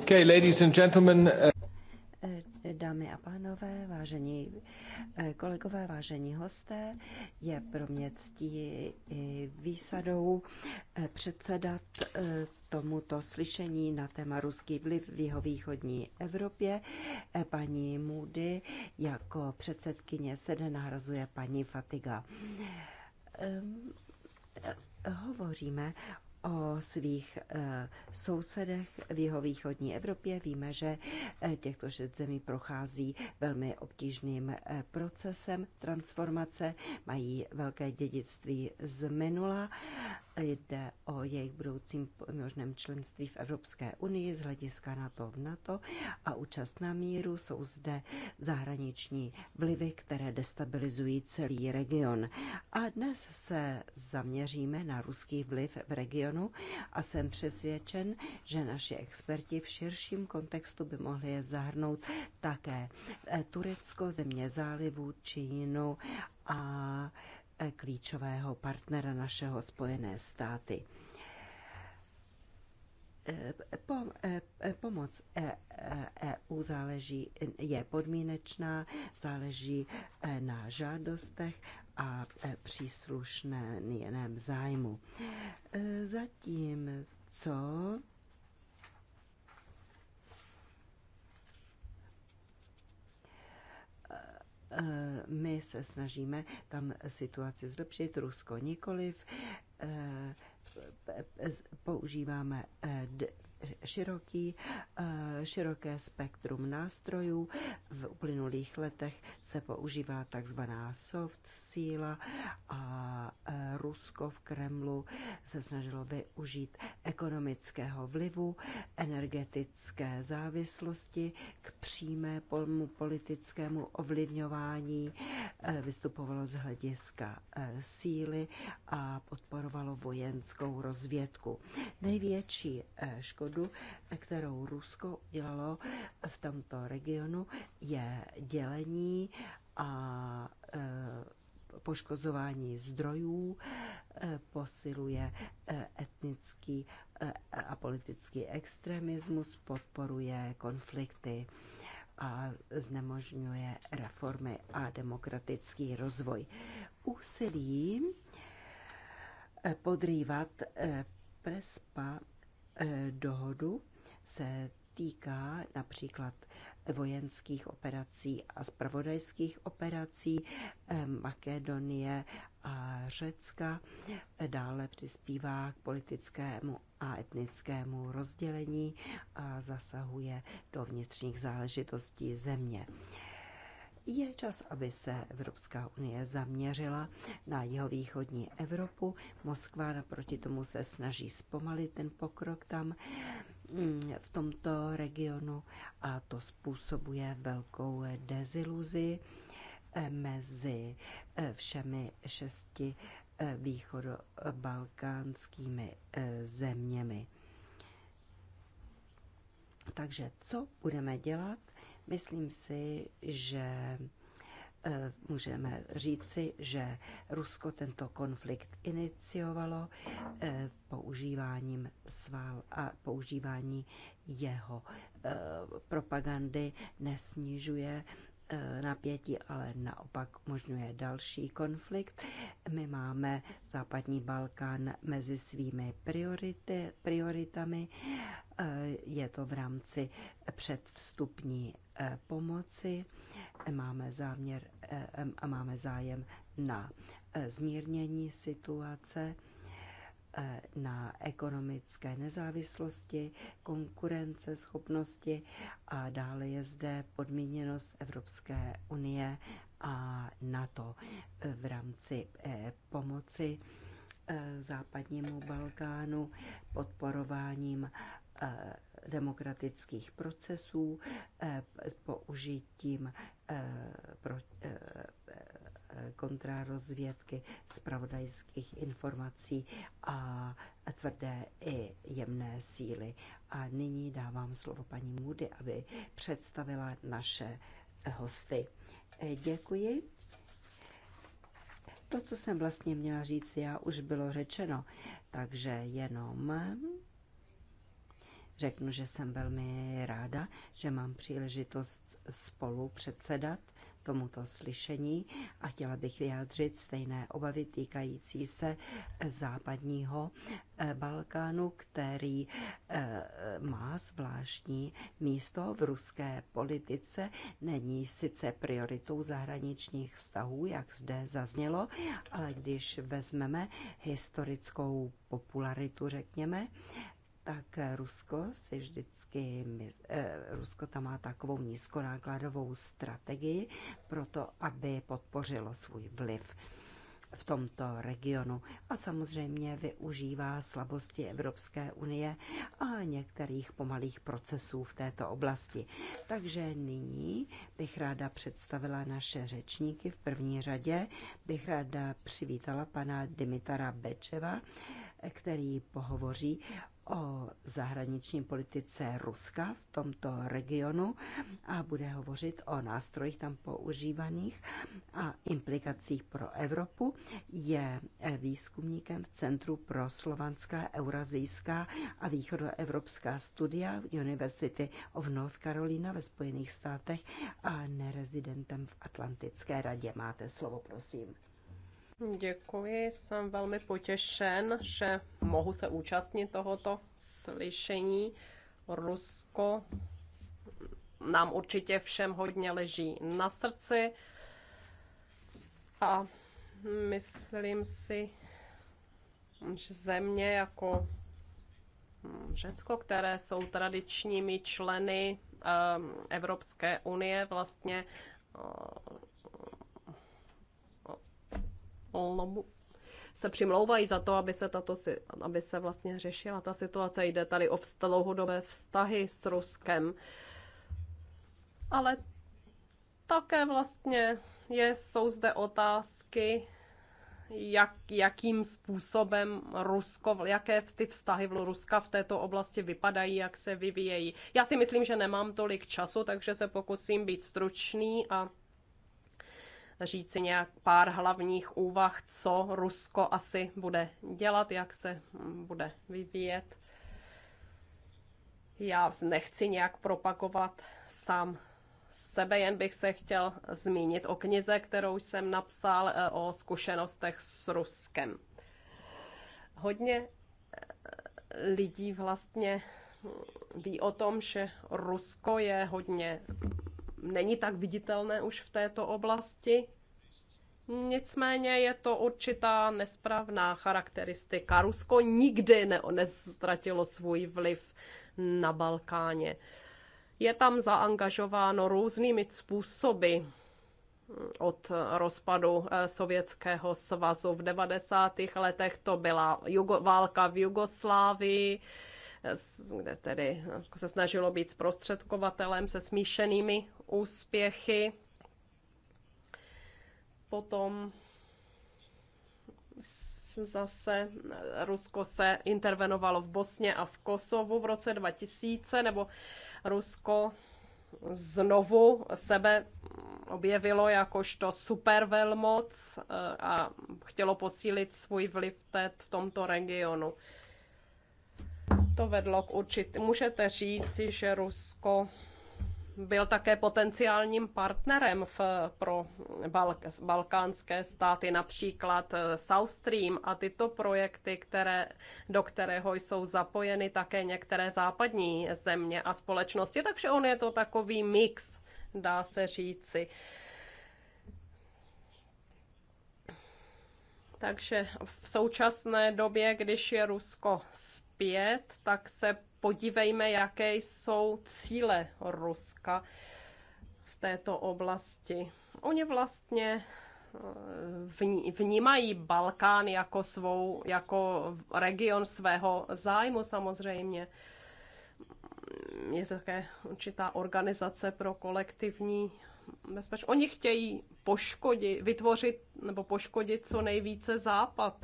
Okay, ladies and gentlemen. Uh, eh, dámy a pánové, vážení eh, kolegové, vážení hosté, je pro mě ctí i eh, výsadou předsedat tomuto slyšení na téma ruský vliv v jeho východní Evropě. Paní Moody jako předsedkyně se nahrazuje paní Fatiga hovoříme o svých eh, sousedech v jeho východní Evropě. Víme, že eh, těchto šest zemí prochází velmi obtížným eh, procesem transformace, mají velké dědictví z minula Jde o jejich budoucím možném členství v Evropské unii z hlediska NATO v NATO a účast na míru jsou zde zahraniční vlivy, které destabilizují celý region. A dnes se zaměříme na ruský vliv v regionu a jsem přesvědčen, že naši experti v širším kontextu by mohli je zahrnout také eh, Turecko, země zálivu, Čínu a klíčového partnera našeho Spojené státy. E, e, e, pomoc EU záleží, je podmínečná, záleží na žádostech a příslušném zájmu. Zatím co Eh, my se snažíme tam situaci zlepšit, Rusko nikoliv. Eh, eh, používáme široký, eh, široké spektrum nástrojů. V uplynulých letech se používala takzvaná soft síla a eh, Rusko v Kremlu se snažilo využít ekonomického vlivu, energetické závislosti k přímé politickému ovlivňování, eh, vystupovalo z hlediska síly a podporovalo vojenskou rozvědku. Největší škodu škodu, kterou Rusko dělalo v tomto regionu, je dělení a e, poškozování zdrojů, e, posiluje e, etnický a politický extremismus, podporuje konflikty a znemožňuje reformy a demokratický rozvoj. Úsilí podrývat Prespa Eh, dohodu se týká například vojenských operací a spravodajských operací eh, Makedonie a Řecka. Eh, dále přispívá k politickému a etnickému rozdělení a zasahuje do vnitřních záležitostí země. Je čas, aby se Evropská unie zaměřila na jeho východní Evropu. Moskva naproti tomu se snaží zpomalit ten pokrok tam mm, v tomto regionu a to způsobuje velkou deziluzi eh, mezi eh, všemi šesti eh, východobalkánskými zeměmi. Takže co budeme dělat Myslím si, že eh, můžeme říci, že Rusko tento konflikt iniciovalo eh, používáním sval a používání jeho eh, propagandy nesnižuje Eh, napětí, ale naopak možňuje další konflikt. My máme západní Balkán mezi svými priority, prioritami. Eh, je to v rámci předvstupní eh, pomoci. Máme záměr a máme zájem na zmírnění situace Eh, na ekonomické nezávislosti, konkurence, schopnosti a dále je zde podmíněnost Evropské unie a NATO v rámci eh, pomoci eh, západnímu Balkánu podporováním demokratických procesů s použitím pro, kontrarozvědky, spravodajských informací a tvrdé i jemné síly. A nyní dávám slovo paní Moody, aby představila naše hosty. Děkuji. To, co jsem vlastně měla říct, já už bylo řečeno, takže jenom řeknu, že jsem velmi ráda, že mám příležitost spolu předsedat tomuto slyšení a chtěla bych vyjádřit stejné obavy týkající se eh, západního eh, Balkánu, který eh, má zvláštní místo v ruské politice. Není sice prioritou zahraničních vztahů, jak zde zaznělo, ale když vezmeme historickou popularitu, řekněme, tak Rusko si vždycky, eh, Rusko tam má takovou nízkonákladovou strategii pro to, aby podpořilo svůj vliv v tomto regionu a samozřejmě využívá slabosti Evropské unie a některých pomalých procesů v této oblasti. Takže nyní bych ráda představila naše řečníky. V první řadě bych ráda přivítala pana Dimitara Bečeva, který pohovoří o zahraniční politice Ruska v tomto regionu a bude hovořit o nástrojích tam používaných a implikacích pro Evropu. Je eh, výzkumníkem v Centru pro slovanská, eurazijská a východoevropská studia v University of North Carolina ve Spojených státech a nerezidentem v Atlantické radě. Máte slovo, prosím. Děkuji, jsem velmi potěšen, že mohu se účastnit tohoto slyšení. Rusko nám určitě všem hodně leží na srdci a myslím si, že země jako Řecko, které jsou tradičními členy ehm, Evropské unie, vlastně lobu se přimlouvají za to, aby se, tato, aby se vlastně řešila ta situace. Jde tady o dlouhodobé vztahy s Ruskem. Ale také vlastně je, jsou zde otázky, jak, jakým způsobem Rusko, jaké ty vztahy v Ruska v této oblasti vypadají, jak se vyvíjejí. Já si myslím, že nemám tolik času, takže se pokusím být stručný a říci nějak pár hlavních úvah, co Rusko asi bude dělat, jak se bude vyvíjet. Já nechci nějak propagovat sám sebe, jen bych se chtěl zmínit o knize, kterou jsem napsal eh, o zkušenostech s Ruskem. Hodně eh, lidí vlastně ví o tom, že Rusko je hodně není tak viditelné už v této oblasti. Nicméně je to určitá nesprávná charakteristika. Rusko nikdy ne- neztratilo svůj vliv na Balkáně. Je tam zaangažováno různými způsoby od rozpadu eh, Sovětského svazu v 90. letech. To byla jugo- válka v Jugoslávii, eh, kde tedy se snažilo být zprostředkovatelem se smíšenými úspěchy. Potom zase Rusko se intervenovalo v Bosně a v Kosovu v roce 2000, nebo Rusko znovu sebe objevilo jakožto supervelmoc eh, a chtělo posílit svůj vliv v tomto regionu. To vedlo k určitým. Můžete si, že Rusko byl také potenciálním partnerem v, pro balk, balkánské státy, například eh, South Stream a tyto projekty, které, do kterého jsou zapojeny také některé západní země a společnosti. Takže on je to takový mix, dá se říci. Takže v současné době, když je Rusko zpět, tak se podívejme, jaké jsou cíle Ruska v této oblasti. Oni vlastně eh, vnímají Balkán jako, svou, jako region svého zájmu samozřejmě. Je to také určitá organizace pro kolektivní bezpečnost. Oni chtějí poškodit, vytvořit nebo poškodit co nejvíce Západ.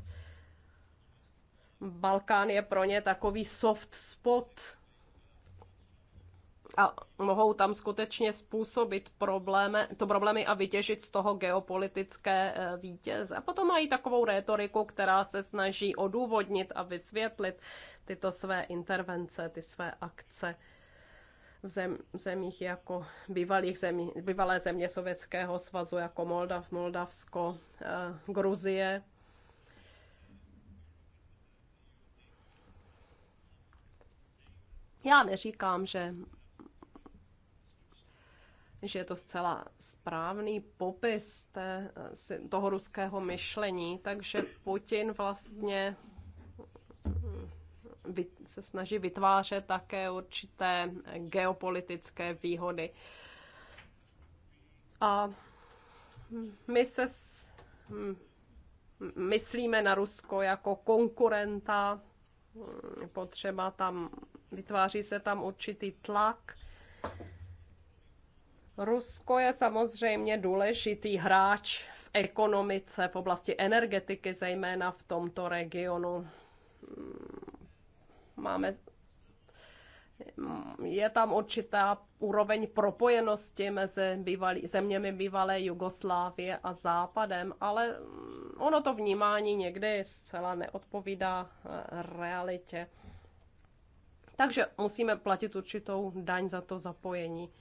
Balkán je pro ně takový soft spot a mohou tam skutečně způsobit problémy, to problémy a vytěžit z toho geopolitické eh, vítěze. A potom mají takovou rétoriku, která se snaží odůvodnit a vysvětlit tyto své intervence, ty své akce v, zem, zemích jako bývalých zemí, bývalé země Sovětského svazu, jako Moldav, Moldavsko, eh, Gruzie, Já neříkám, že že je to zcela správný popis té, toho ruského myšlení, takže Putin vlastně mm, se snaží vytvářet také určité geopolitické výhody. A my se s, hm, myslíme na Rusko jako konkurenta, hm, potřeba tam vytváří se tam určitý tlak. Rusko je samozřejmě důležitý hráč v ekonomice, v oblasti energetiky, zejména v tomto regionu. Hmm, máme hmm, je tam určitá úroveň propojenosti mezi bývalý, zeměmi bývalé Jugoslávie a Západem, ale hmm, ono to vnímání někdy zcela neodpovídá eh, realitě. Takže musíme platit určitou daň za to zapojení.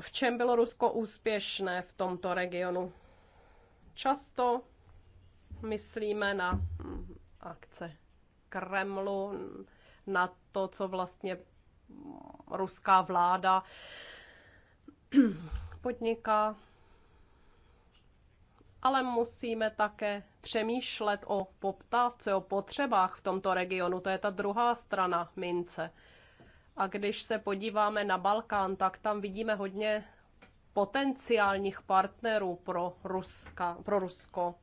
V čem bylo Rusko úspěšné v tomto regionu? Často myslíme na hm, akce Kremlu, na to, co vlastně ruská vláda podniká ale musíme také přemýšlet o poptávce, o potřebách v tomto regionu. To je ta druhá strana mince. A když se podíváme na Balkán, tak tam vidíme hodně potenciálních partnerů pro, Ruska, pro Rusko.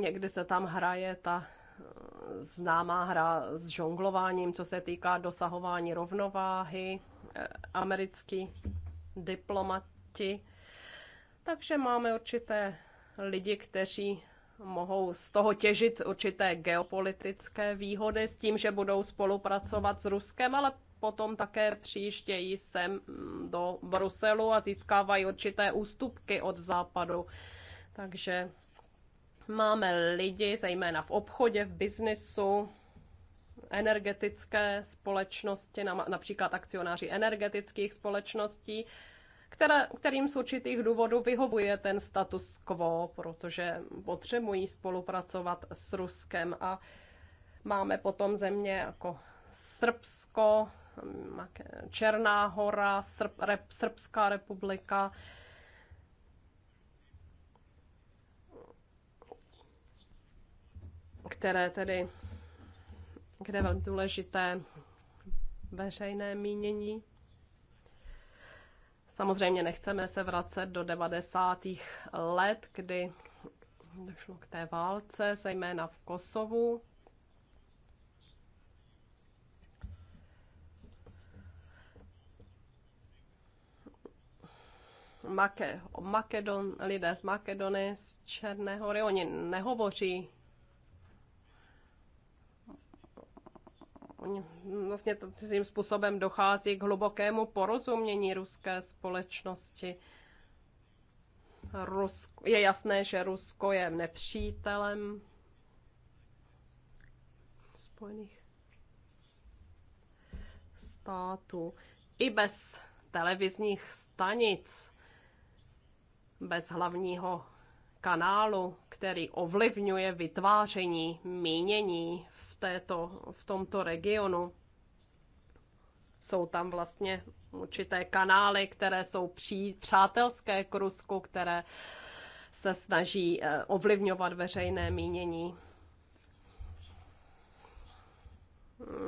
Někdy se tam hraje ta známá hra s žonglováním, co se týká dosahování rovnováhy Eh, americký diplomati. Takže máme určité lidi, kteří mohou z toho těžit určité geopolitické výhody s tím, že budou spolupracovat s Ruskem, ale potom také přijíždějí sem mm, do Bruselu a získávají určité ústupky od západu. Takže máme lidi, zejména v obchodě, v biznesu energetické společnosti, například akcionáři energetických společností, které, kterým z určitých důvodů vyhovuje ten status quo, protože potřebují spolupracovat s Ruskem a máme potom země jako Srbsko, mm, Černá hora, Srb, rep, Srbská republika, které tedy kde je velmi důležité veřejné mínění. Samozřejmě nechceme se vracet do 90. let, kdy došlo k té válce, zejména v Kosovu. Make, Makedon, lidé z Makedony, z Černé hory, oni nehovoří Oni, vlastně tím způsobem dochází k hlubokému porozumění ruské společnosti. Rusko, je jasné, že Rusko je nepřítelem Spojených států. I bez televizních stanic, bez hlavního kanálu, který ovlivňuje vytváření mínění této, v tomto regionu. Jsou tam vlastně určité kanály, které jsou pří, přátelské k Rusku, které se snaží eh, ovlivňovat veřejné mínění.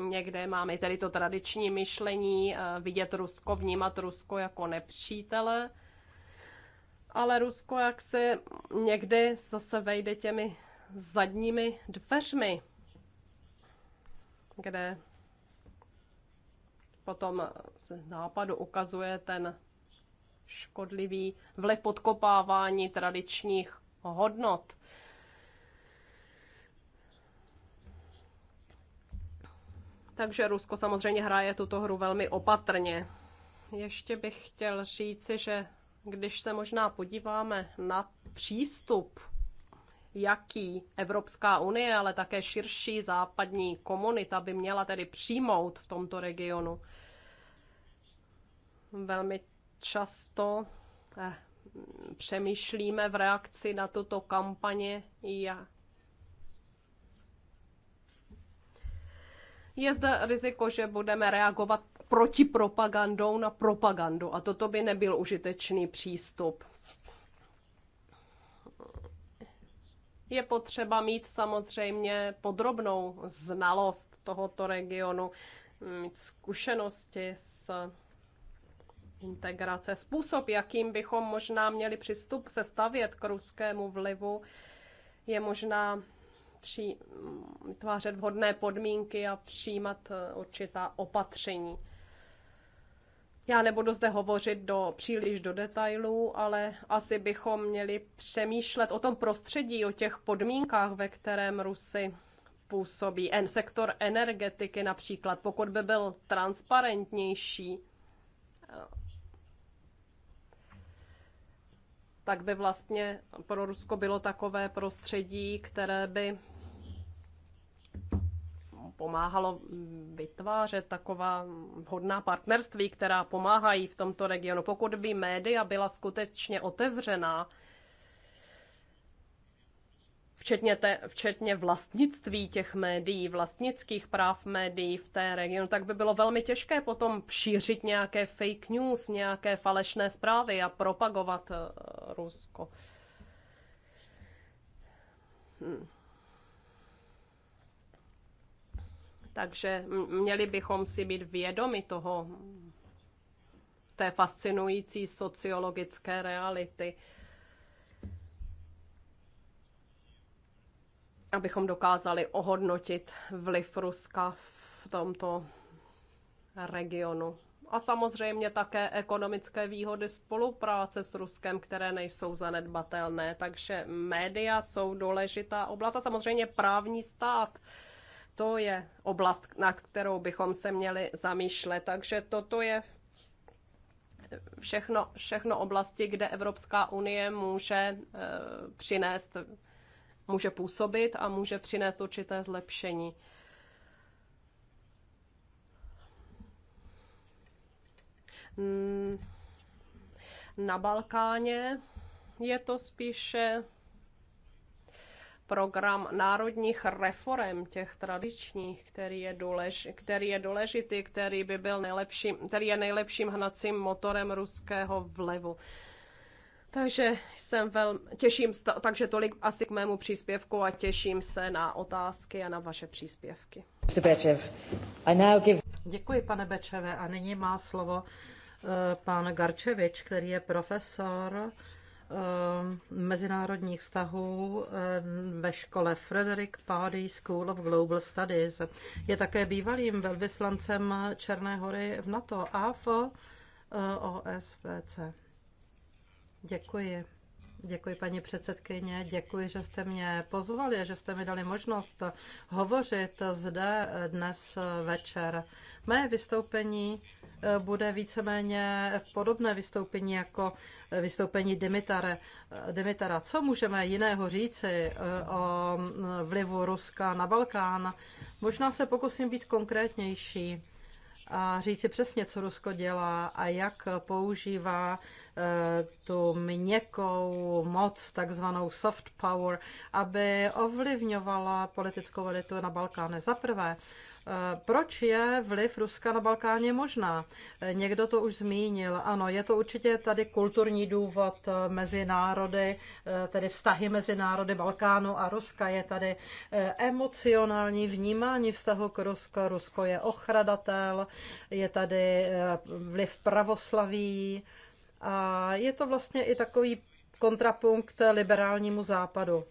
Někde máme tedy to tradiční myšlení, eh, vidět Rusko, vnímat Rusko jako nepřítele, ale Rusko jak se někdy zase vejde těmi zadními dveřmi kde potom z západu ukazuje ten škodlivý vliv podkopávání tradičních hodnot. Takže Rusko samozřejmě hraje tuto hru velmi opatrně. Ještě bych chtěl říci, že když se možná podíváme na přístup jaký Evropská unie, ale také širší západní komunita by měla tedy přijmout v tomto regionu. Velmi často eh, přemýšlíme v reakci na tuto kampaně, jak je zde riziko, že budeme reagovat proti propagandou na propagandu a toto by nebyl užitečný přístup. Je potřeba mít samozřejmě podrobnou znalost tohoto regionu, mít zkušenosti s integrace. Způsob, jakým bychom možná měli přistup se stavět k ruskému vlivu, je možná při, mm, vytvářet vhodné podmínky a přijímat eh, určitá opatření. Já nebudu zde hovořit do, příliš do detailů, ale asi bychom měli přemýšlet o tom prostředí, o těch podmínkách, ve kterém Rusy působí. En sektor energetiky například, pokud by byl transparentnější, tak by vlastně pro Rusko bylo takové prostředí, které by pomáhalo vytvářet taková vhodná partnerství, která pomáhají v tomto regionu. Pokud by média byla skutečně otevřená, včetně, te, včetně vlastnictví těch médií, vlastnických práv médií v té regionu, tak by bylo velmi těžké potom šířit nějaké fake news, nějaké falešné zprávy a propagovat eh, Rusko. Hmm. Takže měli bychom si být vědomi toho, té fascinující sociologické reality, abychom dokázali ohodnotit vliv Ruska v tomto regionu. A samozřejmě také ekonomické výhody spolupráce s Ruskem, které nejsou zanedbatelné. Takže média jsou důležitá oblast a samozřejmě právní stát to je oblast, nad kterou bychom se měli zamýšlet. Takže toto je všechno, všechno oblasti, kde Evropská unie může eh, přinést, může působit a může přinést určité zlepšení. Hmm. Na Balkáně je to spíše program národních reform, těch tradičních, který je, důlež, který je důležitý, který by byl nejlepším, který je nejlepším hnacím motorem ruského vlevu. Takže jsem velmi, těším se, takže tolik asi k mému příspěvku a těším se na otázky a na vaše příspěvky. Děkuji, pane Bečeve. A nyní má slovo eh, pan Garčevič, který je profesor Eh, mezinárodních vztahů eh, ve škole Frederick Pardy School of Global Studies. Je také bývalým velvyslancem Černé hory v NATO a v eh, OSVC. Děkuji. Děkuji, paní předsedkyně, děkuji, že jste mě pozvali a že jste mi dali možnost hovořit zde dnes večer. Mé vystoupení eh, bude víceméně podobné vystoupení jako eh, vystoupení Dimitare. Eh, Dimitara. Co můžeme jiného říci o mm, vlivu Ruska na Balkán? Možná se pokusím být konkrétnější a říci přesně, co Rusko dělá a jak používá eh, tu měkkou moc, takzvanou soft power, aby ovlivňovala politickou elitu na Balkáne. Za prvé, Eh, proč je vliv Ruska na Balkáně možná? Eh, někdo to už zmínil. Ano, je to určitě tady kulturní důvod eh, mezi národy, tedy vztahy mezi národy Balkánu a Ruska. Je tady emocionální vnímání vztahu k Rusku. Rusko je ochradatel, je tady vliv pravoslaví. A je to vlastně i takový kontrapunkt liberálnímu západu.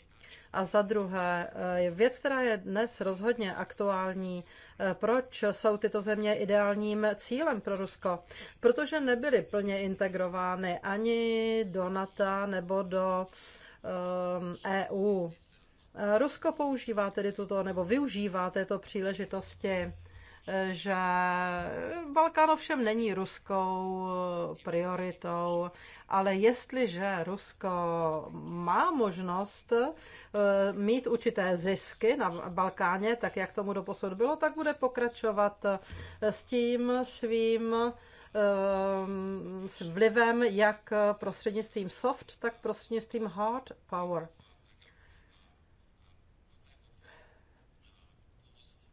A za druhé, eh, věc, která je dnes rozhodně aktuální, eh, proč jsou tyto země ideálním cílem pro Rusko? Protože nebyly plně integrovány ani do NATO nebo do um, eh, EU. Rusko používá tedy tuto, nebo využívá této příležitosti, že Balkán ovšem není ruskou prioritou ale jestliže Rusko má možnost eh, mít určité zisky na Balkáně, tak jak tomu doposud bylo, tak bude pokračovat eh, s tím svým eh, s vlivem jak prostřednictvím soft, tak prostřednictvím hard power.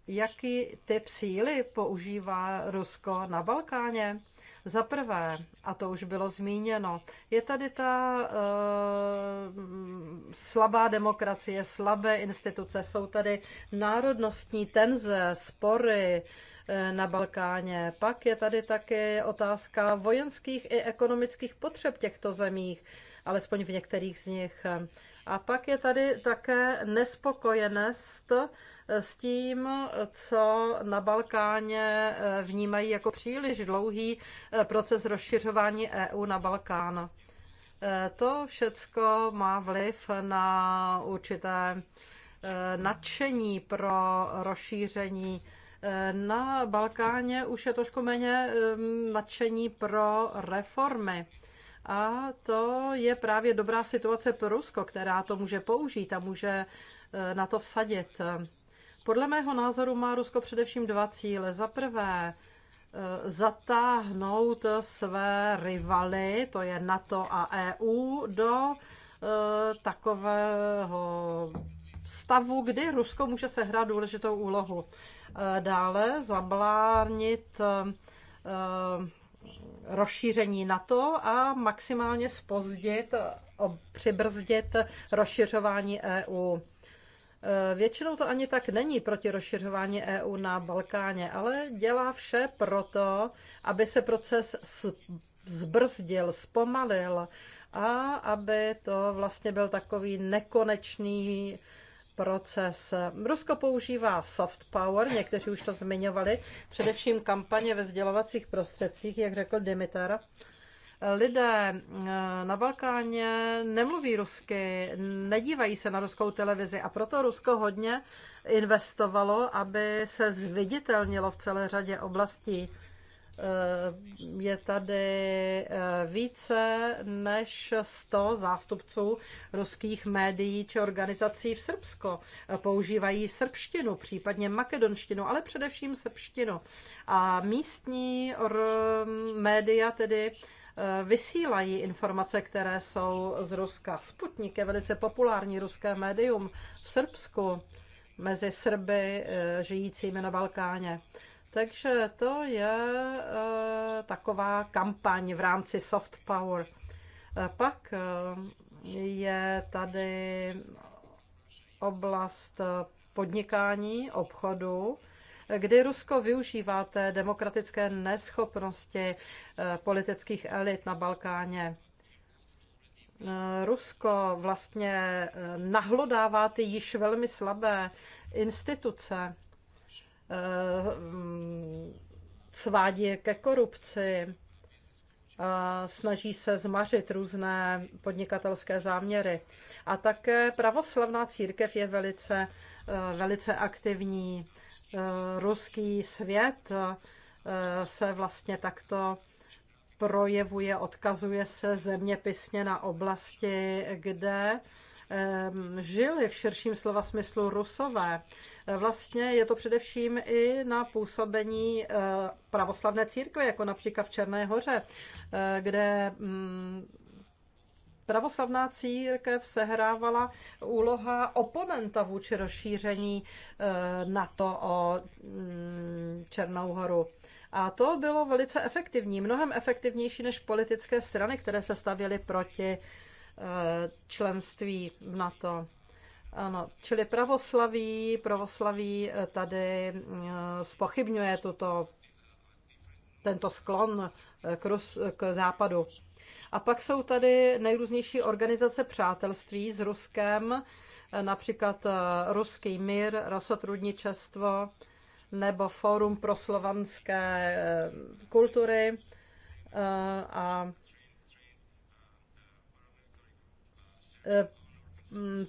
Jaký typ síly používá Rusko na Balkáně? Za prvé, a to už bylo zmíněno, je tady ta uh, slabá demokracie, slabé instituce, jsou tady národnostní tenze, spory, eh, na Balkáně. Pak je tady také otázka vojenských i ekonomických potřeb těchto zemích, alespoň v některých z nich. A pak je tady také nespokojenost s tím, co na Balkáně eh, vnímají jako příliš dlouhý eh, proces rozšiřování EU na Balkán. Eh, to všecko má vliv na určité nadšení pro rozšíření. Na Balkáně už je trošku méně nadšení pro reformy. A to je právě dobrá situace pro Rusko, která to může použít a může na to vsadit. Podle mého názoru má Rusko především dva cíle. Za prvé, eh, zatáhnout své rivaly, to je NATO a EU, do eh, takového stavu, kdy Rusko může sehrát důležitou úlohu. Eh, dále zablánit rozšíření NATO a maximálně spozdit, přibrzdit rozšiřování EU. Eh, většinou to ani tak není proti rozšiřování EU na Balkáně, ale dělá vše proto, aby se proces zbrzdil, zpomalil a aby to vlastně byl takový nekonečný proces. Rusko používá soft power, někteří už to zmiňovali, především kampaně ve sdělovacích prostředcích, jak řekl Dimitar, Lidé eh, na Balkáně nemluví rusky, nedívají se na ruskou televizi a proto Rusko hodně investovalo, aby se zviditelnilo v celé řadě oblastí. Eh, je tady eh, více než 100 zástupců ruských médií či organizací v Srbsko. Používají srbštinu, případně makedonštinu, ale především srbštinu. A místní mm, média tedy Eh, vysílají informace, které jsou z Ruska. Sputnik je velice populární ruské médium v Srbsku mezi Srby eh, žijícími na Balkáně. Takže to je eh, taková kampaň v rámci soft power. Pak je tady oblast podnikání, obchodu kdy Rusko využívá té demokratické neschopnosti eh, politických elit na Balkáně. Eh, Rusko vlastně eh, nahlodává ty již velmi slabé instituce, hm, svádí je ke korupci, snaží se zmařit různé podnikatelské záměry. A také pravoslavná církev je velice, velice aktivní. Eh, ruský svět eh, se vlastně takto projevuje, odkazuje se zeměpisně na oblasti, kde ehm, žili v širším slova smyslu rusové. Eh, vlastně je to především i na působení pravoslavné církve, jako například v Černé hoře, kde mm, pravoslavná církev sehrávala úloha oponenta vůči rozšíření eh, NATO o mm, Černou horu. A to bylo velice efektivní, mnohem efektivnější než politické strany, které se stavěly proti eh, členství v NATO. Ano, čili pravoslaví, pravoslaví eh, tady spochybňuje tuto, tento sklon k, Rus, k západu. A pak jsou tady nejrůznější organizace přátelství s Ruskem, eh, například eh, Ruský mír, Rasotrudničestvo nebo Fórum pro slovanské eh, kultury a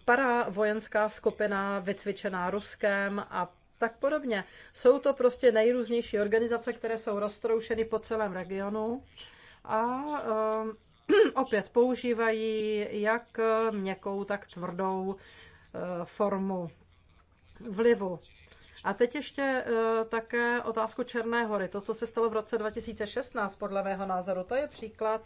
para vojenská skupina vycvičená Ruskem a tak podobně. Jsou to prostě nejrůznější organizace, které jsou roztroušeny po celém regionu a opět používají jak eh, měkkou, tak tvrdou eh, formu vlivu. A teď ještě eh, také otázku Černé hory. To, co se stalo v roce 2016, podle mého názoru, to je příklad,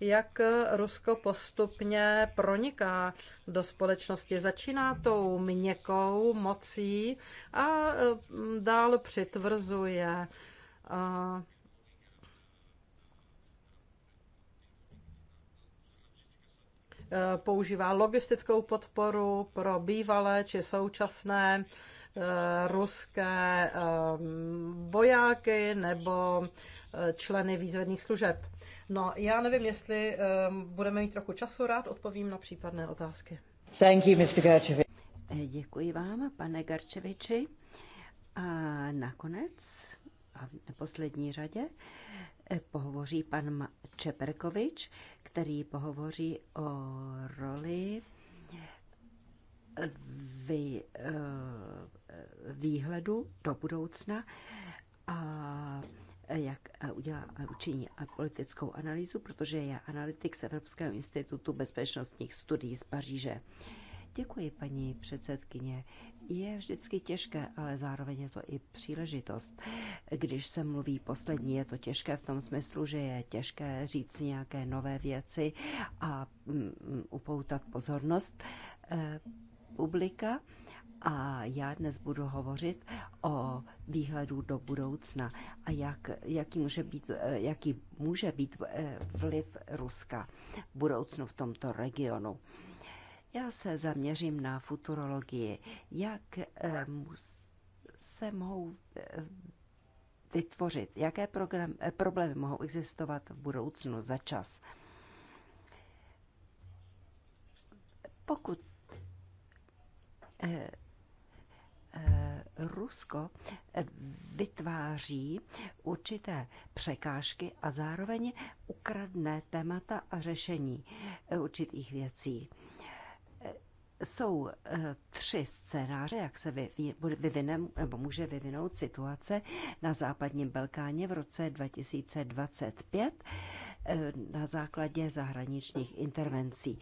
jak Rusko postupně proniká do společnosti. Začíná tou měkkou mocí a dál přitvrzuje. Eh, používá logistickou podporu pro bývalé či současné eh, ruské eh, vojáky nebo členy výzvedných služeb. No, já nevím, jestli budeme mít trochu času, rád odpovím na případné otázky. Thank you, Mr. Garčevič. Děkuji vám, pane Garčeviči. A nakonec, a v neposlední řadě, Eh, pohovoří pan Čeperkovič, který pohovoří o roli eh, vy, eh, výhledu do budoucna a jak udělá učiní politickou analýzu, protože je analytik z Evropského institutu bezpečnostních studií z Paříže. Děkuji, paní předsedkyně je vždycky těžké, ale zároveň je to i příležitost. Když se mluví poslední, je to těžké v tom smyslu, že je těžké říct nějaké nové věci a mm, mm, upoutat pozornost eh, publika. A já dnes budu hovořit o výhledu do budoucna a jak, jaký, může být, eh, jaký může být eh, vliv Ruska v budoucnu v tomto regionu. Já se zaměřím na futurologii. Jak eh, se mohou eh, vytvořit, jaké program, eh, problémy mohou existovat v budoucnu za čas. Pokud Rusko vytváří určité překážky a zároveň ukradne témata a řešení určitých věcí jsou eh, tři scénáře, jak se vyvine, nebo může vyvinout situace na západním Balkáně v roce 2025 eh, na základě zahraničních intervencí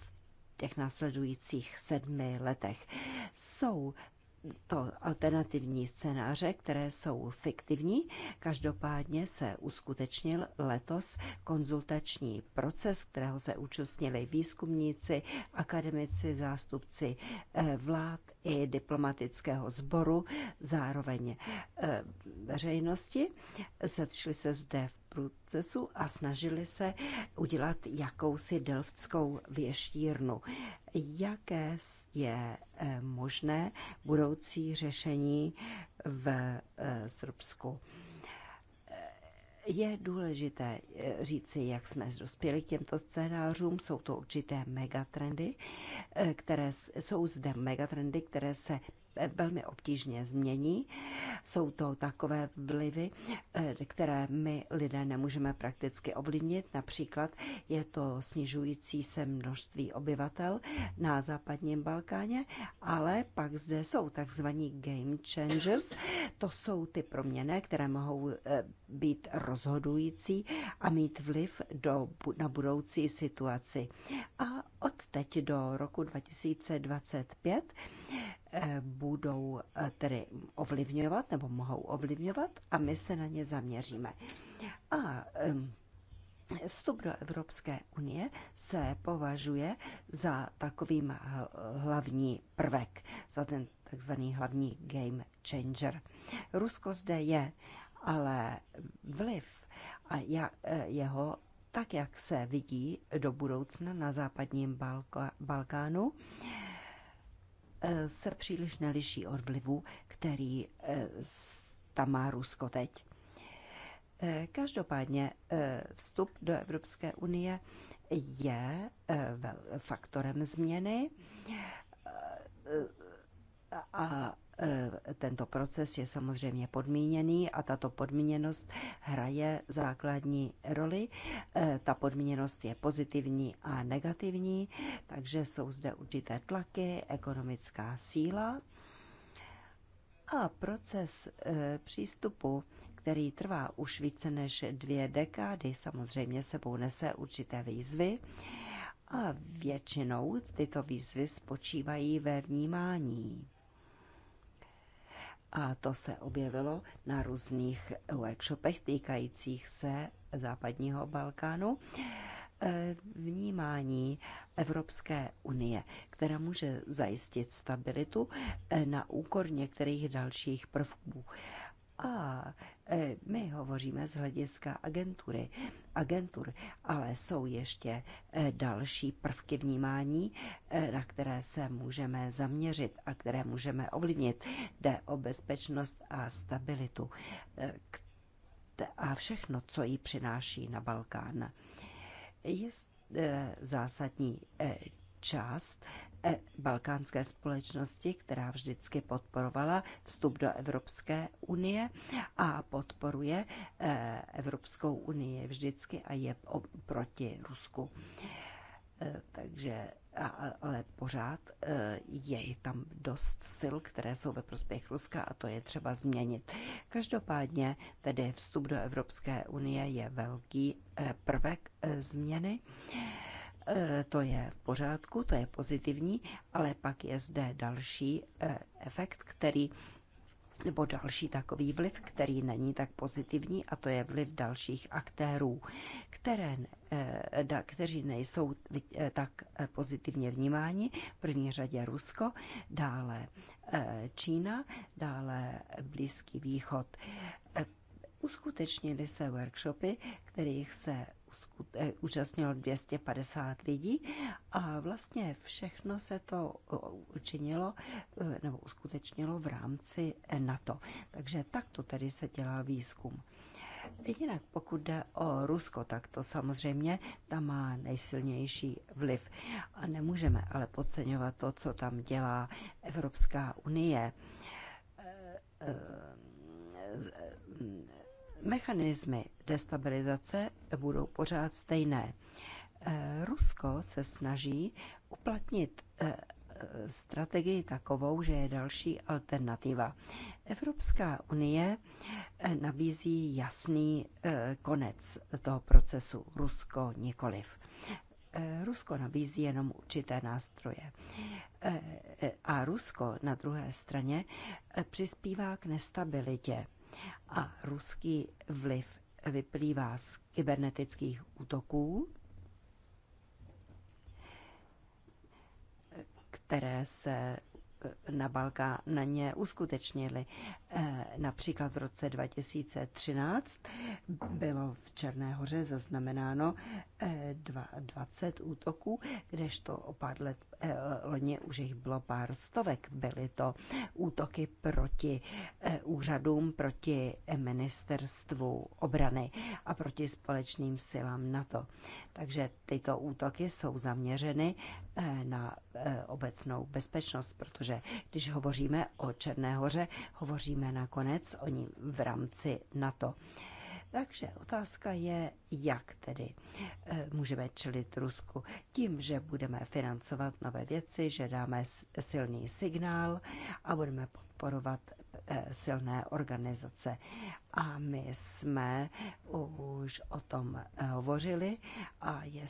v těch následujících sedmi letech. Jsou to alternativní scénáře, které jsou fiktivní. Každopádně se uskutečnil letos konzultační proces, kterého se účastnili výzkumníci, akademici, zástupci eh, vlád i diplomatického sboru, zároveň eh, veřejnosti. Setšli se zde v procesu a snažili se udělat jakousi delftskou věštírnu. Jaké je eh, možné budoucí řešení v eh, Srbsku? Eh, je důležité říci, jak jsme dospěli k těmto scénářům. Jsou to určité megatrendy, které jsou zde megatrendy, které se Eh, velmi obtížně změní. Jsou to takové vlivy, eh, které my lidé nemůžeme prakticky ovlivnit. Například je to snižující se množství obyvatel na západním Balkáně, ale pak zde jsou takzvaní game changers. To jsou ty proměny, které mohou eh, být rozhodující a mít vliv do, na budoucí situaci. A od teď do roku 2025 Eh, budou eh, tedy ovlivňovat nebo mohou ovlivňovat a my se na ně zaměříme. A Vstup do Evropské unie se považuje za takovým hlavní prvek, za ten takzvaný hlavní game changer. Rusko zde je, ale vliv a eh, jeho tak, jak se vidí do budoucna na západním Balkánu, Eh, se příliš neliší od vlivu, který eh, tam má Rusko teď. Eh, každopádně vstup do Evropské unie je faktorem změny a Eh, tento proces je samozřejmě podmíněný a tato podmíněnost hraje základní roli. Eh, ta podmíněnost je pozitivní a negativní, takže jsou zde určité tlaky, ekonomická síla. A proces eh, přístupu, který trvá už více než dvě dekády, samozřejmě sebou nese určité výzvy. A většinou tyto výzvy spočívají ve vnímání. A to se objevilo na různých workshopech týkajících se západního Balkánu. Eh, vnímání Evropské unie, která může zajistit stabilitu eh, na úkor některých dalších prvků. A e, my hovoříme z hlediska agentury, agentur, ale jsou ještě e, další prvky vnímání, e, na které se můžeme zaměřit a které můžeme ovlivnit. Jde o bezpečnost a stabilitu a všechno, co ji přináší na Balkán. Je zásadní část E, balkánské společnosti, která vždycky podporovala vstup do Evropské unie a podporuje e, Evropskou unii vždycky a je proti Rusku. E, takže ale pořád je tam dost sil, které jsou ve prospěch Ruska a to je třeba změnit. Každopádně tedy vstup do Evropské unie je velký prvek změny. Eh, to je v pořádku, to je pozitivní, ale pak je zde další eh, efekt, který nebo další takový vliv, který není tak pozitivní, a to je vliv dalších aktérů, které, eh, kteří nejsou tak pozitivně vnímáni, v první řadě Rusko, dále Čína, dále Blízký východ. Uskutečnili se workshopy, kterých se účastnilo 250 lidí a vlastně všechno se to učinilo e, nebo uskutečnilo v rámci e, NATO. Takže takto tedy se dělá výzkum. Jinak pokud jde o Rusko, tak to samozřejmě tam má nejsilnější vliv. A nemůžeme ale podceňovat to, co tam dělá Evropská unie e, Mechanismy destabilizace budou pořád stejné. Eh, Rusko se snaží uplatnit eh, strategii takovou, že je další alternativa. Evropská unie eh, nabízí jasný konec toho procesu, Rusko nikoliv. Rusko nabízí jenom určité nástroje. A Rusko na druhé straně přispívá k nestabilitě a ruský vliv vyplývá z kybernetických útoků, které se eh, na Balka na ně uskutečnili. Eh, například v roce 2013 bylo v Černé hoře zaznamenáno 20 eh, útoků, kdežto o pár let Eh, loni už jich bylo pár stovek. Byly to útoky proti eh, úřadům, proti ministerstvu obrany a proti společným silám NATO. Takže tyto útoky jsou zaměřeny eh, na obecnou bezpečnost, protože když hovoříme o Černé hoře, hovoříme nakonec o ní v rámci NATO. Takže otázka je, jak tedy eh, můžeme čelit Rusku. Tím, že budeme financovat nové věci, že dáme silný signál a budeme podporovat eh, silné organizace. A my jsme už o tom eh, hovořili a je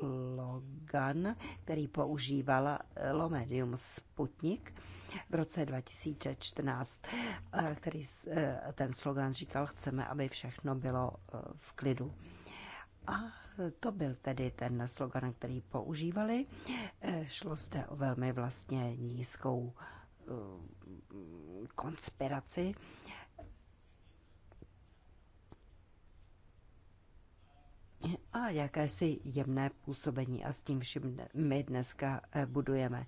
slogan, který používala Lomedium Sputnik, v roce 2014, eh, který eh, ten slogan říkal, chceme, aby všechno bylo eh, v klidu. A to byl tedy ten slogan, který používali. Šlo zde o velmi vlastně nízkou konspiraci. A jakési jemné působení a s tím vším my dneska budujeme.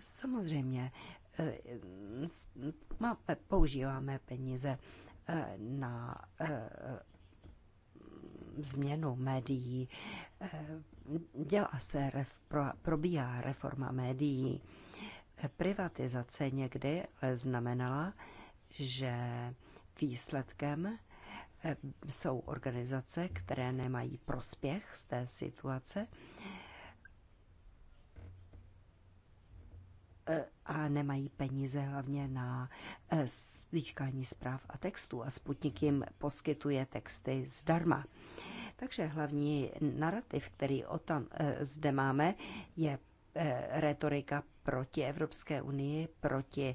Samozřejmě eh, používáme peníze eh, na eh, změnu médií. Dělá se, ref, probíhá reforma médií. Privatizace někdy znamenala, že výsledkem jsou organizace, které nemají prospěch z té situace Eh, a nemají peníze hlavně na eh, slíčkání zpráv a textů a Sputnik jim poskytuje texty zdarma. Takže hlavní narrativ, který o tam eh, zde máme, je retorika proti Evropské unii, proti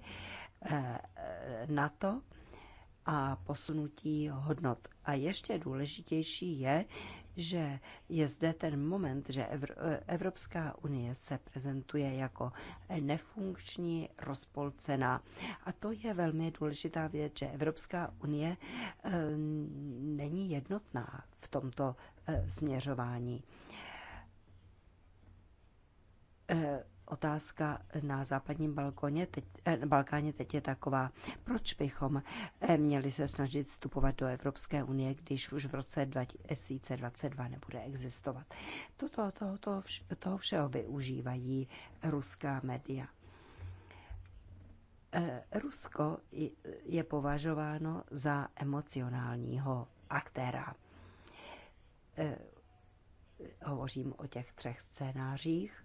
NATO a posunutí hodnot. A ještě důležitější je, že je zde ten moment, že Evropská unie se prezentuje jako nefunkční, rozpolcená. A to je velmi důležitá věc, že Evropská unie eh, není jednotná v tomto eh, směřování eh, Otázka na západním balkoně teď, eh, Balkáně teď je taková, proč bychom eh, měli se snažit vstupovat do Evropské unie, když už v roce 2022 nebude existovat. Toto, toho, toho, vš, toho všeho využívají ruská média. Eh, Rusko je považováno za emocionálního aktéra. Hovořím o těch třech scénářích.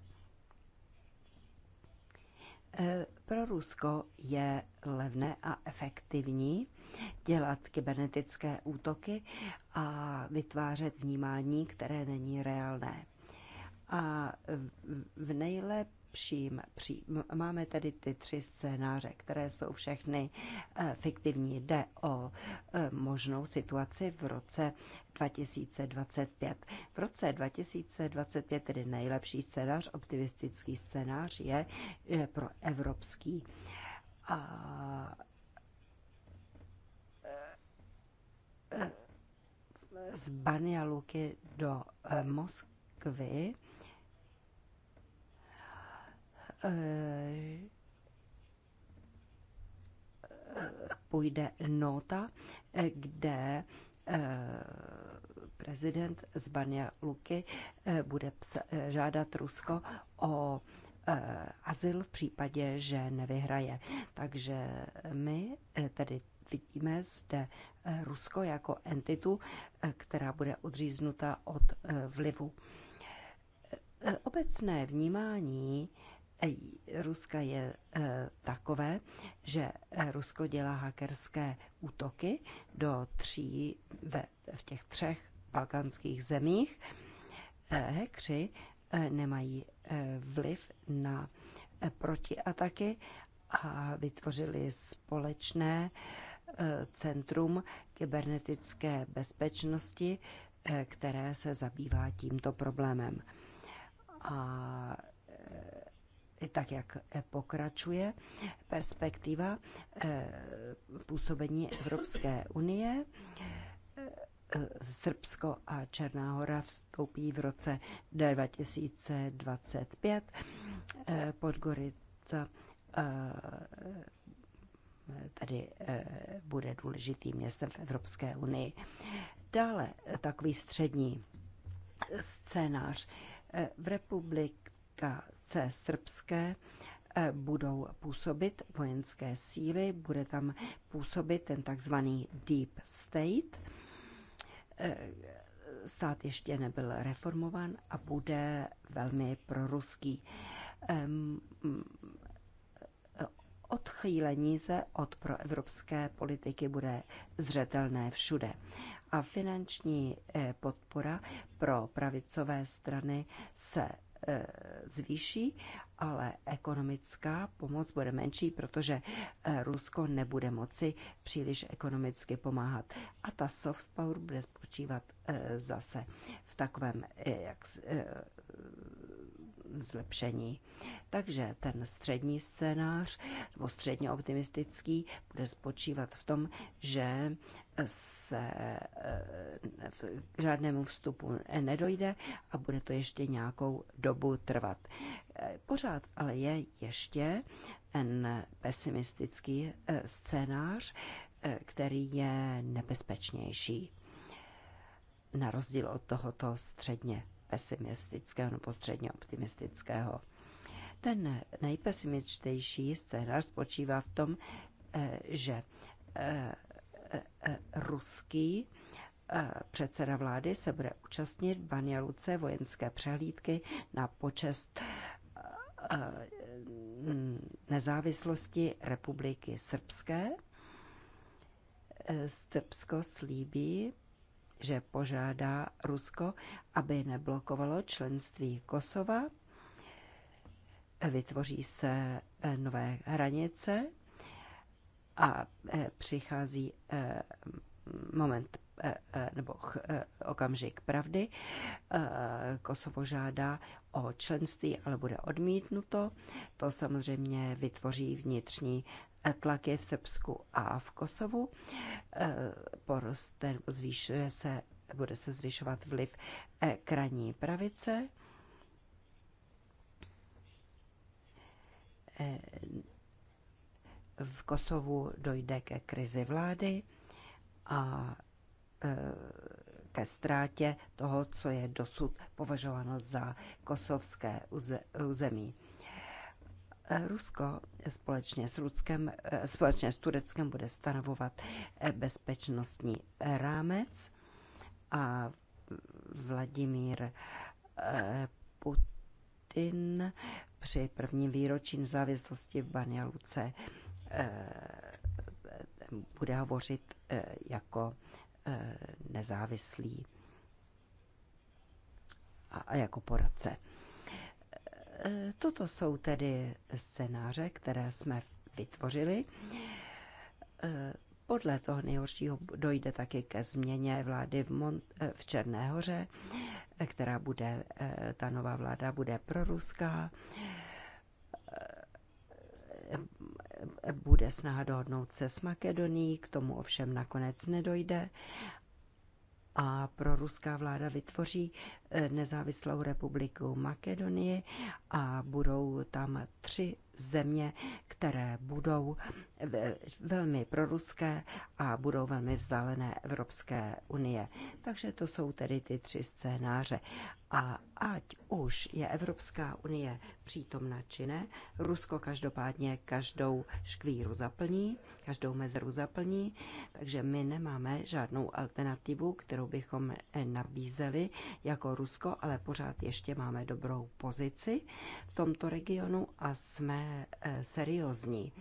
Pro Rusko je levné a efektivní dělat kybernetické útoky a vytvářet vnímání, které není reálné. A v nejlep přím, přím. Máme tedy ty tři scénáře, které jsou všechny eh, fiktivní. Jde o eh, možnou situaci v roce 2025. V roce 2025 tedy nejlepší scénář, optimistický scénář je eh, pro evropský. A z Banja Luky do Moskvy Eh, půjde nota, eh, kde eh, prezident Zbania Luky bude žádat Rusko o azyl v případě, že nevyhraje. Takže my tedy vidíme zde Rusko jako entitu, která bude odříznuta od vlivu. Obecné vnímání Ruska je eh, takové, že eh, Rusko dělá hackerské útoky do tří, ve, v těch třech balkánských zemích. Eh, hekři nemají vliv na protiataky a vytvořili společné centrum kybernetické bezpečnosti, které se zabývá tímto problémem. A tak jak eh, pokračuje perspektiva eh, působení Evropské unie. Eh, Srbsko a Černá hora vstoupí v roce 2025. Podgorica tady bude důležitým městem v Evropské unii. Dále takový střední scénář. V republika republice srbské eh, budou působit vojenské síly, bude tam působit ten takzvaný Deep State. Eh, stát ještě nebyl reformovan a bude velmi proruský. Eh, odchýlení se od proevropské politiky bude zřetelné všude a finanční podpora pro pravicové strany se Eh, zvýší, ale ekonomická pomoc bude menší, protože eh, Rusko nebude moci příliš ekonomicky pomáhat. A ta soft power bude spočívat eh, zase v takovém jak, zlepšení. Takže ten střední scénář, nebo středně optimistický, bude spočívat v tom, že se eh, k žádnému vstupu nedojde a bude to ještě nějakou dobu trvat. Eh, pořád ale je ještě ten pesimistický eh, scénář, který je nebezpečnější. Na rozdíl od tohoto středně pesimistického nebo středně optimistického. Ten nejpesimističtější scénář spočívá v tom, že ruský eh, předseda vlády se bude účastnit v Banjaluce vojenské přehlídky na počest eh, eh, nezávislosti republiky srbské. Srbsko slíbí, že požádá Rusko, aby neblokovalo členství Kosova. Vytvoří se nové hranice a e, přichází e, moment e, nebo okamžik pravdy. Kosovo žádá o členství, ale bude odmítnuto. To samozřejmě vytvoří vnitřní tlaky v Srbsku a v Kosovu. Poroste, zvýšuje se, bude se zvyšovat vliv kraní pravice v Kosovu dojde ke krizi vlády a e, ke ztrátě toho, co je dosud považováno za kosovské území. E, Rusko společně s, Rudskem, e, společně s Tureckem bude stanovovat bezpečnostní rámec a Vladimír Putin při prvním výročí nezávislosti v Banja Luce Eh, bude hovořit eh, jako eh, nezávislý a jako poradce. Toto jsou tedy scénáře, které jsme vytvořili. Podle toho nejhoršího dojde taky ke změně vlády v, Mon- v Černé která bude, ta nová vláda bude proruská. ruská bude snaha dohodnout se s Makedonií, k tomu ovšem nakonec nedojde a pro ruská vláda vytvoří eh, nezávislou republiku Makedonie a budou tam tři země, které budou eh, velmi proruské a budou velmi vzdálené Evropské unie. Takže to jsou tedy ty tři scénáře. A ať už je Evropská unie přítomna či ne, Rusko každopádně každou škvíru zaplní každou mezeru zaplní, takže my nemáme žádnou alternativu, kterou bychom eh, nabízeli jako Rusko, ale pořád ještě máme dobrou pozici v tomto regionu a jsme eh, seriózní.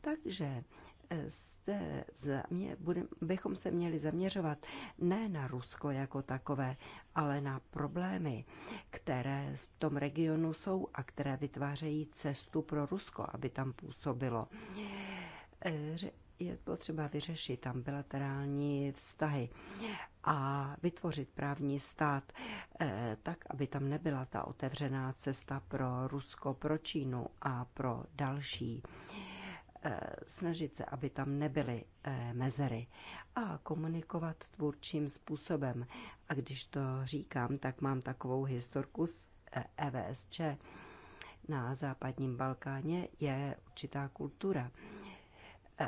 Takže eh, jste zamě, budem, bychom se měli zaměřovat ne na Rusko jako takové, ale na problémy, které v tom regionu jsou a které vytvářejí cestu pro Rusko, aby tam působilo je potřeba vyřešit tam bilaterální vztahy a vytvořit právní stát eh, tak, aby tam nebyla ta otevřená cesta pro Rusko, pro Čínu a pro další. Eh, snažit se, aby tam nebyly eh, mezery a komunikovat tvůrčím způsobem. A když to říkám, tak mám takovou historku z EVSČ. E Na západním Balkáně je určitá kultura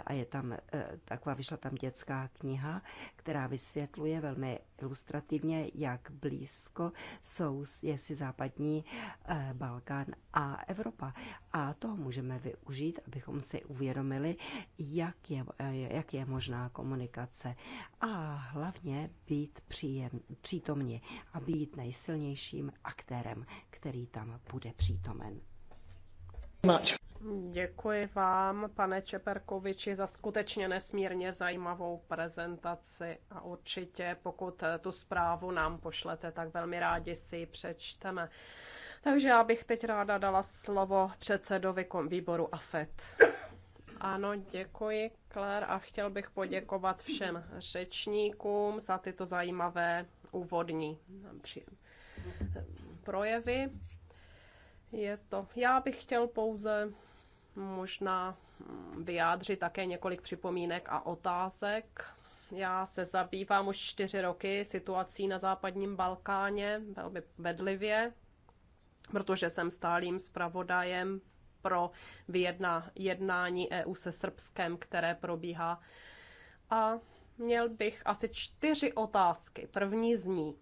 a je tam e, taková, vyšla tam dětská kniha, která vysvětluje velmi ilustrativně, jak blízko jsou je si západní e, Balkán a Evropa. A to můžeme využít, abychom si uvědomili, jak je, e, jak je možná komunikace. A hlavně být příjem, přítomni a být nejsilnějším aktérem, který tam bude přítomen. Much. Děkuji vám, pane Čeperkoviči, za skutečně nesmírně zajímavou prezentaci a určitě, pokud tu zprávu nám pošlete, tak velmi rádi si ji přečteme. Takže já bych teď ráda dala slovo předsedovi výboru AFET. Ano, děkuji, Claire, a chtěl bych poděkovat všem řečníkům za tyto zajímavé úvodní projevy. Je to. Já bych chtěl pouze možná mm, vyjádřit také několik připomínek a otázek. Já se zabývám už čtyři roky situací na západním Balkáně velmi bedlivě, protože jsem stálým zpravodajem pro vyjedna, jednání EU se Srbskem, které probíhá. A měl bych asi čtyři otázky. První z ní.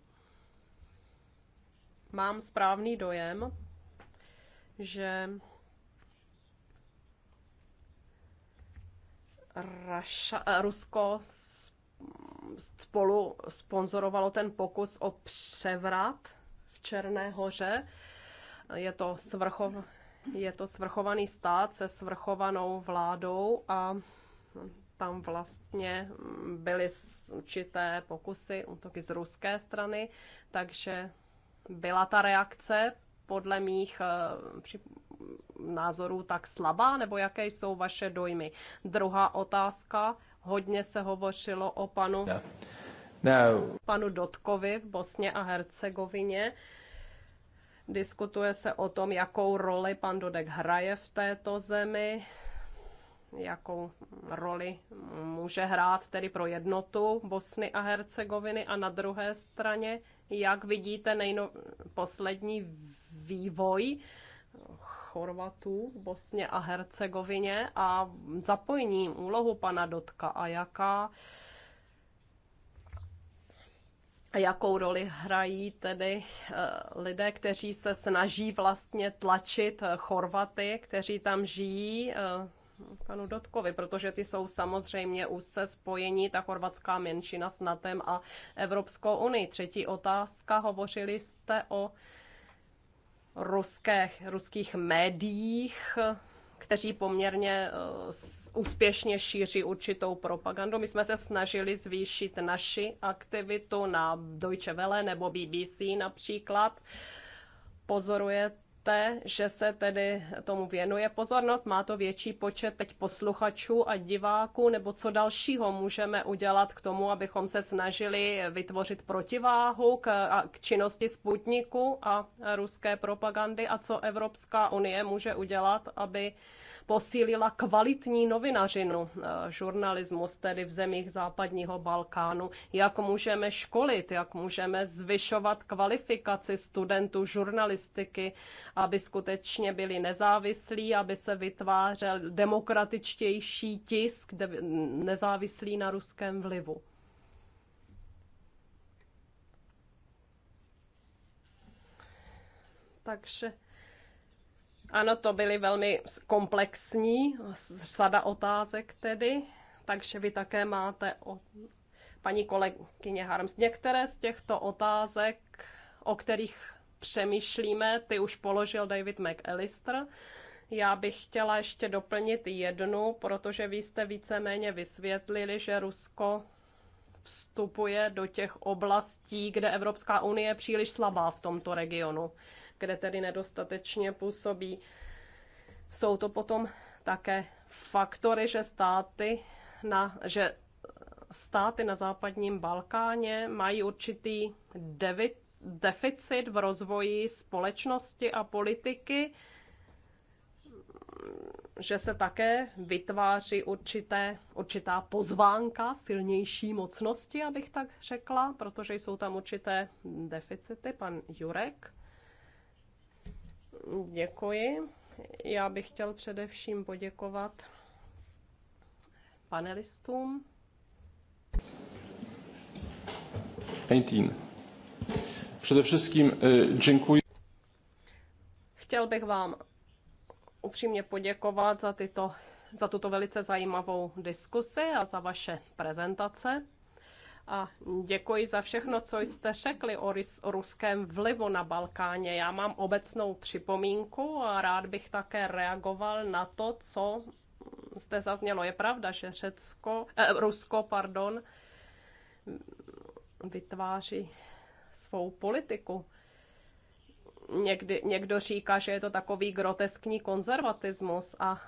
Mám správný dojem, že Raša, eh, Rusko spolu sponzorovalo ten pokus o převrat v Černé hoře. Je to, svrchov, je to svrchovaný stát se svrchovanou vládou a tam vlastně byly určité pokusy, útoky z ruské strany, takže byla ta reakce podle mých eh, názorů tak slabá, nebo jaké jsou vaše dojmy? Druhá otázka, hodně se hovořilo o panu, no. No. panu Dotkovi v Bosně a Hercegovině. Diskutuje se o tom, jakou roli pan Dodek hraje v této zemi, jakou roli může hrát tedy pro jednotu Bosny a Hercegoviny a na druhé straně, jak vidíte nejno... poslední vývoj Chorvatů v Bosně a Hercegovině a zapojení úlohu pana Dotka a jaká a jakou roli hrají tedy eh, lidé, kteří se snaží vlastně tlačit eh, Chorvaty, kteří tam žijí, eh, panu Dotkovi, protože ty jsou samozřejmě úzce spojení, ta chorvatská menšina s NATEM a Evropskou unii. Třetí otázka, hovořili jste o ruské, ruských médiích, kteří poměrně eh, úspěšně šíří určitou propagandu. My jsme se snažili zvýšit naši aktivitu na Deutsche Welle nebo BBC například. Pozoruje víte, že se tedy tomu věnuje pozornost, má to větší počet teď posluchačů a diváků, nebo co dalšího můžeme udělat k tomu, abychom se snažili vytvořit protiváhu k, a, k činnosti Sputniku a ruské propagandy a co Evropská unie může udělat, aby posílila kvalitní novinařinu, eh, žurnalismus tedy v zemích západního Balkánu, jak můžeme školit, jak můžeme zvyšovat kvalifikaci studentů žurnalistiky, aby skutečně byli nezávislí, aby se vytvářel demokratičtější tisk nezávislý na ruském vlivu. Takže ano, to byly velmi komplexní, sada otázek tedy, takže vy také máte, o, paní kolegyně Harms, některé z těchto otázek, o kterých přemýšlíme, ty už položil David McAllister. Já bych chtěla ještě doplnit jednu, protože vy jste víceméně vysvětlili, že Rusko vstupuje do těch oblastí, kde Evropská unie je příliš slabá v tomto regionu kde tedy nedostatečně působí. Jsou to potom také faktory, že státy na, že státy na západním Balkáně mají určitý devi, deficit v rozvoji společnosti a politiky, že se také vytváří určité, určitá pozvánka silnější mocnosti, abych tak řekla, protože jsou tam určité deficity. Pan Jurek. Děkuji. Já bych chtěl především poděkovat panelistům. Paintin. Především e, děkuji. Chtěl bych vám upřímně poděkovat za, tyto, za tuto velice zajímavou diskusi a za vaše prezentace a děkuji za všechno, co jste řekli o, ruském vlivu na Balkáně. Já mám obecnou připomínku a rád bych také reagoval na to, co zde zaznělo. Je pravda, že Řecko, eh, Rusko pardon, vytváří svou politiku. Někdy, někdo říká, že je to takový groteskní konzervatismus a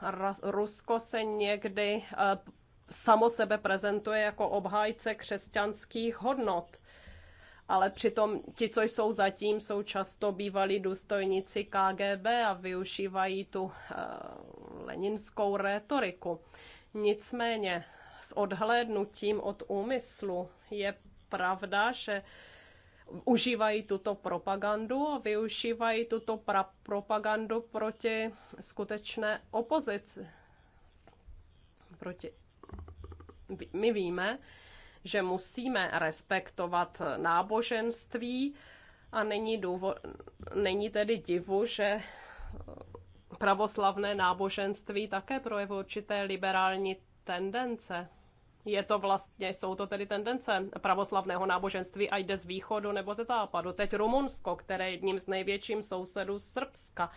Rusko se někdy eh, samo sebe prezentuje jako obhájce křesťanských hodnot. Ale přitom ti, co jsou zatím, jsou často bývalí důstojníci KGB a využívají tu uh, leninskou rétoriku. Nicméně s odhlédnutím od úmyslu je pravda, že užívají tuto propagandu a využívají tuto pra- propagandu proti skutečné opozici. Proti my víme, že musíme respektovat náboženství a není, důvod, není tedy divu, že eh, pravoslavné náboženství také projevuje určité liberální tendence. Je to vlastně, jsou to tedy tendence pravoslavného náboženství a jde z východu nebo ze západu. Teď Rumunsko, které je jedním z největším sousedů Srbska.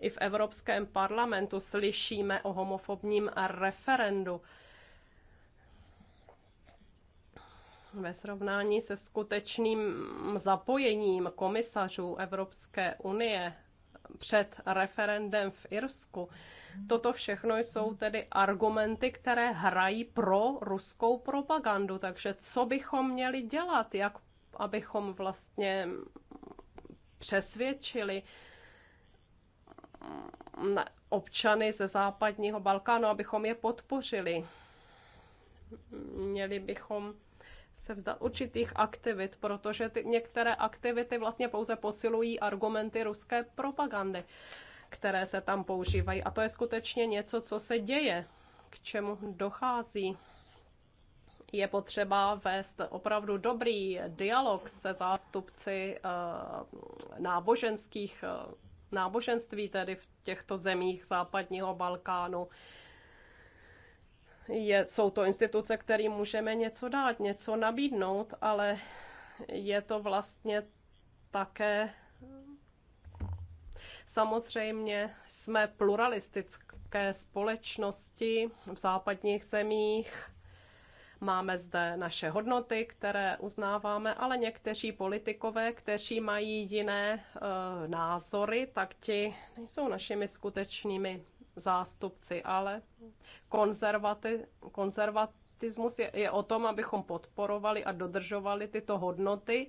I v Evropském parlamentu slyšíme o homofobním referendu. ve srovnání se skutečným zapojením komisařů Evropské unie před referendem v Irsku. Toto všechno jsou tedy argumenty, které hrají pro ruskou propagandu. Takže co bychom měli dělat, jak abychom vlastně přesvědčili mm, občany ze západního Balkánu, abychom je podpořili. Měli bychom se vzdat určitých aktivit, protože ty, některé aktivity vlastně pouze posilují argumenty ruské propagandy, které se tam používají. A to je skutečně něco, co se děje, k čemu dochází je potřeba vést opravdu dobrý dialog se zástupci eh, náboženských eh, náboženství tedy v těchto zemích západního Balkánu je, jsou to instituce, kterým můžeme něco dát, něco nabídnout, ale je to vlastně také Samozřejmě jsme pluralistické společnosti v západních zemích. Máme zde naše hodnoty, které uznáváme, ale někteří politikové, kteří mají jiné e, názory, tak ti nejsou našimi skutečnými zástupci, ale konzervati, konzervatismus je, je o tom, abychom podporovali a dodržovali tyto hodnoty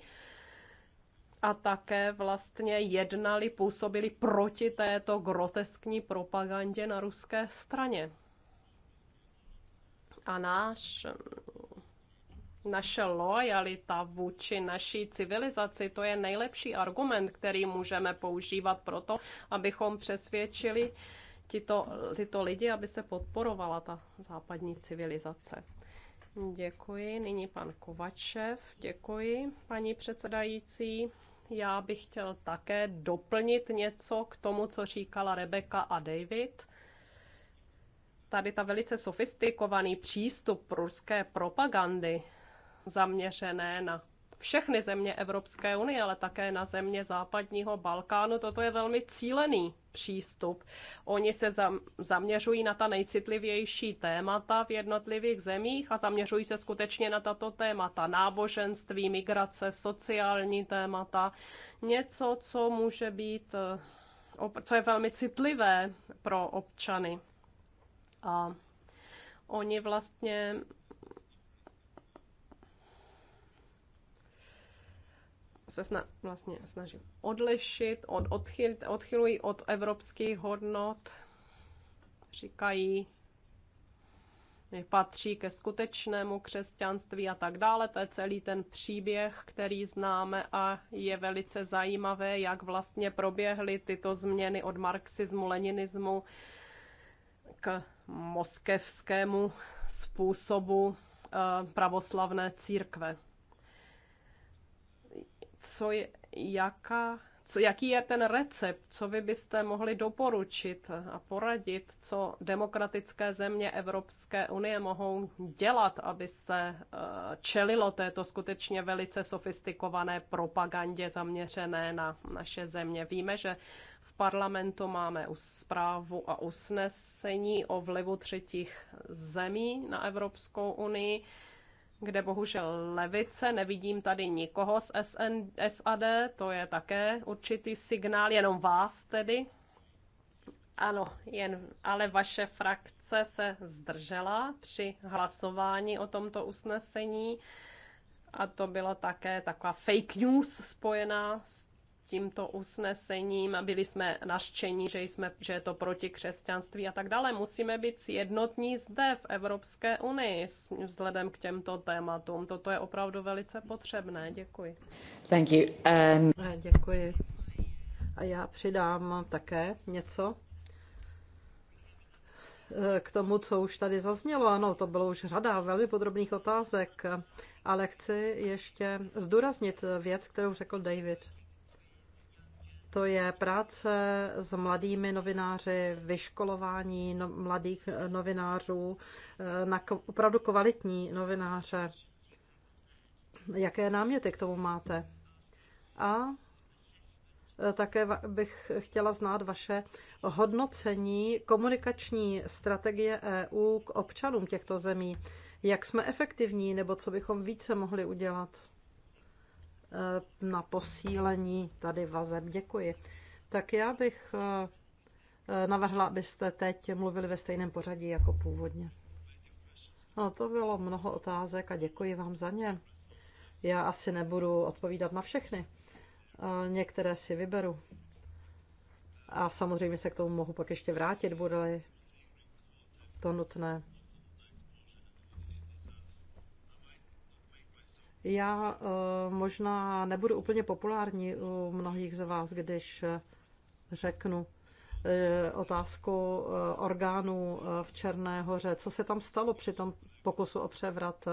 a také vlastně jednali, působili proti této groteskní propagandě na ruské straně. A náš naše lojalita vůči naší civilizaci, to je nejlepší argument, který můžeme používat pro to, abychom přesvědčili tyto, tyto lidi, aby se podporovala ta západní civilizace. Děkuji. Nyní pan Kovačev. Děkuji, paní předsedající. Já bych chtěl také doplnit něco k tomu, co říkala Rebeka a David. Tady ta velice sofistikovaný přístup ruské propagandy zaměřené na všechny země Evropské unie, ale také na země západního Balkánu. Toto je velmi cílený přístup. Oni se zaměřují na ta nejcitlivější témata v jednotlivých zemích a zaměřují se skutečně na tato témata. Náboženství, migrace, sociální témata. Něco, co může být, eh, co je velmi citlivé pro občany. A oni vlastně se sna- vlastně snaží odlišit, od, odchyl, odchylují od evropských hodnot, říkají, patří ke skutečnému křesťanství a tak dále. To je celý ten příběh, který známe a je velice zajímavé, jak vlastně proběhly tyto změny od marxismu, leninismu k moskevskému způsobu eh, pravoslavné církve co je, jaká, co, jaký je ten recept, co vy byste mohli doporučit a poradit, co demokratické země Evropské unie mohou dělat, aby se eh, čelilo této skutečně velice sofistikované propagandě zaměřené na naše země. Víme, že v parlamentu máme zprávu a usnesení o vlivu třetích zemí na Evropskou unii kde bohužel levice, nevidím tady nikoho z SN, SAD, to je také určitý signál, jenom vás tedy. Ano, jen, ale vaše frakce se zdržela při hlasování o tomto usnesení a to byla také taková fake news spojená s tímto usnesením, byli jsme naštěni, že, jsme, že je to proti křesťanství a tak dále. Musíme být jednotní zde v Evropské unii vzhledem k těmto tématům. Toto je opravdu velice potřebné. Děkuji. Thank you. And... Děkuji. A já přidám také něco eh, k tomu, co už tady zaznělo. Ano, to bylo už řada velmi podrobných otázek, ale chci ještě zdůraznit věc, kterou řekl David. To je práce s mladými novináři, vyškolování no, mladých eh, novinářů eh, na opravdu kvalitní novináře. Jaké náměty k tomu máte? A eh, také bych chtěla znát vaše hodnocení komunikační strategie EU k občanům těchto zemí. Jak jsme efektivní, nebo co bychom více mohli udělat? Eh, na posílení tady vazeb. Děkuji. Tak já bych eh, eh, navrhla, abyste teď mluvili ve stejném pořadí jako původně. No, to bylo mnoho otázek a děkuji vám za ně. Já asi nebudu odpovídat na všechny. Některé si vyberu. A samozřejmě se k tomu mohu pak ještě vrátit, bude to nutné. Já eh, možná nebudu úplně populární u mnohých z vás, když eh, řeknu eh, otázku orgánů v Černé hoře. Co se tam stalo při tom pokusu o převrat?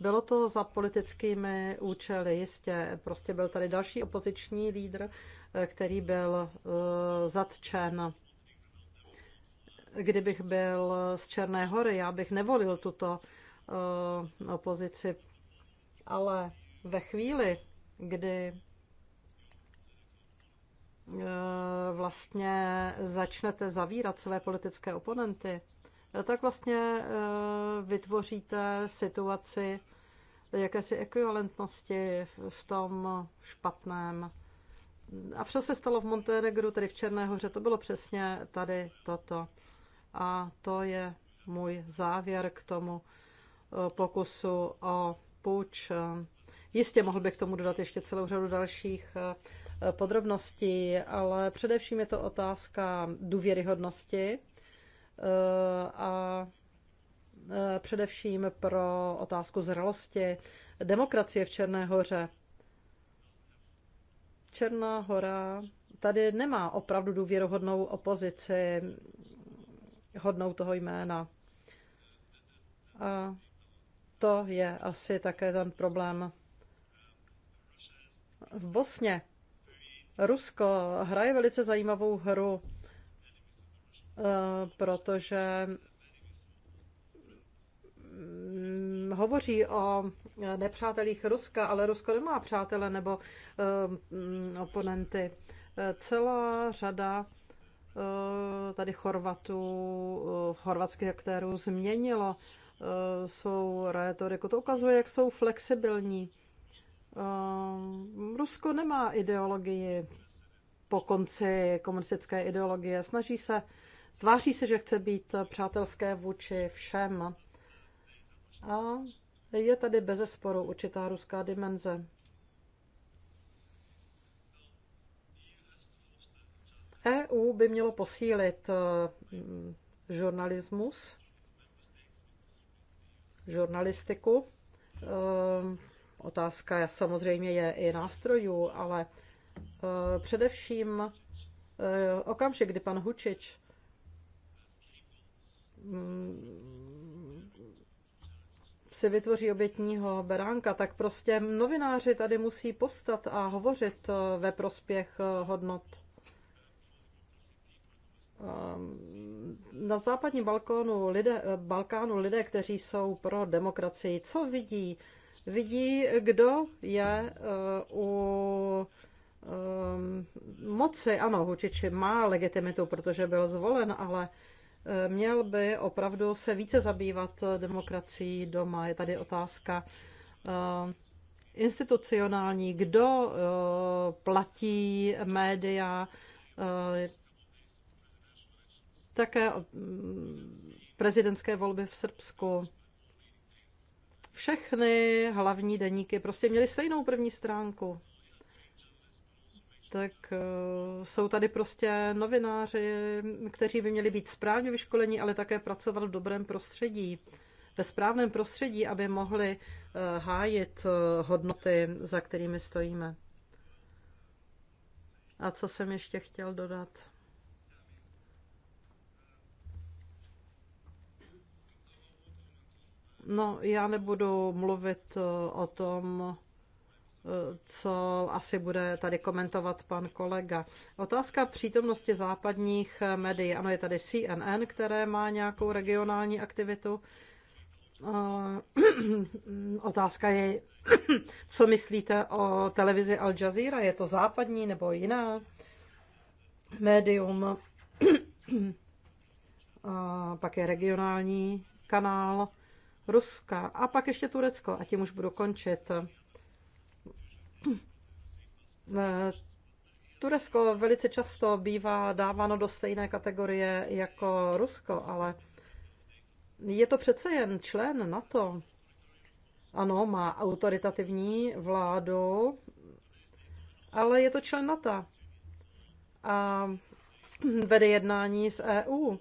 Bylo to za politickými účely, jistě. Prostě byl tady další opoziční lídr, který byl zatčen. Kdybych byl z Černé hory, já bych nevolil tuto opozici ale ve chvíli, kdy e, vlastně začnete zavírat své politické oponenty, tak vlastně e, vytvoříte situaci jakési ekvivalentnosti v tom špatném. A vše se stalo v Montenegru, tedy v Černé to bylo přesně tady toto. A to je můj závěr k tomu e, pokusu o puč. Jistě mohl bych k tomu dodat ještě celou řadu dalších eh, podrobností, ale především je to otázka důvěryhodnosti eh, a eh, především pro otázku zralosti demokracie v Černé hoře. Černá hora tady nemá opravdu důvěrohodnou opozici hodnou toho jména. A to je asi také ten problém. V Bosně Rusko hraje velice zajímavou hru, eh, protože mm, hovoří o nepřátelích Ruska, ale Rusko nemá přátele nebo eh, oponenty. Celá řada eh, tady Chorvatů, chorvatských aktérů změnilo Eh, jsou retoriku. Jako to ukazuje, jak jsou flexibilní. Eh, Rusko nemá ideologii po konci komunistické ideologie. Snaží se, tváří se, že chce být přátelské vůči všem. A je tady bezesporu určitá ruská dimenze. EU by mělo posílit eh, žurnalismus žurnalistiku. Ehm, otázka samozřejmě je i nástrojů, ale eh, především eh, okamžik, kdy pan Hučič mm, si vytvoří obětního beránka, tak prostě novináři tady musí povstat a hovořit eh, ve prospěch hodnot ehm, na západním Balkónu lidé, Balkánu lidé, kteří jsou pro demokracii, co vidí? Vidí, kdo je uh, u um, moci. Ano, Hučič má legitimitu, protože byl zvolen, ale eh, měl by opravdu se více zabývat demokracií doma. Je tady otázka uh, institucionální, kdo platí média, také mm, prezidentské volby v Srbsku. Všechny hlavní deníky prostě měly stejnou první stránku. Tak eh, jsou tady prostě novináři, kteří by měli být správně vyškolení, ale také pracovat v dobrém prostředí ve správném prostředí, aby mohli eh, hájit eh, hodnoty, za kterými stojíme. A co jsem ještě chtěl dodat? No, já nebudu mluvit e, o tom, e, co asi bude tady komentovat pan kolega. Otázka přítomnosti západních médií. Ano, je tady CNN, které má nějakou regionální aktivitu. E, otázka je, co myslíte o televizi Al Jazeera? Je to západní nebo jiné médium? A pak je regionální kanál Ruska a pak ještě Turecko a tím už budu končit. Eh, Turecko velice často bývá dáváno do stejné kategorie jako Rusko, ale je to přece jen člen NATO. Ano, má autoritativní vládu, ale je to člen NATO a vede jednání s EU.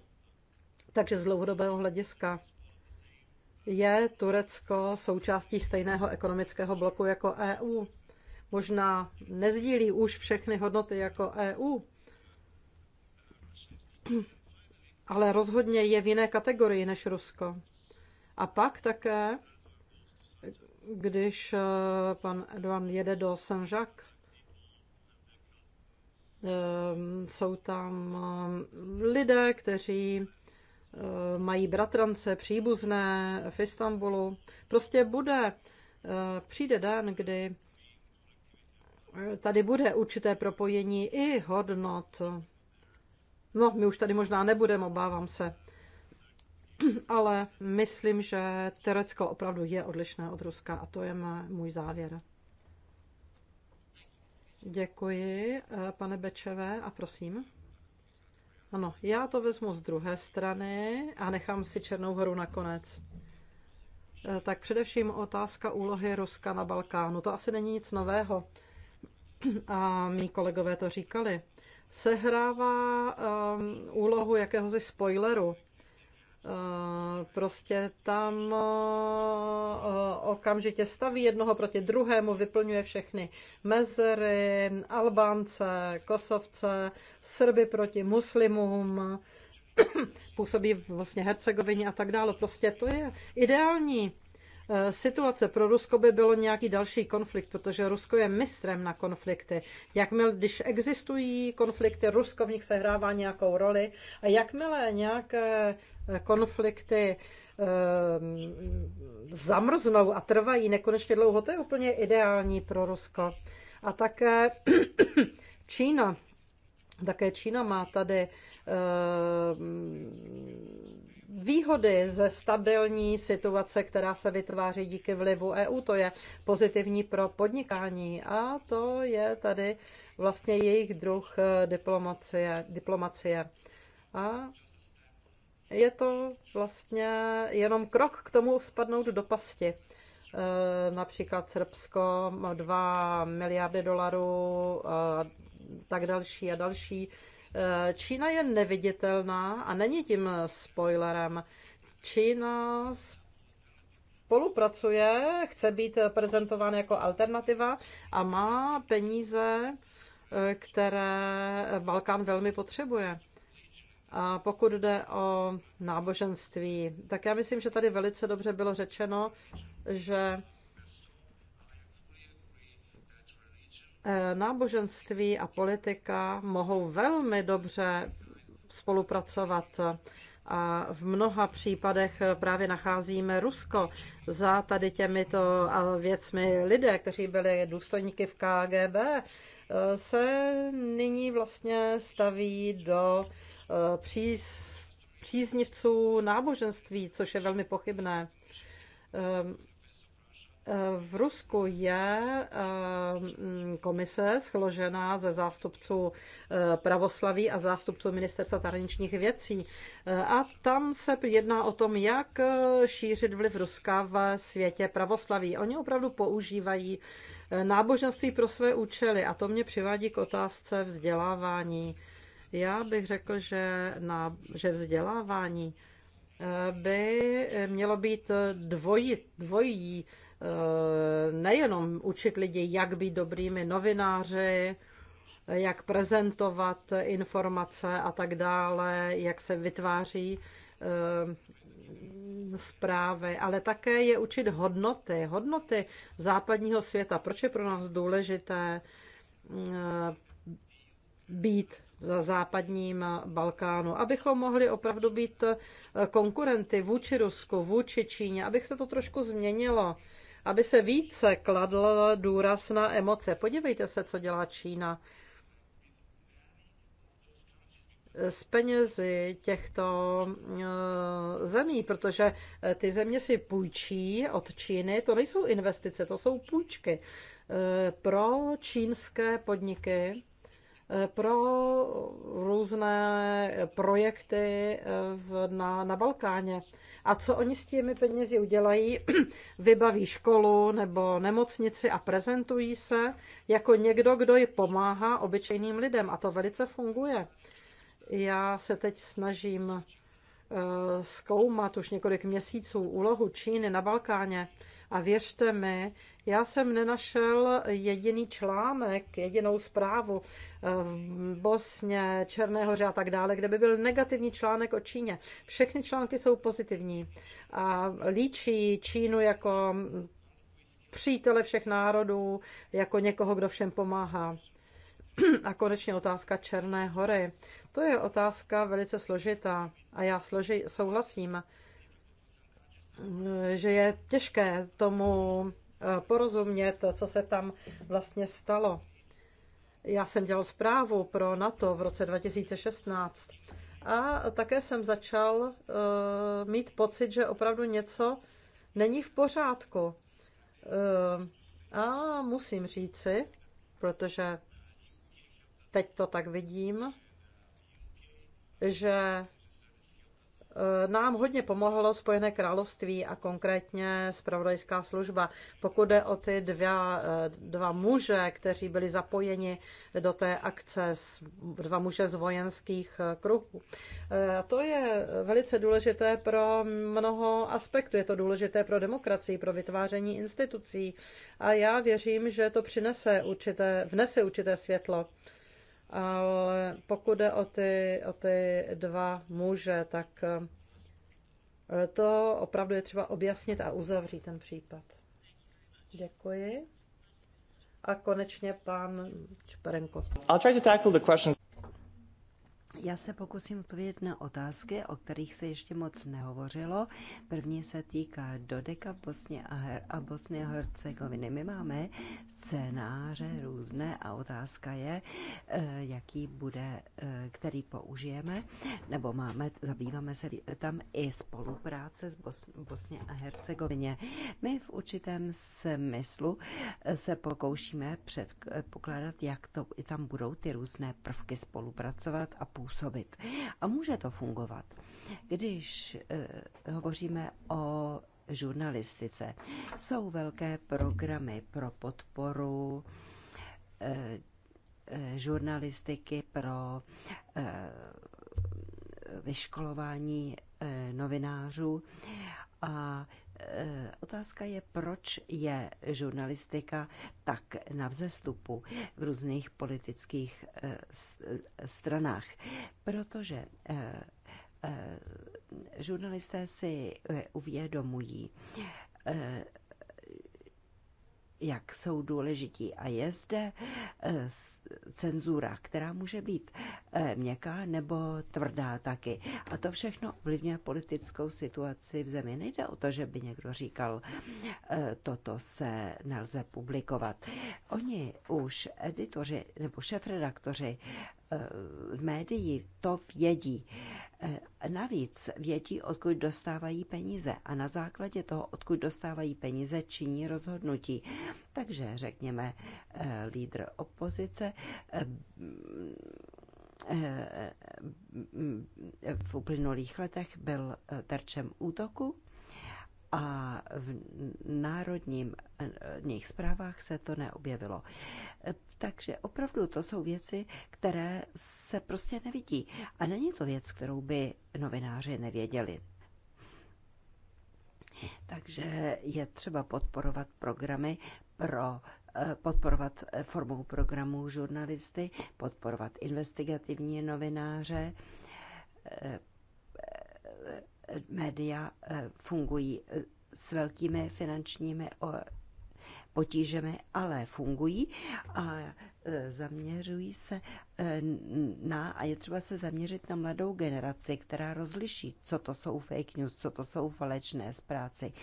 Takže z dlouhodobého hlediska je Turecko součástí stejného ekonomického bloku jako EU. Možná nezdílí už všechny hodnoty jako EU, ale rozhodně je v jiné kategorii než Rusko. A pak také, když eh, pan Edouard jede do Saint-Jacques, eh, jsou tam eh, lidé, kteří Eh, mají bratrance, příbuzné v Istanbulu. Prostě bude, eh, přijde den, kdy eh, tady bude určité propojení i hodnot. No, my už tady možná nebudeme, obávám se. Ale myslím, že Terecko opravdu je odlišné od Ruska a to je můj závěr. Děkuji, pane Bečeve, a prosím. Ano, já to vezmu z druhé strany a nechám si Černou horu nakonec. Eh, tak především otázka úlohy Ruska na Balkánu. To asi není nic nového. A mý kolegové to říkali. Sehrává um, úlohu jakéhosi spoileru Eh, prostě tam eh, okamžitě staví jednoho proti druhému, vyplňuje všechny mezery, Albánce, Kosovce, Srby proti muslimům, působí vlastně Hercegovině a tak dále. Prostě to je ideální Eh, situace pro Rusko by bylo nějaký další konflikt, protože Rusko je mistrem na konflikty. Jakmile, když existují konflikty, Rusko v nich sehrává nějakou roli a jakmile nějaké eh, konflikty ehm, zamrznou a trvají nekonečně dlouho, to je úplně ideální pro Rusko. A také Čína. Také Čína má tady ehm, výhody ze stabilní situace, která se vytváří díky vlivu EU. To je pozitivní pro podnikání a to je tady vlastně jejich druh eh, diplomacie. diplomacie. A je to vlastně jenom krok k tomu spadnout do pasti. Eh, například Srbsko 2 miliardy dolarů, eh, a tak další a další Čína je neviditelná a není tím spoilerem. Čína spolupracuje, chce být prezentován jako alternativa a má peníze, které Balkán velmi potřebuje. A pokud jde o náboženství, tak já myslím, že tady velice dobře bylo řečeno, že Eh, náboženství a politika mohou velmi dobře spolupracovat. A v mnoha případech právě nacházíme Rusko za tady těmito věcmi. Lidé, kteří byli důstojníky v KGB, eh, se nyní vlastně staví do eh, příz, příznivců náboženství, což je velmi pochybné Eh, v Rusku je eh, komise složená ze zástupců eh, pravoslaví a zástupců ministerstva zahraničních věcí. A tam se jedná o tom, jak šířit vliv Ruska v světě pravoslaví. Oni opravdu používají náboženství pro své účely a to mě přivádí k otázce vzdělávání. Já bych řekl, že, na, že vzdělávání by mělo být dvojí, dvojí Eh, nejenom učit lidi, jak být dobrými novináři, jak prezentovat informace a tak dále, jak se vytváří eh, zprávy, ale také je učit hodnoty, hodnoty západního světa. Proč je pro nás důležité eh, být na západním Balkánu, abychom mohli opravdu být konkurenty vůči Rusku, vůči Číně, abych se to trošku změnilo aby se více kladl důraz na emoce. Podívejte se, co dělá Čína. Z penězi těchto eh, zemí, protože eh, ty země si půjčí od Číny, to nejsou investice, to jsou půjčky eh, pro čínské podniky, pro různé projekty na, na Balkáně. A co oni s těmi penězi udělají? Vybaví školu nebo nemocnici a prezentují se jako někdo, kdo ji pomáhá obyčejným lidem. A to velice funguje. Já se teď snažím eh, zkoumat už několik měsíců úlohu Číny na Balkáně a věřte mi, já jsem nenašel jediný článek, jedinou zprávu eh, v Bosně, Černé a tak dále, kde by byl negativní článek o Číně. Všechny články jsou pozitivní a líčí Čínu jako přítele všech národů, jako někoho, kdo všem pomáhá. A konečně otázka Černé hory. To je otázka velice složitá a já složi, souhlasím že je těžké tomu eh, porozumět, co se tam vlastně stalo. Já jsem dělal zprávu pro NATO v roce 2016 a také jsem začal eh, mít pocit, že opravdu něco není v pořádku. Eh, a musím říci, protože teď to tak vidím, že nám hodně pomohlo Spojené království a konkrétně spravodajská služba. Pokud jde o ty dva, dva muže, kteří byli zapojeni do té akce, dva muže z vojenských kruhů, e, to je velice důležité pro mnoho aspektů. Je to důležité pro demokracii, pro vytváření institucí a já věřím, že to přinese určité, vnese určité světlo ale pokud jde o ty, o ty dva muže, tak eh, to opravdu je třeba objasnit a uzavřít ten případ. Děkuji. A konečně pan Čperenko. I'll try to tackle the question. Já se pokusím odpovědět na otázky, o kterých se ještě moc nehovořilo. První se týká Dodeka Bosně a, Her- a Bosně a Hercegoviny. My máme scénáře různé a otázka je, eh, jaký bude, eh, který použijeme, nebo máme, zabýváme se tam i spolupráce s Bos- Bosně a Hercegovině. My v určitém smyslu eh, se pokoušíme předpokládat, jak to, tam budou ty různé prvky spolupracovat a působit působit. A může to fungovat. Když eh, hovoříme o žurnalistice, jsou velké programy pro podporu eh, eh, žurnalistiky, pro vyškolování novinářů a Eh, otázka je, proč je žurnalistika tak na vzestupu v různých politických eh, eh, stranách. Protože žurnalisté si uvědomují jak jsou důležití. A je zde eh, cenzura, která může být eh, měkká nebo tvrdá taky. A to všechno ovlivňuje politickou situaci v zemi. Nejde o to, že by někdo říkal, eh, toto se nelze publikovat. Oni už editoři nebo šefredaktoři Eh, médií to vědí. Eh, navíc vědí, odkud dostávají peníze a na základě toho, odkud dostávají peníze, činí rozhodnutí. Takže řekněme, eh, lídr opozice v uplynulých letech byl terčem útoku a v národním nich eh, zprávách se to neobjevilo. Takže opravdu to jsou věci, které se prostě nevidí. A není to věc, kterou by novináři nevěděli. Takže je třeba podporovat programy pro eh, podporovat formou programů žurnalisty, podporovat investigativní novináře, eh, média eh, fungují eh, s velkými finančními potížemi, ale fungují a E, zaměřují se e, na, a je třeba se zaměřit na mladou generaci, která rozliší, co to jsou fake news, co to jsou falečné zpráci.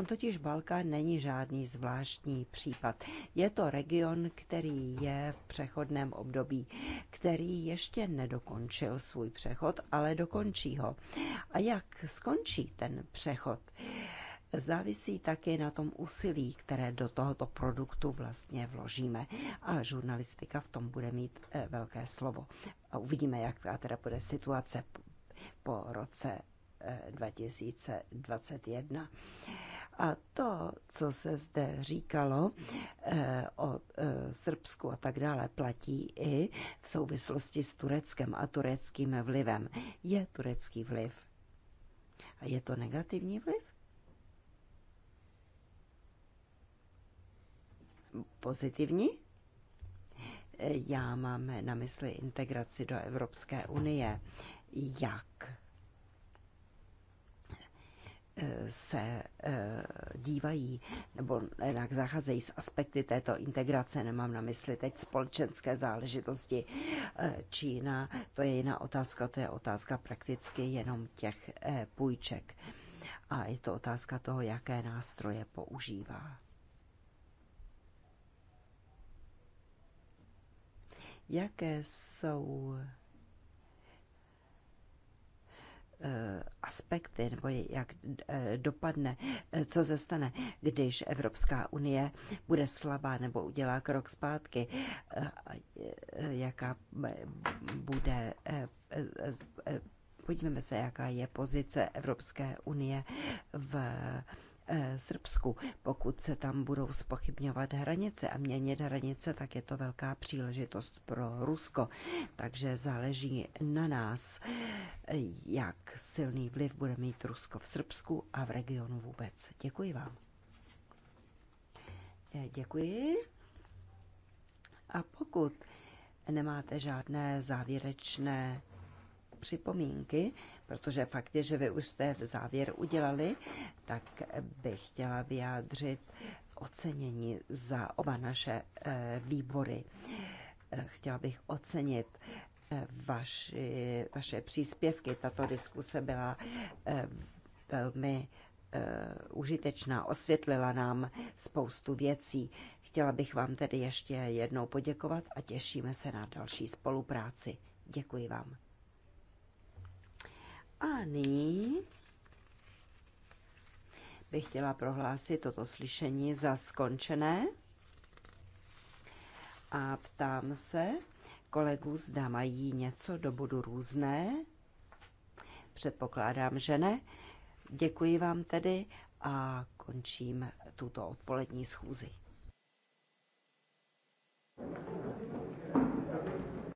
On totiž Balkán není žádný zvláštní případ. Je to region, který je v přechodném období, který ještě nedokončil svůj přechod, ale dokončí ho. A jak skončí ten přechod? závisí také na tom úsilí, které do tohoto produktu vlastně vložíme. A žurnalistika v tom bude mít e, velké slovo. A uvidíme, jak teda bude situace po roce 2021. E, a to, co se zde říkalo e, o Srbsku a tak dále, platí i v souvislosti s Tureckem a tureckým vlivem. Je turecký vliv. A je to negativní vliv? pozitivní. Já mám na mysli integraci do Evropské unie. Jak se eh, dívají nebo jak zacházejí z aspekty této integrace, nemám na mysli teď společenské záležitosti eh, Čína, to je jiná otázka, to je otázka prakticky jenom těch eh, půjček. A je to otázka toho, jaké nástroje používá. jaké jsou eh, aspekty, nebo jak eh, dopadne, eh, co se stane, když Evropská unie bude slabá nebo udělá krok zpátky, jaká bude, podívejme se, jaká je pozice Evropské unie v Eh, Srbsku. Pokud se tam budou spochybňovat hranice a měnit hranice, tak je to velká příležitost pro Rusko. Takže záleží na nás, jak silný vliv bude mít Rusko v Srbsku a v regionu vůbec. Děkuji vám. Eh, děkuji. A pokud nemáte žádné závěrečné připomínky, protože fakt je, že vy už jste v závěr udělali, tak bych chtěla vyjádřit ocenění za oba naše eh, výbory. Eh, chtěla bych ocenit eh, vaši, vaše příspěvky. Tato diskuse byla velmi užitečná, osvětlila nám spoustu věcí. Chtěla bych vám tedy ještě jednou poděkovat a těšíme se na další spolupráci. Děkuji vám. A nyní bych chtěla prohlásit toto slyšení za skončené a ptám se kolegů, zda mají něco do bodu různé. Předpokládám, že ne. Děkuji vám tedy a končím tuto odpolední schůzi.